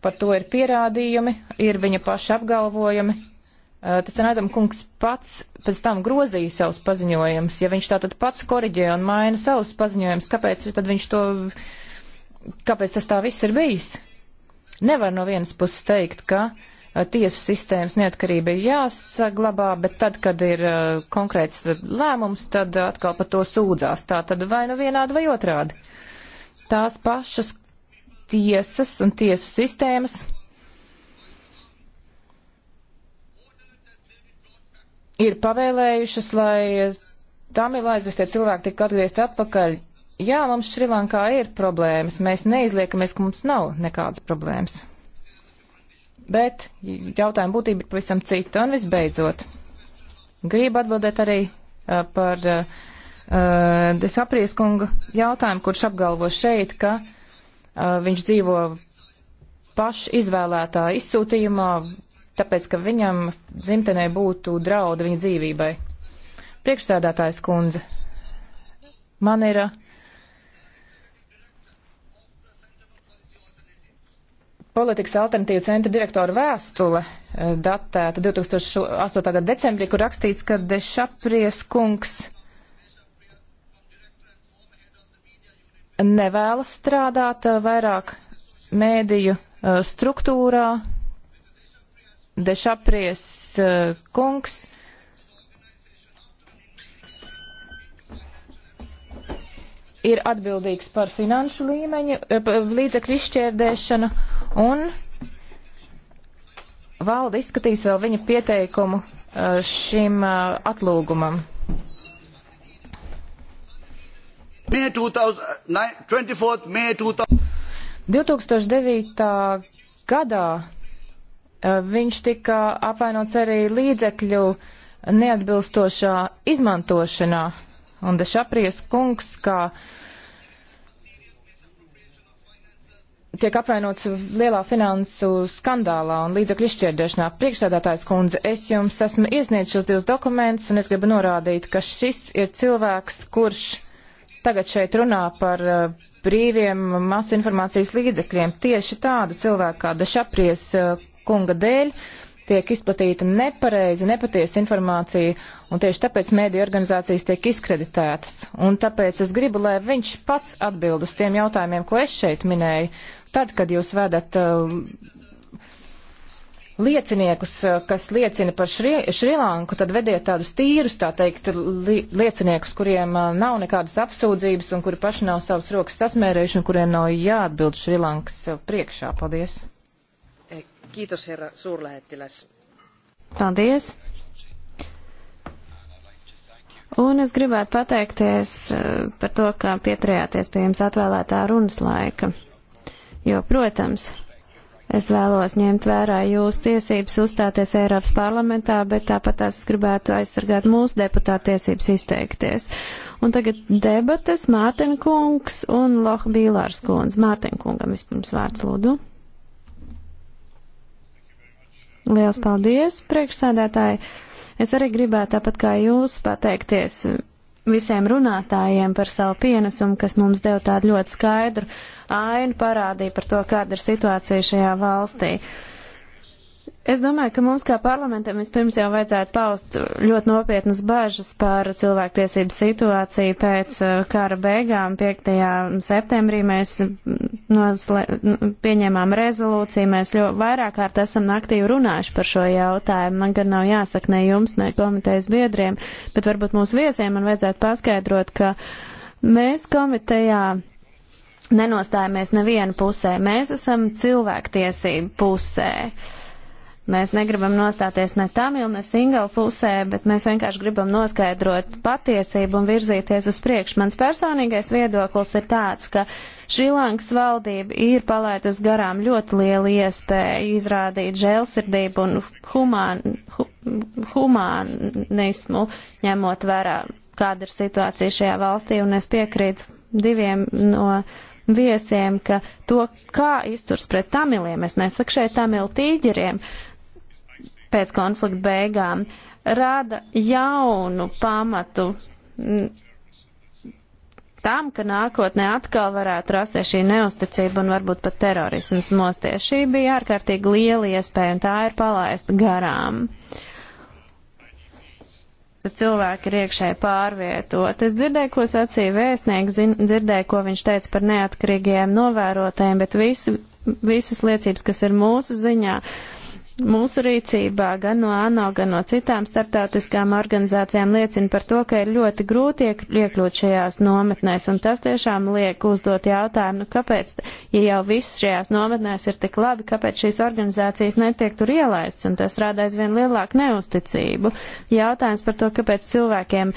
Speaker 4: par to ir pierādījumi, ir viņa paša apgalvojumi. Eh, tas Nēdam kungs pats pēc tam grozīja savus paziņojumus, ja viņš tātad pats koriģē un maina savus paziņojumus, kāpēc tad viņš to, kāpēc tas tā viss ir bijis? Nevar no vienas puses teikt, ka uh, tiesu sistēmas neatkarība ir jāsaglabā, bet tad, kad ir konkrēts lēmums, tad atkal par to sūdzās. Tā tad vai nu vienādi vai otrādi. Tās pašas tiesas un tiesu sistēmas ir pavēlējušas, lai Tamilā aizvestie cilvēki tika atgriezti atpakaļ. Jā, mums Šrilankā ir problēmas. Mēs neizliekamies, ka mums nav nekādas problēmas. Bet jautājuma būtība ir pavisam cita. Un visbeidzot, gribu atbildēt arī uh, par uh, uh Desaprijas kunga jautājumu, kurš apgalvo šeit, ka uh, viņš dzīvo pašu izvēlētā izsūtījumā, tāpēc, ka viņam dzimtenē būtu draudi viņa dzīvībai. Priekšsēdētājs kundze, man ir uh, politikas alternatīvu centra direktora vēstule eh, datēta 2008. gada decembrī, kur rakstīts, ka Dešapries kungs nevēlas strādāt eh, vairāk mēdīju eh, struktūrā. Dešapries kungs ir atbildīgs par finanšu līmeņu, eh, līdzekļu izšķērdēšanu un valde izskatīs vēl viņa pieteikumu eh, šim eh, atlūgumam.
Speaker 5: 2009.
Speaker 4: gadā viņš tika apvainots arī līdzekļu neatbilstošā izmantošanā Un Dešapries kungs, kā tiek apvainots lielā finansu skandālā un līdzekļu izšķirdēšanā. Priekšsēdētājs kundze, es jums esmu iesniedz šos divus dokumentus un es gribu norādīt, ka šis ir cilvēks, kurš tagad šeit runā par uh, brīviem masu informācijas līdzekļiem. Tieši tādu cilvēku kā Dešapries uh, kunga dēļ. Uh, tiek izplatīta nepareiza, nepatiesa informācija, un tieši tāpēc mēdī organizācijas tiek izkreditētas. Un tāpēc es gribu, lai viņš pats atbild uz tiem jautājumiem, ko es šeit minēju, tad, kad jūs vedat uh, lieciniekus, uh, kas liecina par šri, Šrilanku, tad vediet tādus tīrus, tā teikt, li, lieciniekus, kuriem uh, nav nekādas apsūdzības un kuri paši nav savas rokas sasmērējuši un kuriem nav jāatbild Šrilankas uh, priekšā. Paldies!
Speaker 1: Kiitos, herra suurlähettiläs.
Speaker 2: Paldies! Un es gribētu pateikties eh, par to, ka pieturējāties pie jums atvēlētā runas laika. Jo, protams, es vēlos ņemt vērā jūsu tiesības uzstāties Eiropas parlamentā, bet tāpat tās gribētu aizsargāt mūsu deputātu tiesības izteikties. Un tagad debates Mārten Kungs un Loh Bīlārs Kungs. Mārten Kungam vispirms vārds lūdzu. Liels paldies, priekšsēdētāji! Es arī gribētu tāpat kā jūs pateikties visiem runātājiem par savu pienesumu, kas mums deva tādu ļoti skaidru ainu parādīja par to, kāda ir situācija šajā valstī. Uh, Es domāju, ka mums kā parlamentam vispirms jau vajadzētu paust ļoti nopietnas bažas par cilvēktiesību situāciju pēc uh, kara beigām. 5. septembrī mēs nosle, nu, pieņēmām rezolūciju, mēs ļoti vairāk kārt esam aktīvi runājuši par šo jautājumu. Man gan nav jāsaka ne jums, ne komitejas biedriem, bet varbūt mūsu viesiem man vajadzētu paskaidrot, ka mēs komitejā nenostājamies nevienu pusē. Mēs esam cilvēktiesību pusē. Uh, Mēs negribam nostāties ne Tamil, ne Singalu pusē, bet mēs vienkārši gribam noskaidrot patiesību un virzīties uz priekšu. Mans personīgais viedoklis ir tāds, ka Šrilankas valdība ir palaidusi garām ļoti lielu iespēju izrādīt žēlsirdību un humān, hu, humānismu, ņemot vērā, kāda ir situācija šajā valstī, un es piekrītu diviem no viesiem, ka to, kā izturs pret tamiliem, es nesaku šeit tamilu tīģeriem, pēc konflikta beigām, rada jaunu pamatu tam, ka nākotnē atkal varētu rasties šī neusticība un varbūt pat terorisms mosties. Šī bija ārkārtīgi liela iespēja un tā ir palaista garām. Tad cilvēki ir iekšēji pārvietot. Es dzirdēju, ko sacīja vēstnieks, dzirdēju, ko viņš teica par neatkarīgiem novērotējiem, bet visi, visas liecības, kas ir mūsu ziņā, uh, mūsu rīcībā gan no ANO, gan no citām starptautiskām organizācijām liecina par to, ka ir ļoti grūti iekļūt šajās nometnēs, un tas tiešām liek uzdot jautājumu, nu, kāpēc, ja jau viss šajās nometnēs ir tik labi, kāpēc šīs organizācijas netiek tur ielaists, un tas rāda aizvien lielāku neusticību. Jautājums par to, kāpēc cilvēkiem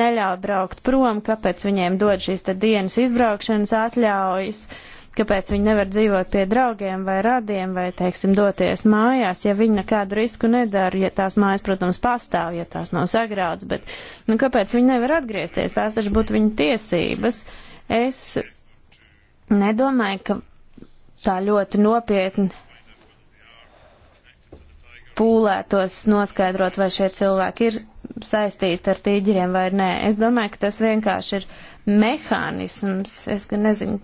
Speaker 2: neļauj braukt prom, kāpēc viņiem dod šīs te dienas izbraukšanas atļaujas. Uh, kāpēc viņi nevar dzīvot pie draugiem vai radiem vai, teiksim, doties mājās, ja viņi nekādu risku nedara, ja tās mājas, protams, pastāv, ja tās nav sagrauts, bet, nu, kāpēc viņi nevar atgriezties, tās taču būtu viņu tiesības. Es nedomāju, ka tā ļoti nopietni pūlētos noskaidrot, vai šie cilvēki ir saistīti ar tīģeriem vai nē. Es domāju, ka tas vienkārši ir mehānisms. Es gan nezinu,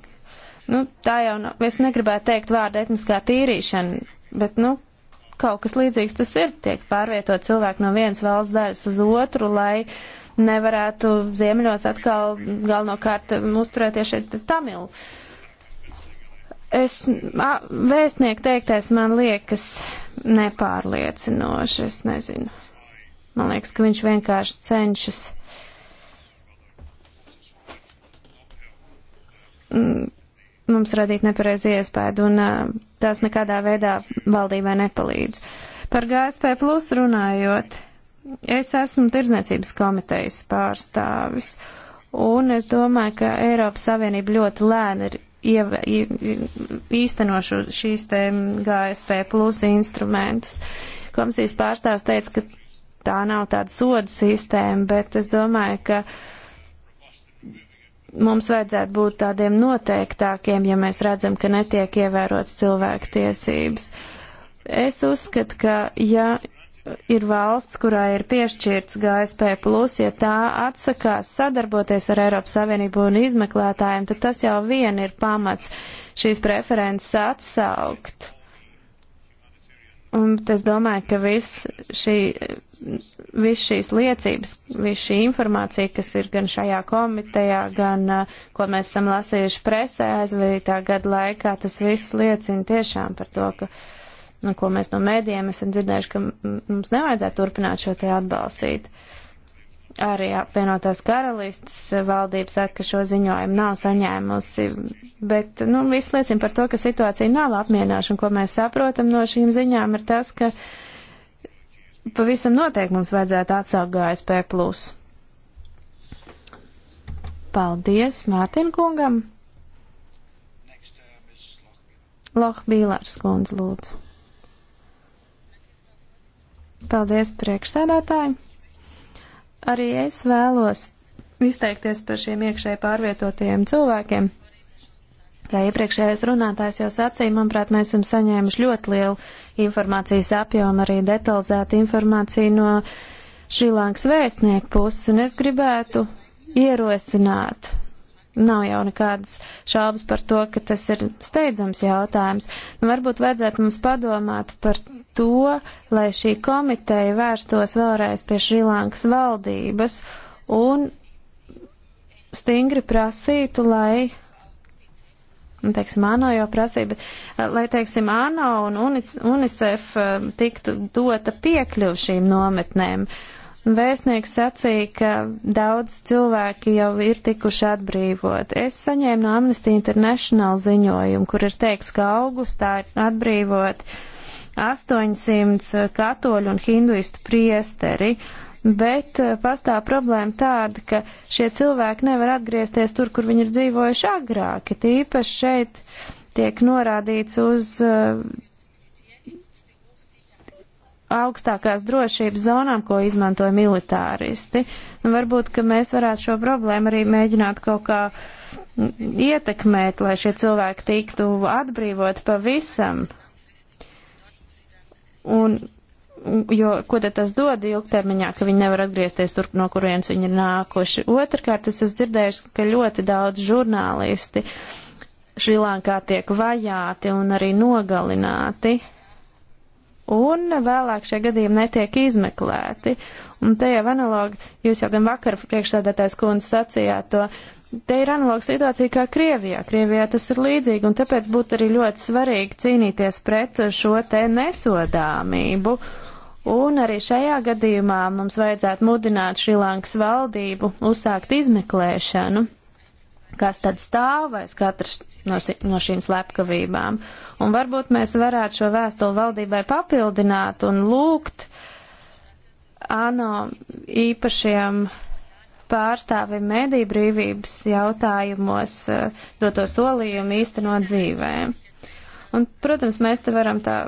Speaker 2: Nu, tā jau, nu, es negribētu teikt vārdu etniskā tīrīšana, bet, nu, kaut kas līdzīgs tas ir, tiek pārvietot cilvēku no vienas valsts daļas uz otru, lai nevarētu ziemeļos atkal galvenokārt um, uzturēties šeit tamilu. Es, a, vēstnieku teiktais man liekas nepārliecinoši, es nezinu. Man liekas, ka viņš vienkārši cenšas. Mm mums radīt nepareizi iespēju, un uh, tās nekādā veidā valdībai nepalīdz. Par GSP plus runājot, es esmu tirdzniecības komitejas pārstāvis, un es domāju, ka Eiropas Savienība ļoti lēni ir ieve, īstenošu šīs te GSP plus instrumentus. Komisijas pārstāvs teica, ka tā nav tāda soda sistēma, bet es domāju, ka uh, mums vajadzētu būt tādiem noteiktākiem, ja mēs redzam, ka netiek ievērots cilvēku tiesības. Es uzskatu, ka ja ir valsts, kurā ir piešķirts GSP, plus, ja tā atsakās sadarboties ar Eiropas Savienību un izmeklētājiem, tad tas jau vien ir pamats šīs preferences atsaukt. Un es domāju, ka viss šī viss šīs liecības, viss šī informācija, kas ir gan šajā komitejā, gan, uh, ko mēs esam lasījuši presē aizvadītā gada laikā, tas viss liecina tiešām par to, ka, nu, ko mēs no mēdījiem esam dzirdējuši, ka mums nevajadzētu turpināt šo te atbalstīt. Arī apvienotās karalistas valdība saka, ka šo ziņojumu nav saņēmusi, bet, nu, viss liecina par to, ka situācija nav apmierināša, un ko mēs saprotam no šīm ziņām ir tas, ka, uh, pavisam noteikti mums vajadzētu atsākt GSP. Paldies Mārtiņ kungam! Lohbīlārs kundze lūdzu. Paldies priekšsēdētāji! Arī es vēlos izteikties par šiem iekšēji pārvietotajiem cilvēkiem. Kā iepriekšējais runātājs jau sacīja, manuprāt, mēs esam saņēmuši ļoti lielu informācijas apjomu, arī detalizētu informāciju no Šrilankas vēstnieku puses, un es gribētu ierosināt. Nav jau nekādas šaubas par to, ka tas ir steidzams jautājums. Nu, varbūt vajadzētu mums padomāt par to, lai šī komiteja vērstos vēlreiz pie Šrilankas valdības un stingri prasītu, lai un, nu, teiksim, ANO jau prasīja, eh, lai, teiksim, ANO un UNICEF eh, tiktu dota piekļuv šīm nometnēm. Vēstnieks sacīja, ka daudz cilvēki jau ir tikuši atbrīvot. Es saņēmu no Amnesty International ziņojumu, kur ir teikts, ka augustā ir atbrīvot 800 katoļu un hinduistu priesteri. Uh, bet eh, pastāv problēma tāda, ka šie cilvēki nevar atgriezties tur, kur viņi ir dzīvojuši agrāk. Tīpaši šeit tiek norādīts uz eh, augstākās drošības zonām, ko izmantoja militāristi. Nu, varbūt, ka mēs varētu šo problēmu arī mēģināt kaut kā mm, ietekmēt, lai šie cilvēki tiktu atbrīvot pavisam. Un jo ko tad tas dod ilgtermiņā, ka viņi nevar atgriezties tur, no kurienes viņi ir nākuši. Otrkārt, es esmu dzirdējuši, ka ļoti daudz žurnālisti Šrilankā tiek vajāti un arī nogalināti. Un vēlāk šie gadījumi netiek izmeklēti. Un te jau analogi, jūs jau gan vakar priekšsēdētājs kundze sacījāt to, te ir analoga situācija kā Krievijā. Krievijā tas ir līdzīgi, un tāpēc būtu arī ļoti svarīgi cīnīties pret šo te nesodāmību. Uh, Un arī šajā gadījumā mums vajadzētu mudināt Šrilankas valdību uzsākt izmeklēšanu, kas tad stāv aiz katras no, no šīm slepkavībām. Un varbūt mēs varētu šo vēstuli valdībai papildināt un lūgt ANO īpašiem pārstāvim mediju brīvības jautājumos eh, doto solījumu īstenot dzīvē. Un, protams, mēs te varam tā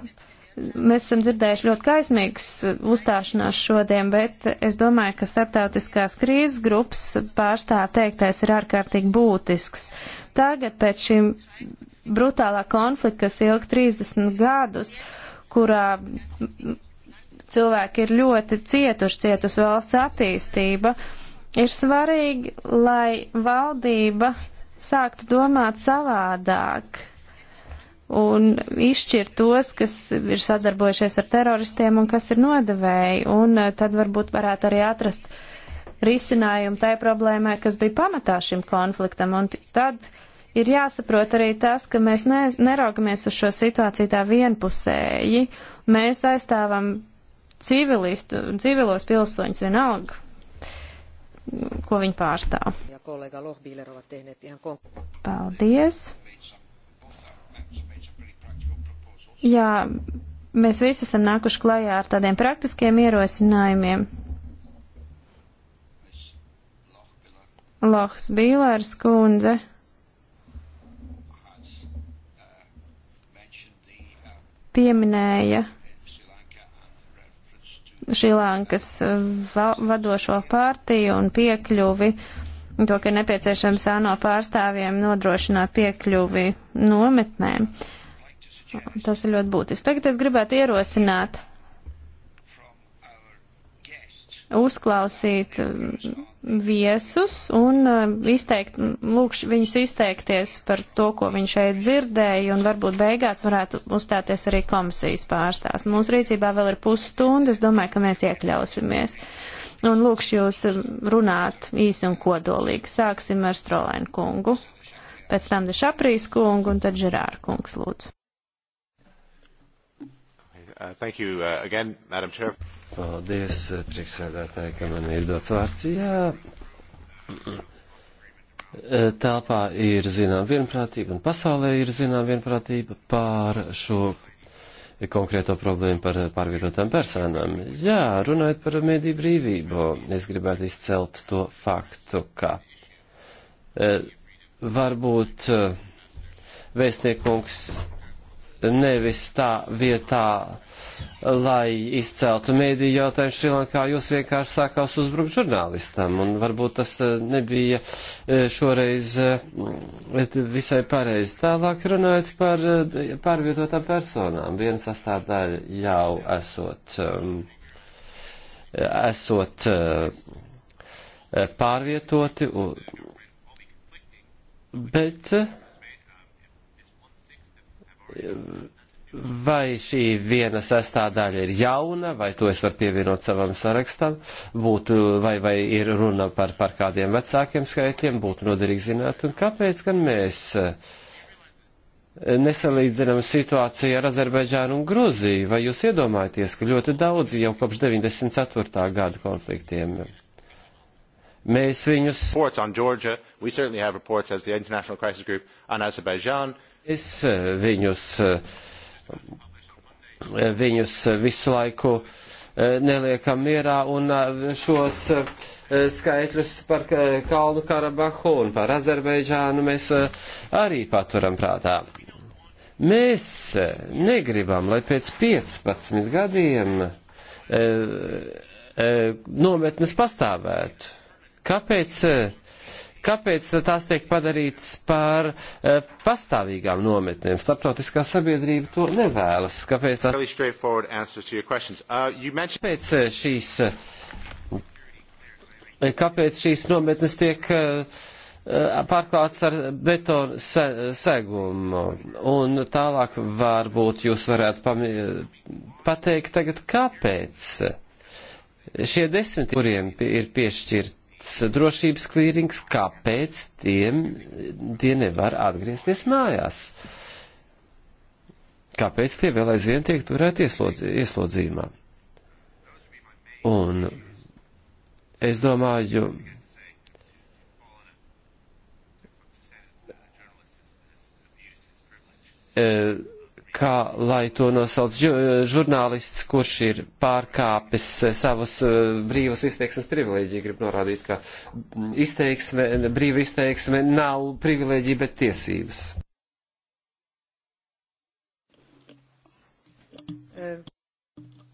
Speaker 2: Mēs esam dzirdējuši ļoti kaismīgas uh, uzstāšanās šodien, bet es domāju, ka starptautiskās krīzes grupas pārstāv teiktais ir ārkārtīgi būtisks. Tagad pēc šīm brutālā konflikta, kas ilg 30 gadus, kurā cilvēki ir ļoti cietuši, cietusi valsts attīstība, ir svarīgi, lai valdība sāktu domāt savādāk un izšķirt tos, kas ir sadarbojušies ar teroristiem un kas ir nodevēji, un eh, tad varbūt varētu arī atrast risinājumu tai problēmai, kas bija pamatā šim konfliktam, un tad ir jāsaprot arī tas, ka mēs ne, neraugamies uz šo situāciju tā vienpusēji, mēs aizstāvam civilistu, civilos pilsoņus vienalga, ko viņi pārstāv. Paldies! Jā, mēs visi esam nākuši klajā ar tādiem praktiskiem ierosinājumiem. Lohs Bīlērs kundze. pieminēja Šrilankas va vadošo partiju un piekļuvi, to, ka nepieciešams ANO pārstāvjiem nodrošināt piekļuvi nometnēm. Uh, Tas ir ļoti būtiski. Tagad es gribētu ierosināt uzklausīt um, viesus un um, izteikt, lūkšu viņus izteikties par to, ko viņš šeit dzirdēja, un varbūt beigās varētu uzstāties arī komisijas pārstāvs. Mūsu rīcībā vēl ir pusstunda, es domāju, ka mēs iekļausimies. Un lūkšu jūs um, runāt īsi un kodolīgi. Sāksim ar Strolēnu kungu, pēc tam Dešaprīs kungu un tad Žerāra kungs lūdzu.
Speaker 5: Uh, thank you uh, again, Madam Chair.
Speaker 3: Paldies, uh, priekšsēdētāji, ka man ir dots vārds. Jā. Telpā ir zinām vienprātība un pasaulē ir zinām vienprātība pār šo konkrēto problēmu par pārvietotām personām. Jā, runājot par mediju brīvību, es gribētu izcelt to faktu, ka varbūt vēstniekungs nevis tā vietā, lai izceltu mēdīju jautājumu Šrilankā, jūs vienkārši sākās uzbrukt žurnālistam, un varbūt tas eh, nebija eh, šoreiz eh, visai pareizi. Tālāk runājot par pārvietotām personām, viena sastāvdaļa jau esot, um, esot pārvietoti, bet vai šī viena sastāvdaļa ir jauna, vai to es varu pievienot savam sarakstam, būtu, vai, vai ir runa par, par kādiem vecākiem skaitļiem, būtu noderīgi zināt, un kāpēc gan mēs eh, nesalīdzinām situāciju ar Azerbaidžānu un Gruziju, vai jūs iedomājaties, ka ļoti daudzi jau kopš 94. gada konfliktiem Mēs viņus.
Speaker 5: Georgia, Group,
Speaker 3: es eh, viņus, eh, viņus eh, visu laiku neliekam mierā un šos skaitļus par Kalnu Karabahu un par Azerbaidžānu mēs arī paturam prātā. Mēs negribam, lai pēc 15 gadiem nometnes pastāvētu Kāpēc, eh, kāpēc tās tiek padarītas par eh, pastāvīgām nometnēm? Starptautiskā sabiedrība to nevēlas. Kāpēc tās... Uh, kāpēc eh, šīs, kāpēc šīs nometnes tiek pārklāts ar betonu se, segumu. Un tālāk varbūt jūs varētu pami, pateikt tagad, kāpēc šie desmit, kuriem ir piešķirt veikts drošības klīrings, kāpēc tiem tie nevar atgriezties mājās? Kāpēc tie vēl aizvien tiek turēti ieslodzi, ieslodzījumā? Un es domāju, uh, kā lai to nosauc žurnālists, kurš ir pārkāpis eh, savas eh, brīvas izteiksmes privilēģiju. Grib norādīt, ka izteiksme, brīva izteiksme nav privilēģija, bet tiesības.
Speaker 1: Eh,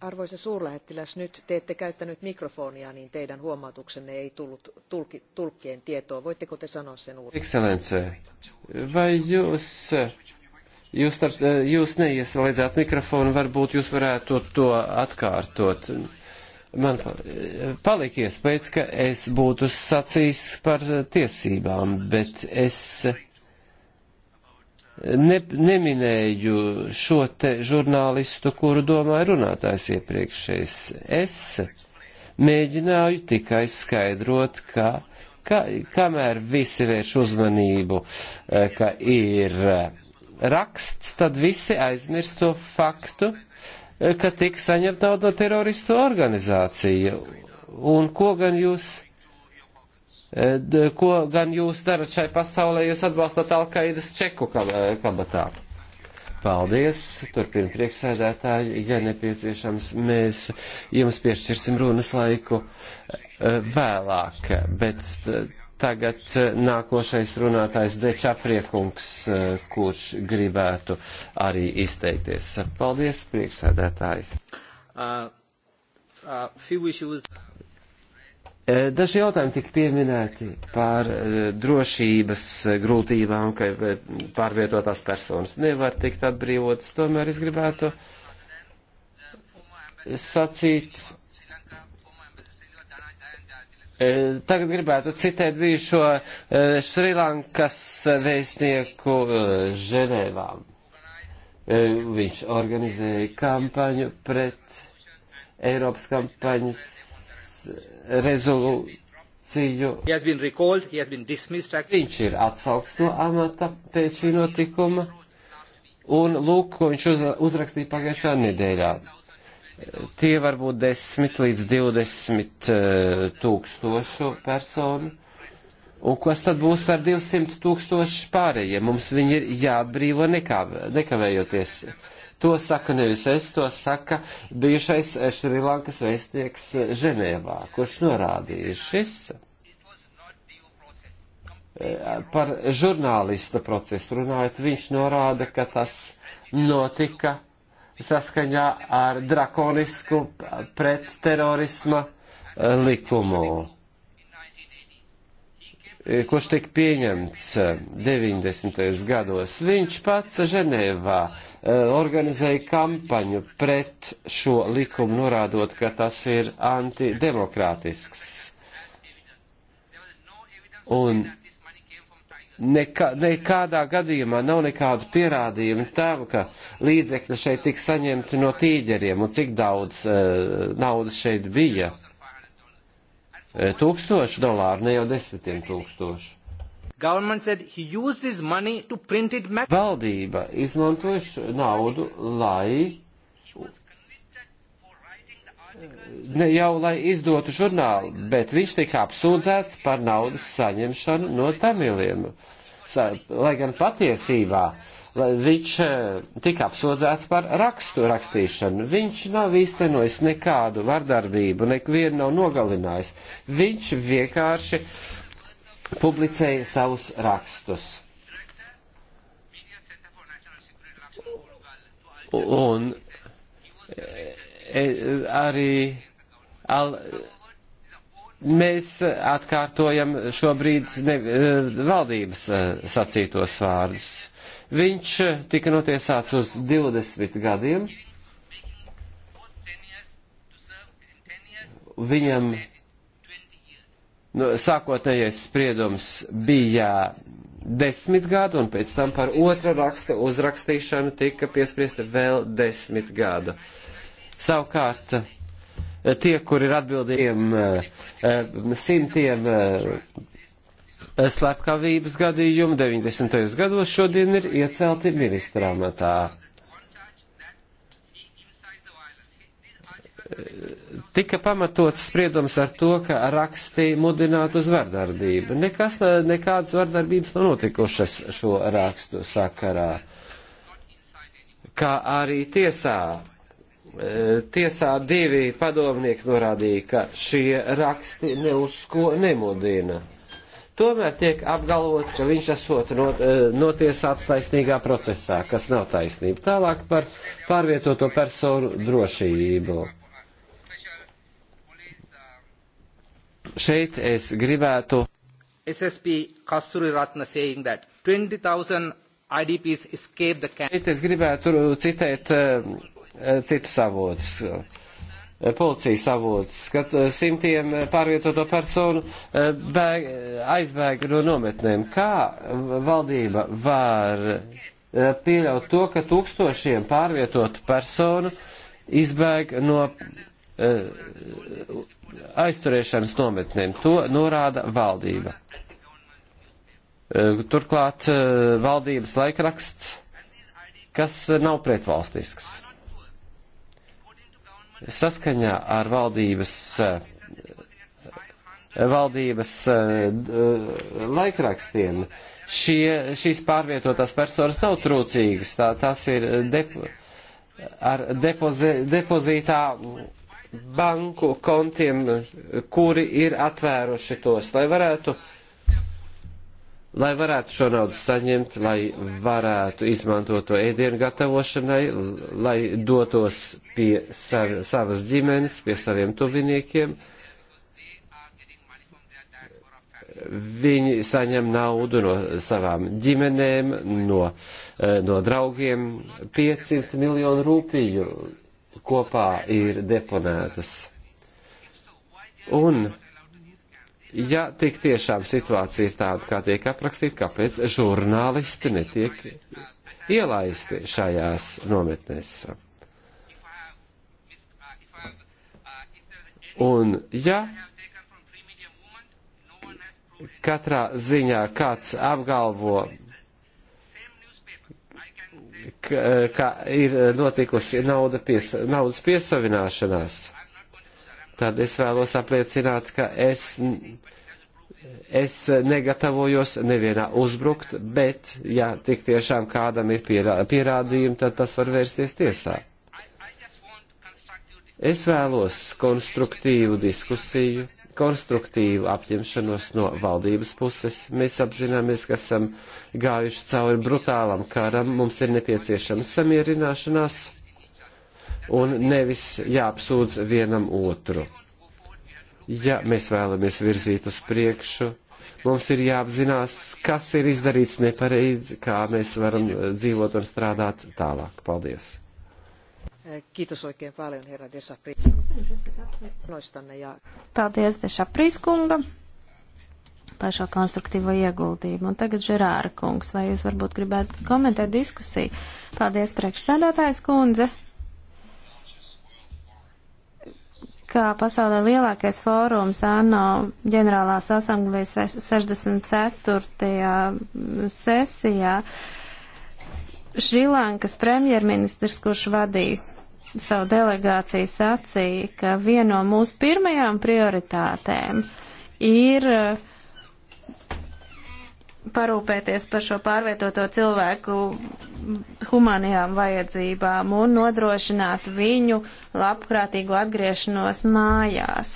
Speaker 1: arvoisa suurlähettiläs, nyt te ette käyttänyt mikrofonia, niin teidän huomautuksenne ei tullut tulki, tulkkien tietoon. Voitteko te sanoa sen uudestaan? Excellence,
Speaker 3: vai jos Jūs, starp, eh, jūs neieslēdzāt mikrofonu, varbūt jūs varētu to atkārtot. Man eh, palika iespējas, ka es būtu sacījis par tiesībām, bet es ne, neminēju šo te žurnālistu, kuru domāju runātājs iepriekšējais. Es mēģināju tikai skaidrot, ka, ka kamēr visi vērš uzmanību, eh, ka ir raksts, tad visi aizmirst to faktu, eh, ka tika saņemta nauda teroristu organizācija. Un ko gan jūs, eh, ko gan jūs darat šai pasaulē, jūs atbalstat Alkaidas čeku eh, kabatā? Paldies, turpina priekšsēdētāji, ja nepieciešams, mēs jums piešķirsim runas laiku vēlāk, bet Tagad eh, nākošais runātājs Dečapriekungs, eh, kurš gribētu arī izteikties. Paldies, priekšsēdētāji.
Speaker 5: Uh, uh,
Speaker 3: eh, Daži jautājumi tika pieminēti par drošības grūtībām, ka pārvietotās personas nevar tikt atbrīvotas. Tomēr es gribētu sacīt Eh, tagad gribētu citēt bijušo eh, Šrilankas vēstnieku eh, Ženēvā. Viņš organizēja kampaņu pret Eiropas kampaņas rezolūciju. Recalled, viņš ir atsaugs no amata pēc šī notikuma. Un lūk, ko viņš uzrakstīja pagājušā nedēļā. Tie var būt 10 līdz 20 eh, tūkstošu personu. Un kas tad būs ar 200 tūkstošu pārējiem? Mums viņi ir jāatbrīvo nekavējoties. To saka nevis es, to saka bijušais Šrilankas vēstnieks Ženēvā, kurš norādīja šis eh, par žurnālista procesu runājot, viņš norāda, ka tas notika saskaņā ar drakonisku pretterorisma eh, likumu, eh, kurš tika pieņemts 90. Eh, gados. Viņš pats Ženēvā organizēja kampaņu pret šo likumu, norādot, ka tas ir antidemokrātisks. Un Nekā, nekādā gadījumā nav nekādu pierādījumu tam, ka līdzekļi šeit tika saņemti no tīģeriem un cik daudz uh, naudas šeit bija. Eh, tūkstoši dolāru, ne jau desmitiem tūkstoši. Valdība izmantojuši naudu, lai ne jau lai izdotu žurnālu, bet viņš tika apsūdzēts par naudas saņemšanu no tamiliem. Sa, lai gan patiesībā lai viņš eh, tika apsūdzēts par rakstu rakstīšanu. Viņš nav īstenojis nekādu vardarbību, nekvienu nav nogalinājis. Viņš vienkārši publicēja savus rakstus. Un E, arī al, mēs atkārtojam šobrīd ne, e, valdības e, sacītos vārdus. Viņš tika notiesāts uz 20 gadiem. Viņam nu, sākotnējais spriedums bija desmit gadi, un pēc tam par otra raksta uzrakstīšanu tika piespriesta vēl desmit gada. Uh, Savukārt, eh, tie, kur ir atbildīgiem eh, eh, simtiem slepkavības gadījumu 90. gados, šodien ir iecelti ministra amatā. Tika pamatots spriedums ar to, ka raksti mudinātu uz vardarbību. Nekas, nekādas vardarbības nav notikušas šo rakstu sakarā. Kā arī tiesā E, tiesā divi padomnieki norādīja, ka šie raksti ne uz ko nemudina. Tomēr tiek apgalvots, ka viņš esot not, e, notiesāts taisnīgā procesā, kas nav taisnība. Tālāk par pārvietoto personu drošību. Šeit es gribētu.
Speaker 5: SSP Kasturi Ratna saying that 20,000 IDPs escaped the camp. Šeit es
Speaker 3: gribētu citēt uh, citus avotus policijas avotus, kad eh, simtiem pārvietoto personu eh, bēg, aizbēga no nometnēm. Kā valdība var eh, pieļaut to, ka tūkstošiem pārvietotu personu izbēg no aizturēšanas nometnēm? To norāda valdība. Turklāt valdības laikraksts, kas nav pretvalstisks. Saskaņā ar valdības eh, valdības eh, laikrakstiem. Šie, šīs pārvietotās personas nav trūcīgas, tā, tas ir depo, ar depozē, depozītā banku kontiem, kuri ir atvēruši tos, lai varētu uh, lai varētu šo naudu saņemt, lai varētu izmantot to ēdienu gatavošanai, lai dotos pie sav, savas ģimenes, pie saviem tuviniekiem. Viņi saņem naudu no savām ģimenēm, no, eh, no draugiem. 500 miljonu rūpīju kopā ir deponētas. Un Ja tik tiešām situācija ir tāda, kā tiek aprakstīta, kāpēc žurnālisti netiek ielaisti šajās nometnēs? Un ja katrā ziņā kāds apgalvo, ka, ka ir notikusi nauda pies, naudas piesavināšanās, tad es vēlos apliecināt, ka es, es negatavojos nevienā uzbrukt, bet, ja tik tiešām kādam ir pierā, pierādījumi, tad tas var vērsties tiesā. Es vēlos konstruktīvu diskusiju, konstruktīvu apņemšanos no valdības puses. Mēs apzināmies, ka esam gājuši cauri brutālam karam, mums ir nepieciešama samierināšanās un nevis jāapsūdz vienam otru. Ja mēs vēlamies virzīt uz priekšu, mums ir jāapzinās, kas ir izdarīts nepareizi, kā mēs varam dzīvot un strādāt tālāk. Paldies!
Speaker 1: Kiitos oikein paljon, herra Desapri. Noistanne ja...
Speaker 2: Paldies Desaprīs kunga par šo konstruktīvo ieguldījumu. Un tagad Žerāra kungs, vai jūs varbūt gribētu komentēt diskusiju? Paldies priekšsēdētājs kundze. kā pasaulē lielākais fórums ANO ģenerālās asamblejas 64. Mm, sesijā. Šrilankas premjerministrs, kurš vadīja savu delegāciju, sacīja, ka viena no mūsu pirmajām prioritātēm ir uh, parūpēties par šo pārvietoto cilvēku humanajām vajadzībām un nodrošināt viņu labprātīgu atgriešanos mājās.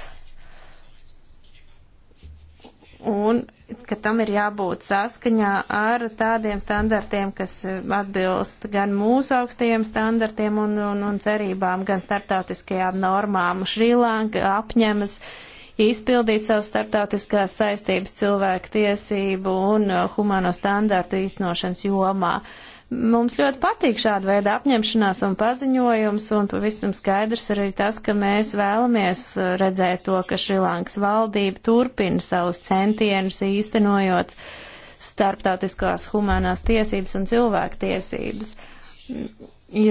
Speaker 2: Un ka tam ir jābūt saskaņā ar tādiem standartiem, kas atbilst gan mūsu augstajiem standartiem un, un, un cerībām, gan starptautiskajām normām. Šrilanka apņemas uh, izpildīt savas starptautiskās saistības cilvēku tiesību un uh, humano standārtu īstenošanas jomā. Mums ļoti patīk šāda veida apņemšanās un paziņojums, un pavisam skaidrs arī tas, ka mēs vēlamies uh, redzēt to, ka Šrilankas valdība turpina savus centienus īstenojot starptautiskās humanās tiesības un cilvēku tiesības.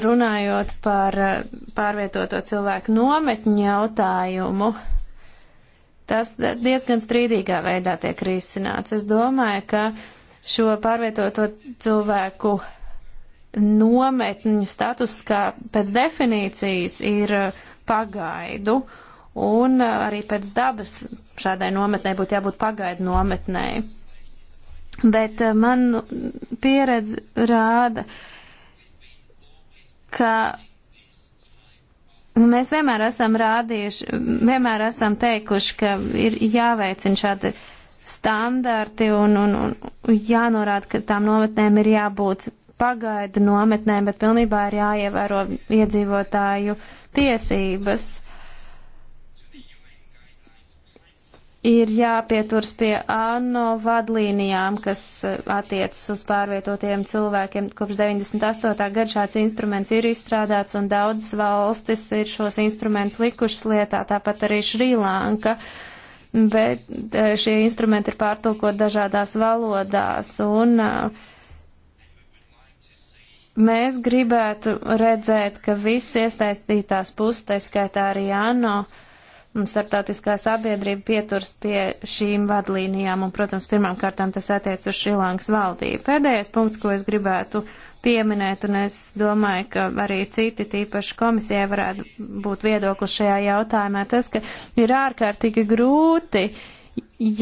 Speaker 2: Runājot par uh, pārvietoto cilvēku nometņu jautājumu, tas diezgan strīdīgā veidā tiek risināts. Es domāju, ka šo pārvietoto cilvēku nometņu status, kā pēc definīcijas, ir uh, pagaidu, un uh, arī pēc dabas šādai nometnē būtu jābūt pagaidu nometnēji. Bet uh, man pieredze rāda, ka Mēs vienmēr esam rādījuši, vienmēr esam teikuši, ka ir jāveicina šādi standarti un, un, un jānorāda, ka tām nometnēm ir jābūt pagaidu nometnēm, bet pilnībā ir jāievēro iedzīvotāju tiesības. ir jāpieturas pie ANO vadlīnijām, kas e, attiecas uz pārvietotiem cilvēkiem. Kopš 98. gada šāds instruments ir izstrādāts un daudzas valstis ir šos instrumentus likušas lietā, tāpat arī Šrilanka. Bet e, šie instrumenti ir pārtulkot dažādās valodās un e, mēs gribētu redzēt, ka viss iesaistītās puses, tā skaitā arī ANO, uh, un starptautiskā sabiedrība pieturs pie šīm vadlīnijām, un, protams, pirmām kārtām tas attiec uz Šrilankas valdību. Pēdējais punkts, ko es gribētu pieminēt, un es domāju, ka arī citi tīpaši komisijai varētu būt viedoklis šajā jautājumā, tas, ka ir ārkārtīgi grūti.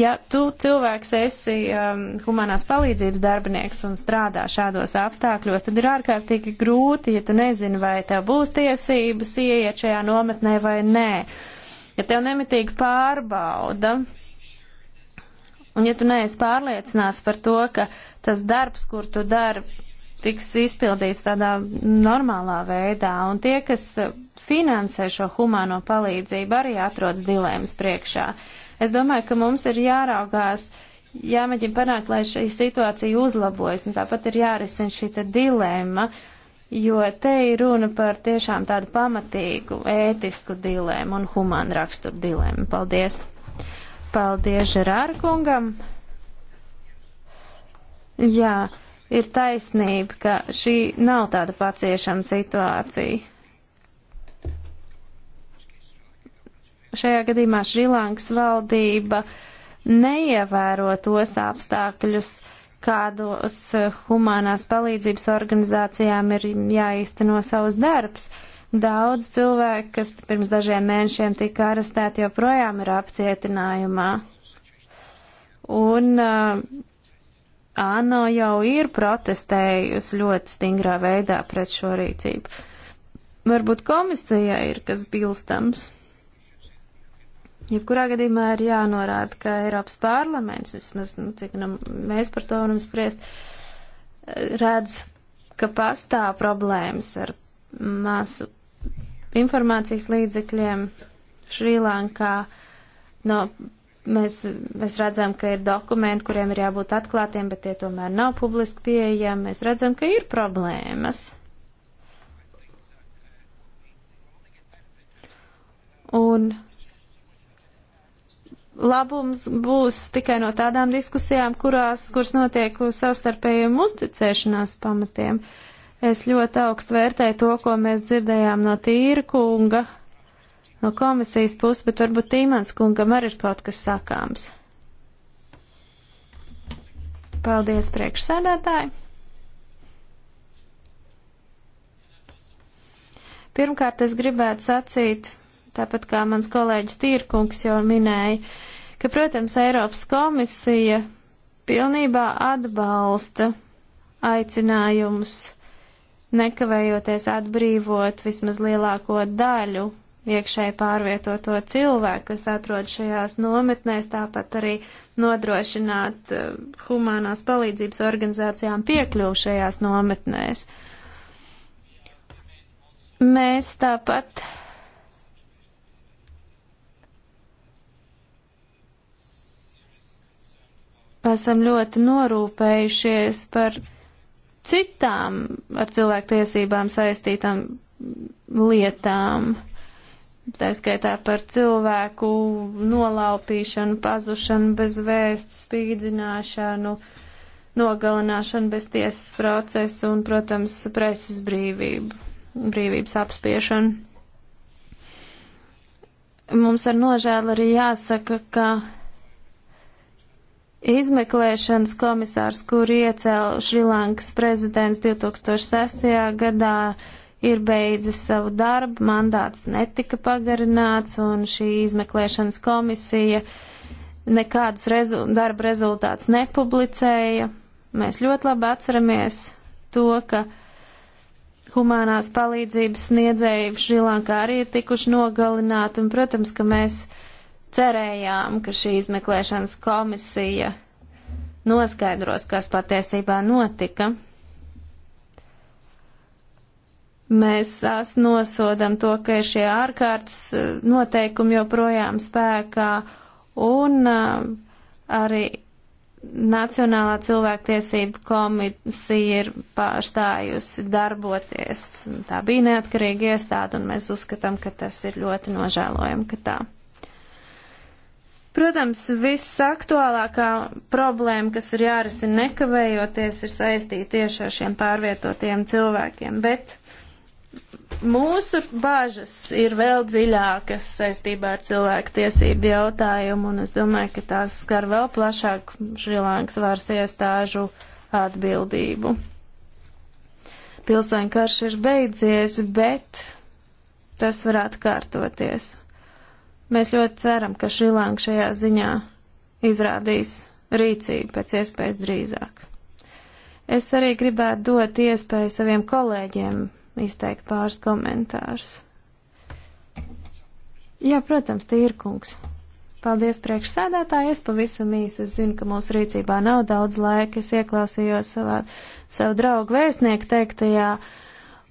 Speaker 2: Ja tu cilvēks esi um, humanās palīdzības darbinieks un strādā šādos apstākļos, tad ir ārkārtīgi grūti, ja tu nezini, vai tev būs tiesības ieiet šajā nometnē vai nē. Uh, ja tev nemitīgi pārbauda, un ja tu neesi pārliecināts par to, ka tas darbs, kur tu dari, tiks izpildīts tādā normālā veidā, un tie, kas finansē šo humāno palīdzību, arī atrodas dilēmas priekšā. Es domāju, ka mums ir jāraugās, jāmēģina panākt, lai šī situācija uzlabojas, un tāpat ir jārisina šī dilēma, uh, jo te ir runa par tiešām tādu pamatīgu ētisku dilēmu un humānu raksturu dilēmu. Paldies! Paldies Žerārkungam! Jā, ir taisnība, ka šī nav tāda paciešama situācija. Šajā gadījumā Šrilankas valdība neievēro tos apstākļus, uh, kādos eh, humānās palīdzības organizācijām ir jāīsteno savs darbs. Daudz cilvēku, kas pirms dažiem mēnešiem tika arestēti, joprojām ir apcietinājumā. Un uh, ANO jau ir protestējusi ļoti stingrā veidā pret šo rīcību. Varbūt komisijai ir kas bilstams. Jebkurā gadījumā ir jānorāda, ka Eiropas parlaments, vismaz, nu, cik nu, mēs par to varam spriest, redz, ka pastāv problēmas ar māsu informācijas līdzekļiem Šrīlankā. No, mēs, mēs redzam, ka ir dokumenti, kuriem ir jābūt atklātiem, bet tie tomēr nav publiski pieejami. Mēs redzam, ka ir problēmas. Un labums būs tikai no tādām diskusijām, kurās, kuras notiek uz savstarpējiem uzticēšanās pamatiem. Es ļoti augstu vērtēju to, ko mēs dzirdējām no tīra kunga, no komisijas puses, bet varbūt Tīmans kungam arī ir kaut kas sakāms. Paldies, priekšsēdētāji! Pirmkārt, es gribētu sacīt tāpat kā mans kolēģis Tīrkungs jau minēja, ka, protams, Eiropas komisija pilnībā atbalsta aicinājumus nekavējoties atbrīvot vismaz lielāko daļu iekšēji pārvietoto cilvēku, kas atrod šajās nometnēs, tāpat arī nodrošināt uh, humanās palīdzības organizācijām piekļuvu šajās nometnēs. Mēs tāpat esam ļoti norūpējušies par citām ar cilvēktiesībām saistītām lietām. Tā skaitā par cilvēku nolaupīšanu, pazušanu bez vēsts, spīdzināšanu, nogalināšanu bez tiesas procesu un, protams, preses brīvību, brīvības apspiešanu. Mums ar nožēlu arī jāsaka, ka izmeklēšanas komisārs, kur iecēla Šrilankas prezidents 2006. gadā, ir beidzis savu darbu, mandāts netika pagarināts, un šī izmeklēšanas komisija nekādus rezu darba rezultātus nepublicēja. Mēs ļoti labi atceramies to, ka humānās palīdzības sniedzēji Šrilankā arī ir tikuši nogalināti, un, protams, ka mēs cerējām, ka šī izmeklēšanas komisija noskaidros, kas patiesībā notika. Mēs nosodam to, ka ir šie ārkārtas eh, noteikumi joprojām spēkā un eh, arī Nacionālā cilvēktiesība komisija ir pārstājusi darboties. Tā bija neatkarīga iestāde un mēs uzskatām, ka tas ir ļoti nožēlojami, ka tā. Protams, visaktuālākā problēma, kas ir jārisina nekavējoties, ir saistīta tieši ar šiem pārvietotiem cilvēkiem, bet mūsu bāžas ir vēl dziļākas saistībā ar cilvēku tiesību jautājumu, un es domāju, ka tās skar vēl plašāk Šrilankas varas iestāžu atbildību. Pilsēņu karš ir beidzies, bet tas varētu kārtoties. Mēs ļoti ceram, ka Šrilanka šajā ziņā izrādīs rīcību pēc iespējas drīzāk. Es arī gribētu dot iespēju saviem kolēģiem izteikt pāris komentārus. Jā, protams, tīrkungs. Paldies priekšsēdētāji, es pavisam īsi, es zinu, ka mūsu rīcībā nav daudz laika, es ieklausījos savā, savu draugu vēstnieku teiktajā. Ja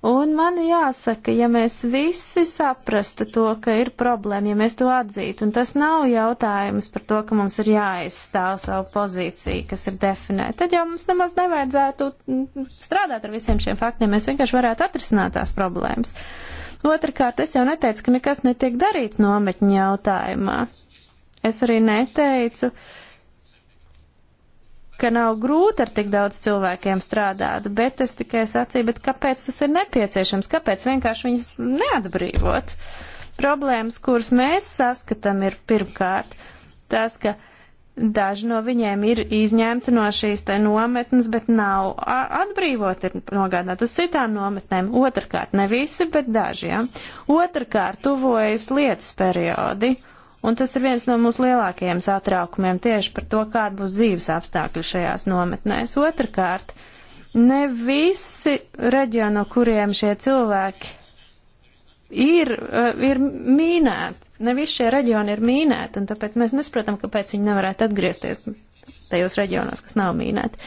Speaker 2: Un man jāsaka, ja mēs visi saprastu to, ka ir problēma, ja mēs to atzītu, un tas nav jautājums par to, ka mums ir jāizstāv savu pozīciju, kas ir definēta, tad jau mums nemaz nevajadzētu strādāt ar visiem šiem faktiem, mēs vienkārši varētu atrisināt tās problēmas. Otrakārt, es jau neteicu, ka nekas netiek darīts nometņu jautājumā. Es arī neteicu, uh, ka nav grūti ar tik daudz cilvēkiem strādāt, bet es tikai sacīju, bet kāpēc tas ir nepieciešams, kāpēc vienkārši viņus neatbrīvot? Problēmas, kuras mēs saskatām, ir pirmkārt tas, ka daži no viņiem ir izņemti no šīs te nometnes, bet nav atbrīvoti, ir nogādāti uz citām nometnēm. Otrakārt, ne visi, bet daži, ja. Otrakārt, tuvojas lietas periodi. Uh, Un tas ir viens no mūsu lielākajiem satraukumiem tieši par to, kāda būs dzīves apstākļi šajās nometnēs. Otrakārt, ne visi reģioni, no kuriem šie cilvēki ir, eh, ir mīnēti, ne visi šie reģioni ir mīnēti, un tāpēc mēs nesaprotam, kāpēc viņi nevarētu atgriezties tajos reģionos, kas nav mīnēti.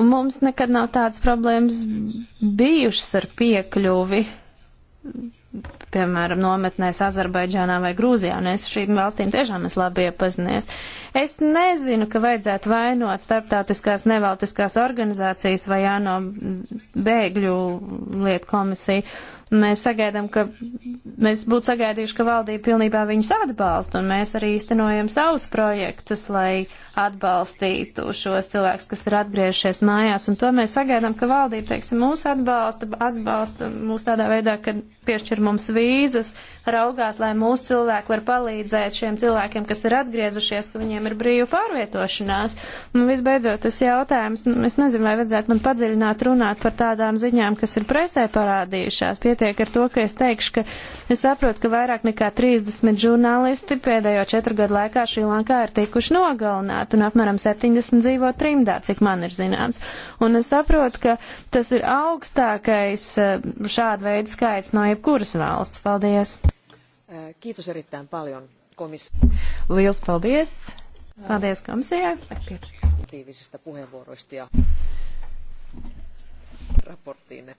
Speaker 2: Un mums nekad nav tādas problēmas bijušas ar piekļuvi piemēram, nometnēs Azerbaidžānā vai Grūzijā, un es šīm valstīm tiešām es labi iepazinies. Es nezinu, ka vajadzētu vainot starptautiskās nevaltiskās organizācijas vai ANO bēgļu lietu komisiju. Mēs sagaidām, ka mēs būtu sagaidījuši, ka valdība pilnībā viņus atbalsta, un mēs arī īstenojam savus projektus, lai atbalstītu šos cilvēkus, kas ir atgriežies mājās, un to mēs sagaidām, ka valdība, teiksim, mūs atbalsta, atbalsta mūs tādā veidā, ka piešķir mums vīzas, raugās, lai mūsu cilvēki var palīdzēt šiem cilvēkiem, kas ir atgriezušies, ka viņiem ir brīva pārvietošanās. Un visbeidzot, tas jautājums, nu, es nezinu, vai vajadzētu man padziļināt runāt par tādām ziņām, kas ir presē parādījušās. Piet nepietiek ar to, ka es teikšu, ka es saprotu, ka vairāk nekā 30 žurnālisti pēdējo četru gadu laikā Šrilankā ir tikuši nogalināti un apmēram 70 dzīvo trimdā, cik man ir zināms. Un es saprotu, ka tas ir augstākais eh, šāda veida skaits no jebkuras valsts. Paldies!
Speaker 1: Eh, kiitos erittäin paljon komissio.
Speaker 2: Liels paldies! Paldies komisijai!
Speaker 1: Tiivisistä puheenvuoroista ja raporttiinne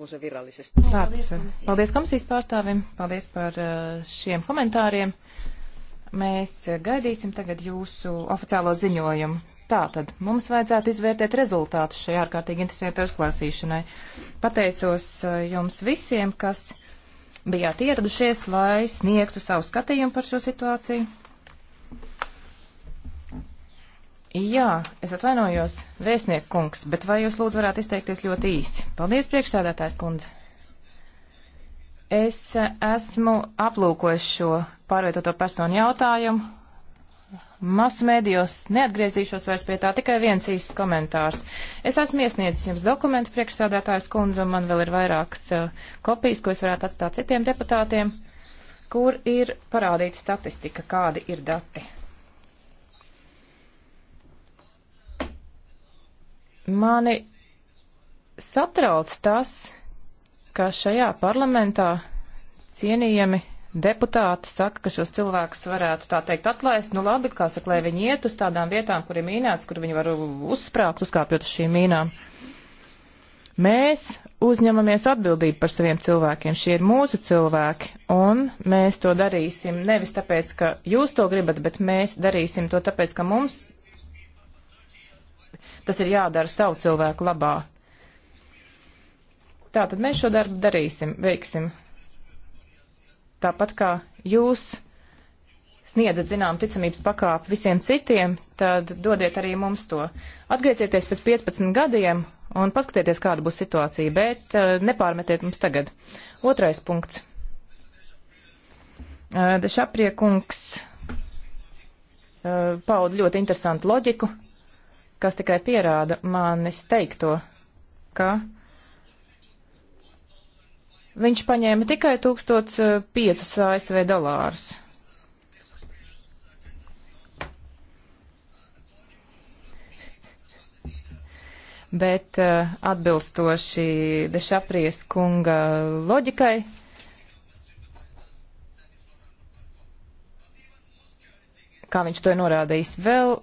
Speaker 1: kun se virallisesti. Paldies, eh, paldies
Speaker 4: komisijas pārstāvim, paldies par eh, šiem komentāriem. Mēs eh, gaidīsim tagad jūsu oficiālo ziņojumu. Tātad mums vajadzētu izvērtēt rezultātus šai ārkārtīgi interesantai uzklāsīšanai. Pateicos jums visiem, kas bijāt ieradušies, lai sniegtu savu skatījumu par šo situāciju. Jā, es atvainojos, vēstnieku kungs, bet vai jūs lūdzu varētu izteikties ļoti īsi? Paldies, priekšsēdētājs kundze. Es eh, esmu aplūkojis šo pārvietoto personu jautājumu. Masu mēdījos neatgriezīšos vairs pie tā, tikai viens īsts komentārs. Es esmu iesniedzis jums dokumentu priekšsēdētājs kundze, un man vēl ir vairākas uh, kopijas, ko es varētu atstāt citiem deputātiem, kur ir parādīta statistika, kādi ir dati. Mani satrauc tas, ka šajā parlamentā cienījami deputāti saka, ka šos cilvēkus varētu tā teikt atlaist. Nu labi, kā saka, lai viņi iet uz tādām vietām, kur ir mīnēts, kur viņi var uzsprāgt, uzkāpjot uz šīm mīnām. Mēs uzņemamies atbildību par saviem cilvēkiem. Šie ir mūsu cilvēki, un mēs to darīsim nevis tāpēc, ka jūs to gribat, bet mēs darīsim to tāpēc, ka mums Tas ir jādara savu cilvēku labā. Tā tad mēs šo darbu darīsim, veiksim. Tāpat kā jūs sniedzat zinām ticamības pakāpi visiem citiem, tad dodiet arī mums to. Atgriezieties pēc 15 gadiem un paskatieties, kāda būs situācija, bet uh, nepārmetiet mums tagad. Otrais punkts. Uh, Dešaprie kungs uh, eh, pauda ļoti interesantu loģiku kas tikai pierāda manis teikto, ka viņš paņēma tikai 1005 eh, ASV dolārus. Bet eh, atbilstoši Dešaprijas kunga loģikai, kā viņš to ir norādījis vēl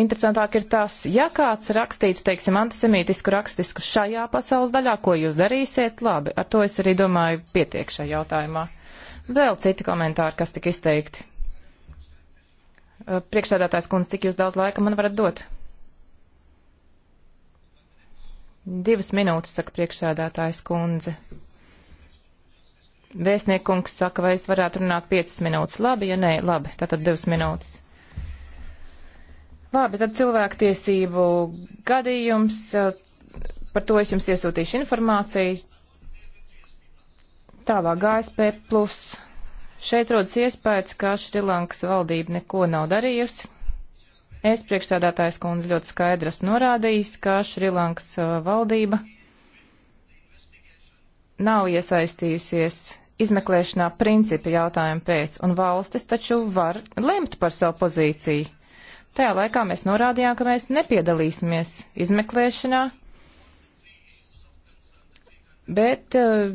Speaker 4: Interesantāk ir tas, ja kāds rakstītu, teiksim, antisemītisku rakstisku šajā pasaules daļā, ko jūs darīsiet, labi, ar to es arī domāju pietiek šajā jautājumā. Vēl citi komentāri, kas tik izteikti. Priekšsēdētājs kundze, cik jūs daudz laika man varat dot? Divas minūtes, saka priekšsēdētājs kundze. Vēstniekungs saka, vai es varētu runāt piecas minūtes. Labi, ja nē, labi, tātad divas minūtes. Labi, tad cilvēktiesību gadījums, eh, par to es jums iesūtīšu informāciju. Tālāk GSP plus. Šeit rodas iespējas, ka Šrilankas valdība neko nav darījusi. Es priekšsēdētājs kundze ļoti skaidras norādījis, ka Šrilankas eh, valdība nav iesaistījusies izmeklēšanā principu jautājumu pēc, un valstis taču var lemt par savu pozīciju. Tajā laikā mēs norādījām, ka mēs nepiedalīsimies izmeklēšanā, bet uh,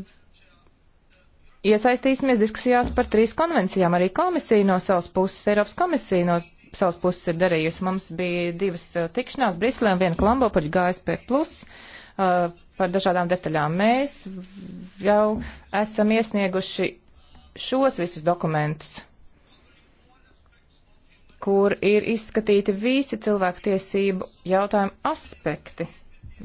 Speaker 4: iesaistīsimies diskusijās par trīs konvencijām. Arī komisija no savas puses, Eiropas komisija no savas puses ir darījusi. Mums bija divas uh, tikšanās Briselē un viena Klambo par GSP. Plus, uh, par dažādām detaļām. Mēs jau esam iesnieguši šos visus dokumentus kur ir izskatīti visi cilvēktiesību jautājumu aspekti.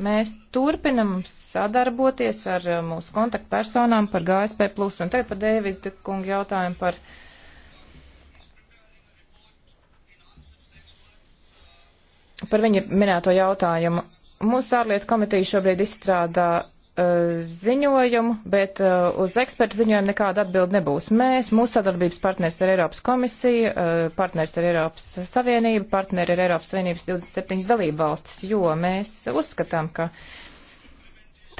Speaker 4: Mēs turpinam sadarboties ar eh, mūsu kontaktpersonām par GSP plus un tagad par Dēvida kungu jautājumu par. Par viņa minēto jautājumu. Mūsu ārlietu komiteja šobrīd izstrādā Uh, ziņojumu, bet uh, uz ekspertu ziņojumu nekāda atbilda nebūs. Mēs, mūsu sadarbības partners ir Eiropas komisija, uh, partners ir Eiropas Savienība, partneri ir Eiropas Savienības 27 dalība valstis, jo mēs uzskatām, ka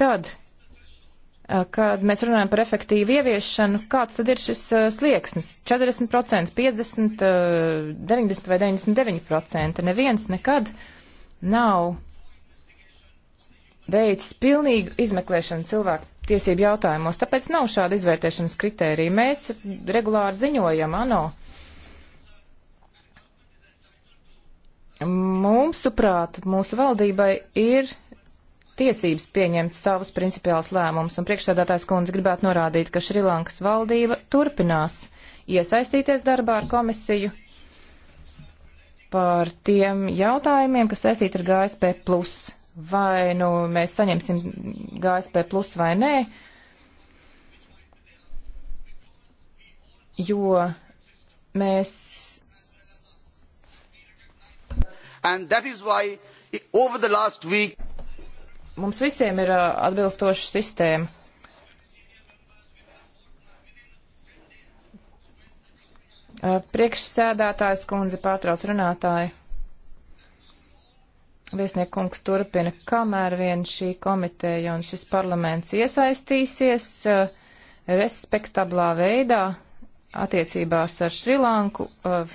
Speaker 4: tad, uh, kad mēs runājam par efektīvu ieviešanu, kāds tad ir šis uh, slieksnis? 40%, 50%, 90% vai 99%? Neviens nekad nav veicis pilnīgu izmeklēšanu cilvēku tiesību jautājumos, tāpēc nav šāda izvērtēšanas kritērija. Mēs regulāri ziņojam ANO. Mums, suprāt, mūsu valdībai ir tiesības pieņemt savus principiālus lēmumus, un priekšsēdētājs kundze gribētu norādīt, ka Šrilankas valdība turpinās iesaistīties darbā ar komisiju par tiem jautājumiem, kas saistīti ar GSP. Plus vai nu mēs saņemsim GSP plus vai nē, jo mēs.
Speaker 5: Week...
Speaker 4: Mums visiem ir uh, atbilstoša sistēma. Uh, priekšsēdētājs kundze pārtrauc runātāju. Viesniekungs turpina, kamēr vien šī komiteja un šis parlaments iesaistīsies uh, respektablā veidā attiecībās ar Šrilanku, uh,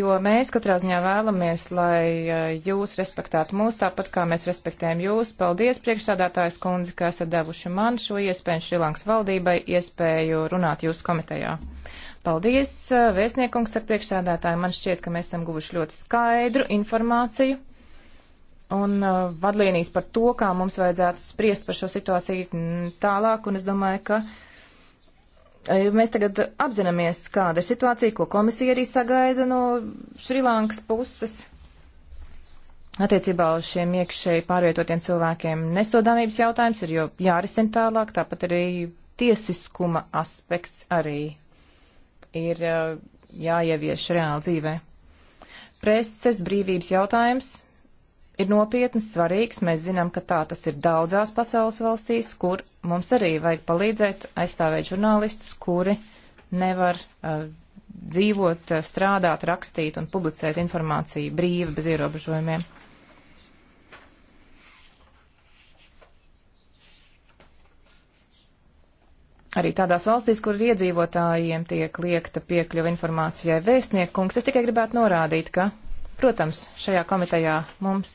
Speaker 4: jo mēs katrā ziņā vēlamies, lai uh, jūs respektētu mūs tāpat, kā mēs respektējam jūs. Paldies, priekšsādātājs kundze, ka esat devuši man šo iespēju Šrilankas valdībai, iespēju runāt jūsu komitejā. Paldies, vēstniekungs ar priekšsādātāju. Man šķiet, ka mēs esam guvuši ļoti skaidru informāciju un uh, vadlīnijas par to, kā mums vajadzētu spriest par šo situāciju tālāk, un es domāju, ka uh, mēs tagad apzināmies, kāda ir situācija, ko komisija arī sagaida no Šrilankas puses attiecībā uz šiem iekšēji pārvietotiem cilvēkiem. Nesodāmības jautājums ir jo jārisina tālāk, tāpat arī tiesiskuma aspekts arī ir uh, jāievieš reāli dzīvē. Preses brīvības jautājums ir nopietnas, svarīgas. Mēs zinām, ka tā tas ir daudzās pasaules valstīs, kur mums arī vajag palīdzēt aizstāvēt žurnālistus, kuri nevar uh, dzīvot, uh, strādāt, rakstīt un publicēt informāciju brīvi bez ierobežojumiem. Arī tādās valstīs, kur iedzīvotājiem tiek liekta piekļuva informācijai vēstnieku kungs, es tikai gribētu norādīt, ka Protams, šajā komitejā mums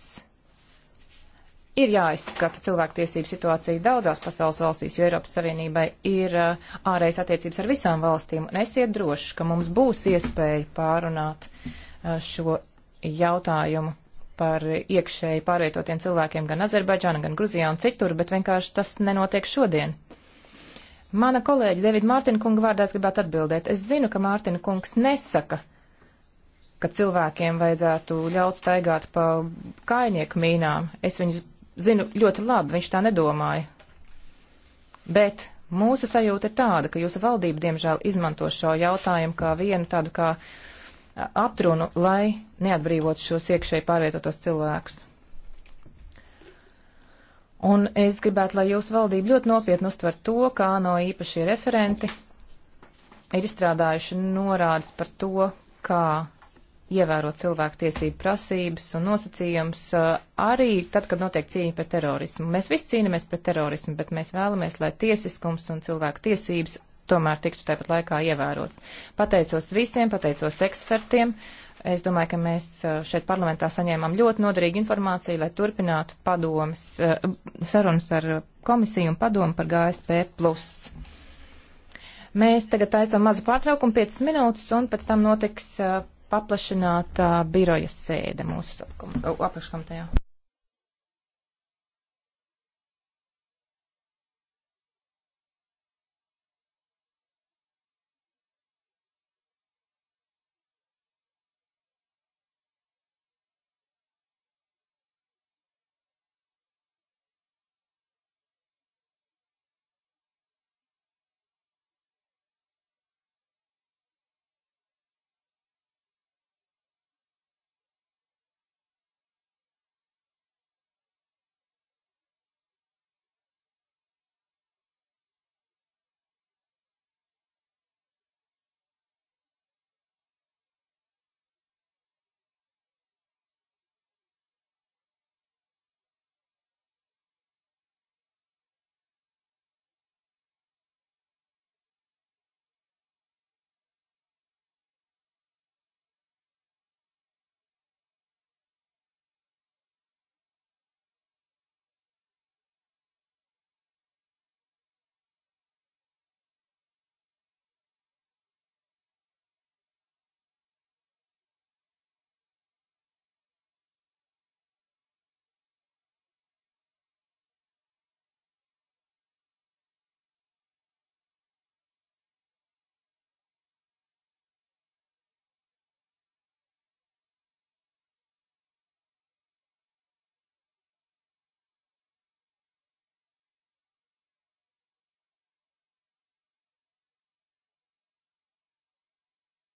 Speaker 4: ir jāizskata cilvēktiesību situācija daudzās pasaules valstīs, jo Eiropas Savienībai ir uh, ārējas attiecības ar visām valstīm, un esiet droši, ka mums būs iespēja pārunāt uh, šo jautājumu par iekšēji pārvietotiem cilvēkiem gan Azerbaidžāna, gan Gruzijā un citur, bet vienkārši tas nenotiek šodien. Mana kolēģi Devida Mārtiņa kunga vārdā es gribētu atbildēt. Es zinu, ka Mārtiņa kungs nesaka, ka cilvēkiem vajadzētu ļaut staigāt pa kainieku mīnām. Es viņus zinu ļoti labi, viņš tā nedomāja. Bet mūsu sajūta ir tāda, ka jūsu valdība, diemžēl, izmanto šo jautājumu kā vienu tādu kā aptrunu, lai neatbrīvotu šos iekšēji pārvietotos cilvēkus. Un es gribētu, lai jūsu valdība ļoti nopietni uztver to, kā no īpašie referenti ir izstrādājuši norādes par to, kā ievērot cilvēku tiesību prasības un nosacījums uh, arī tad, kad notiek cīņa pret terorismu. Mēs visi cīnāmies pret terorismu, bet mēs vēlamies, lai tiesiskums un cilvēku tiesības tomēr tiktu tāpat laikā ievērots. Pateicos visiem, pateicos ekspertiem. Es domāju, ka mēs uh, šeit parlamentā saņēmām ļoti noderīgu informāciju, lai turpinātu padomas, uh, sarunas ar komisiju un padomu par GSP. Mēs tagad taisām mazu pārtraukumu 5 minūtes, un pēc tam notiks uh, paplašinātā biroja sēde mūsu apakškomitejā.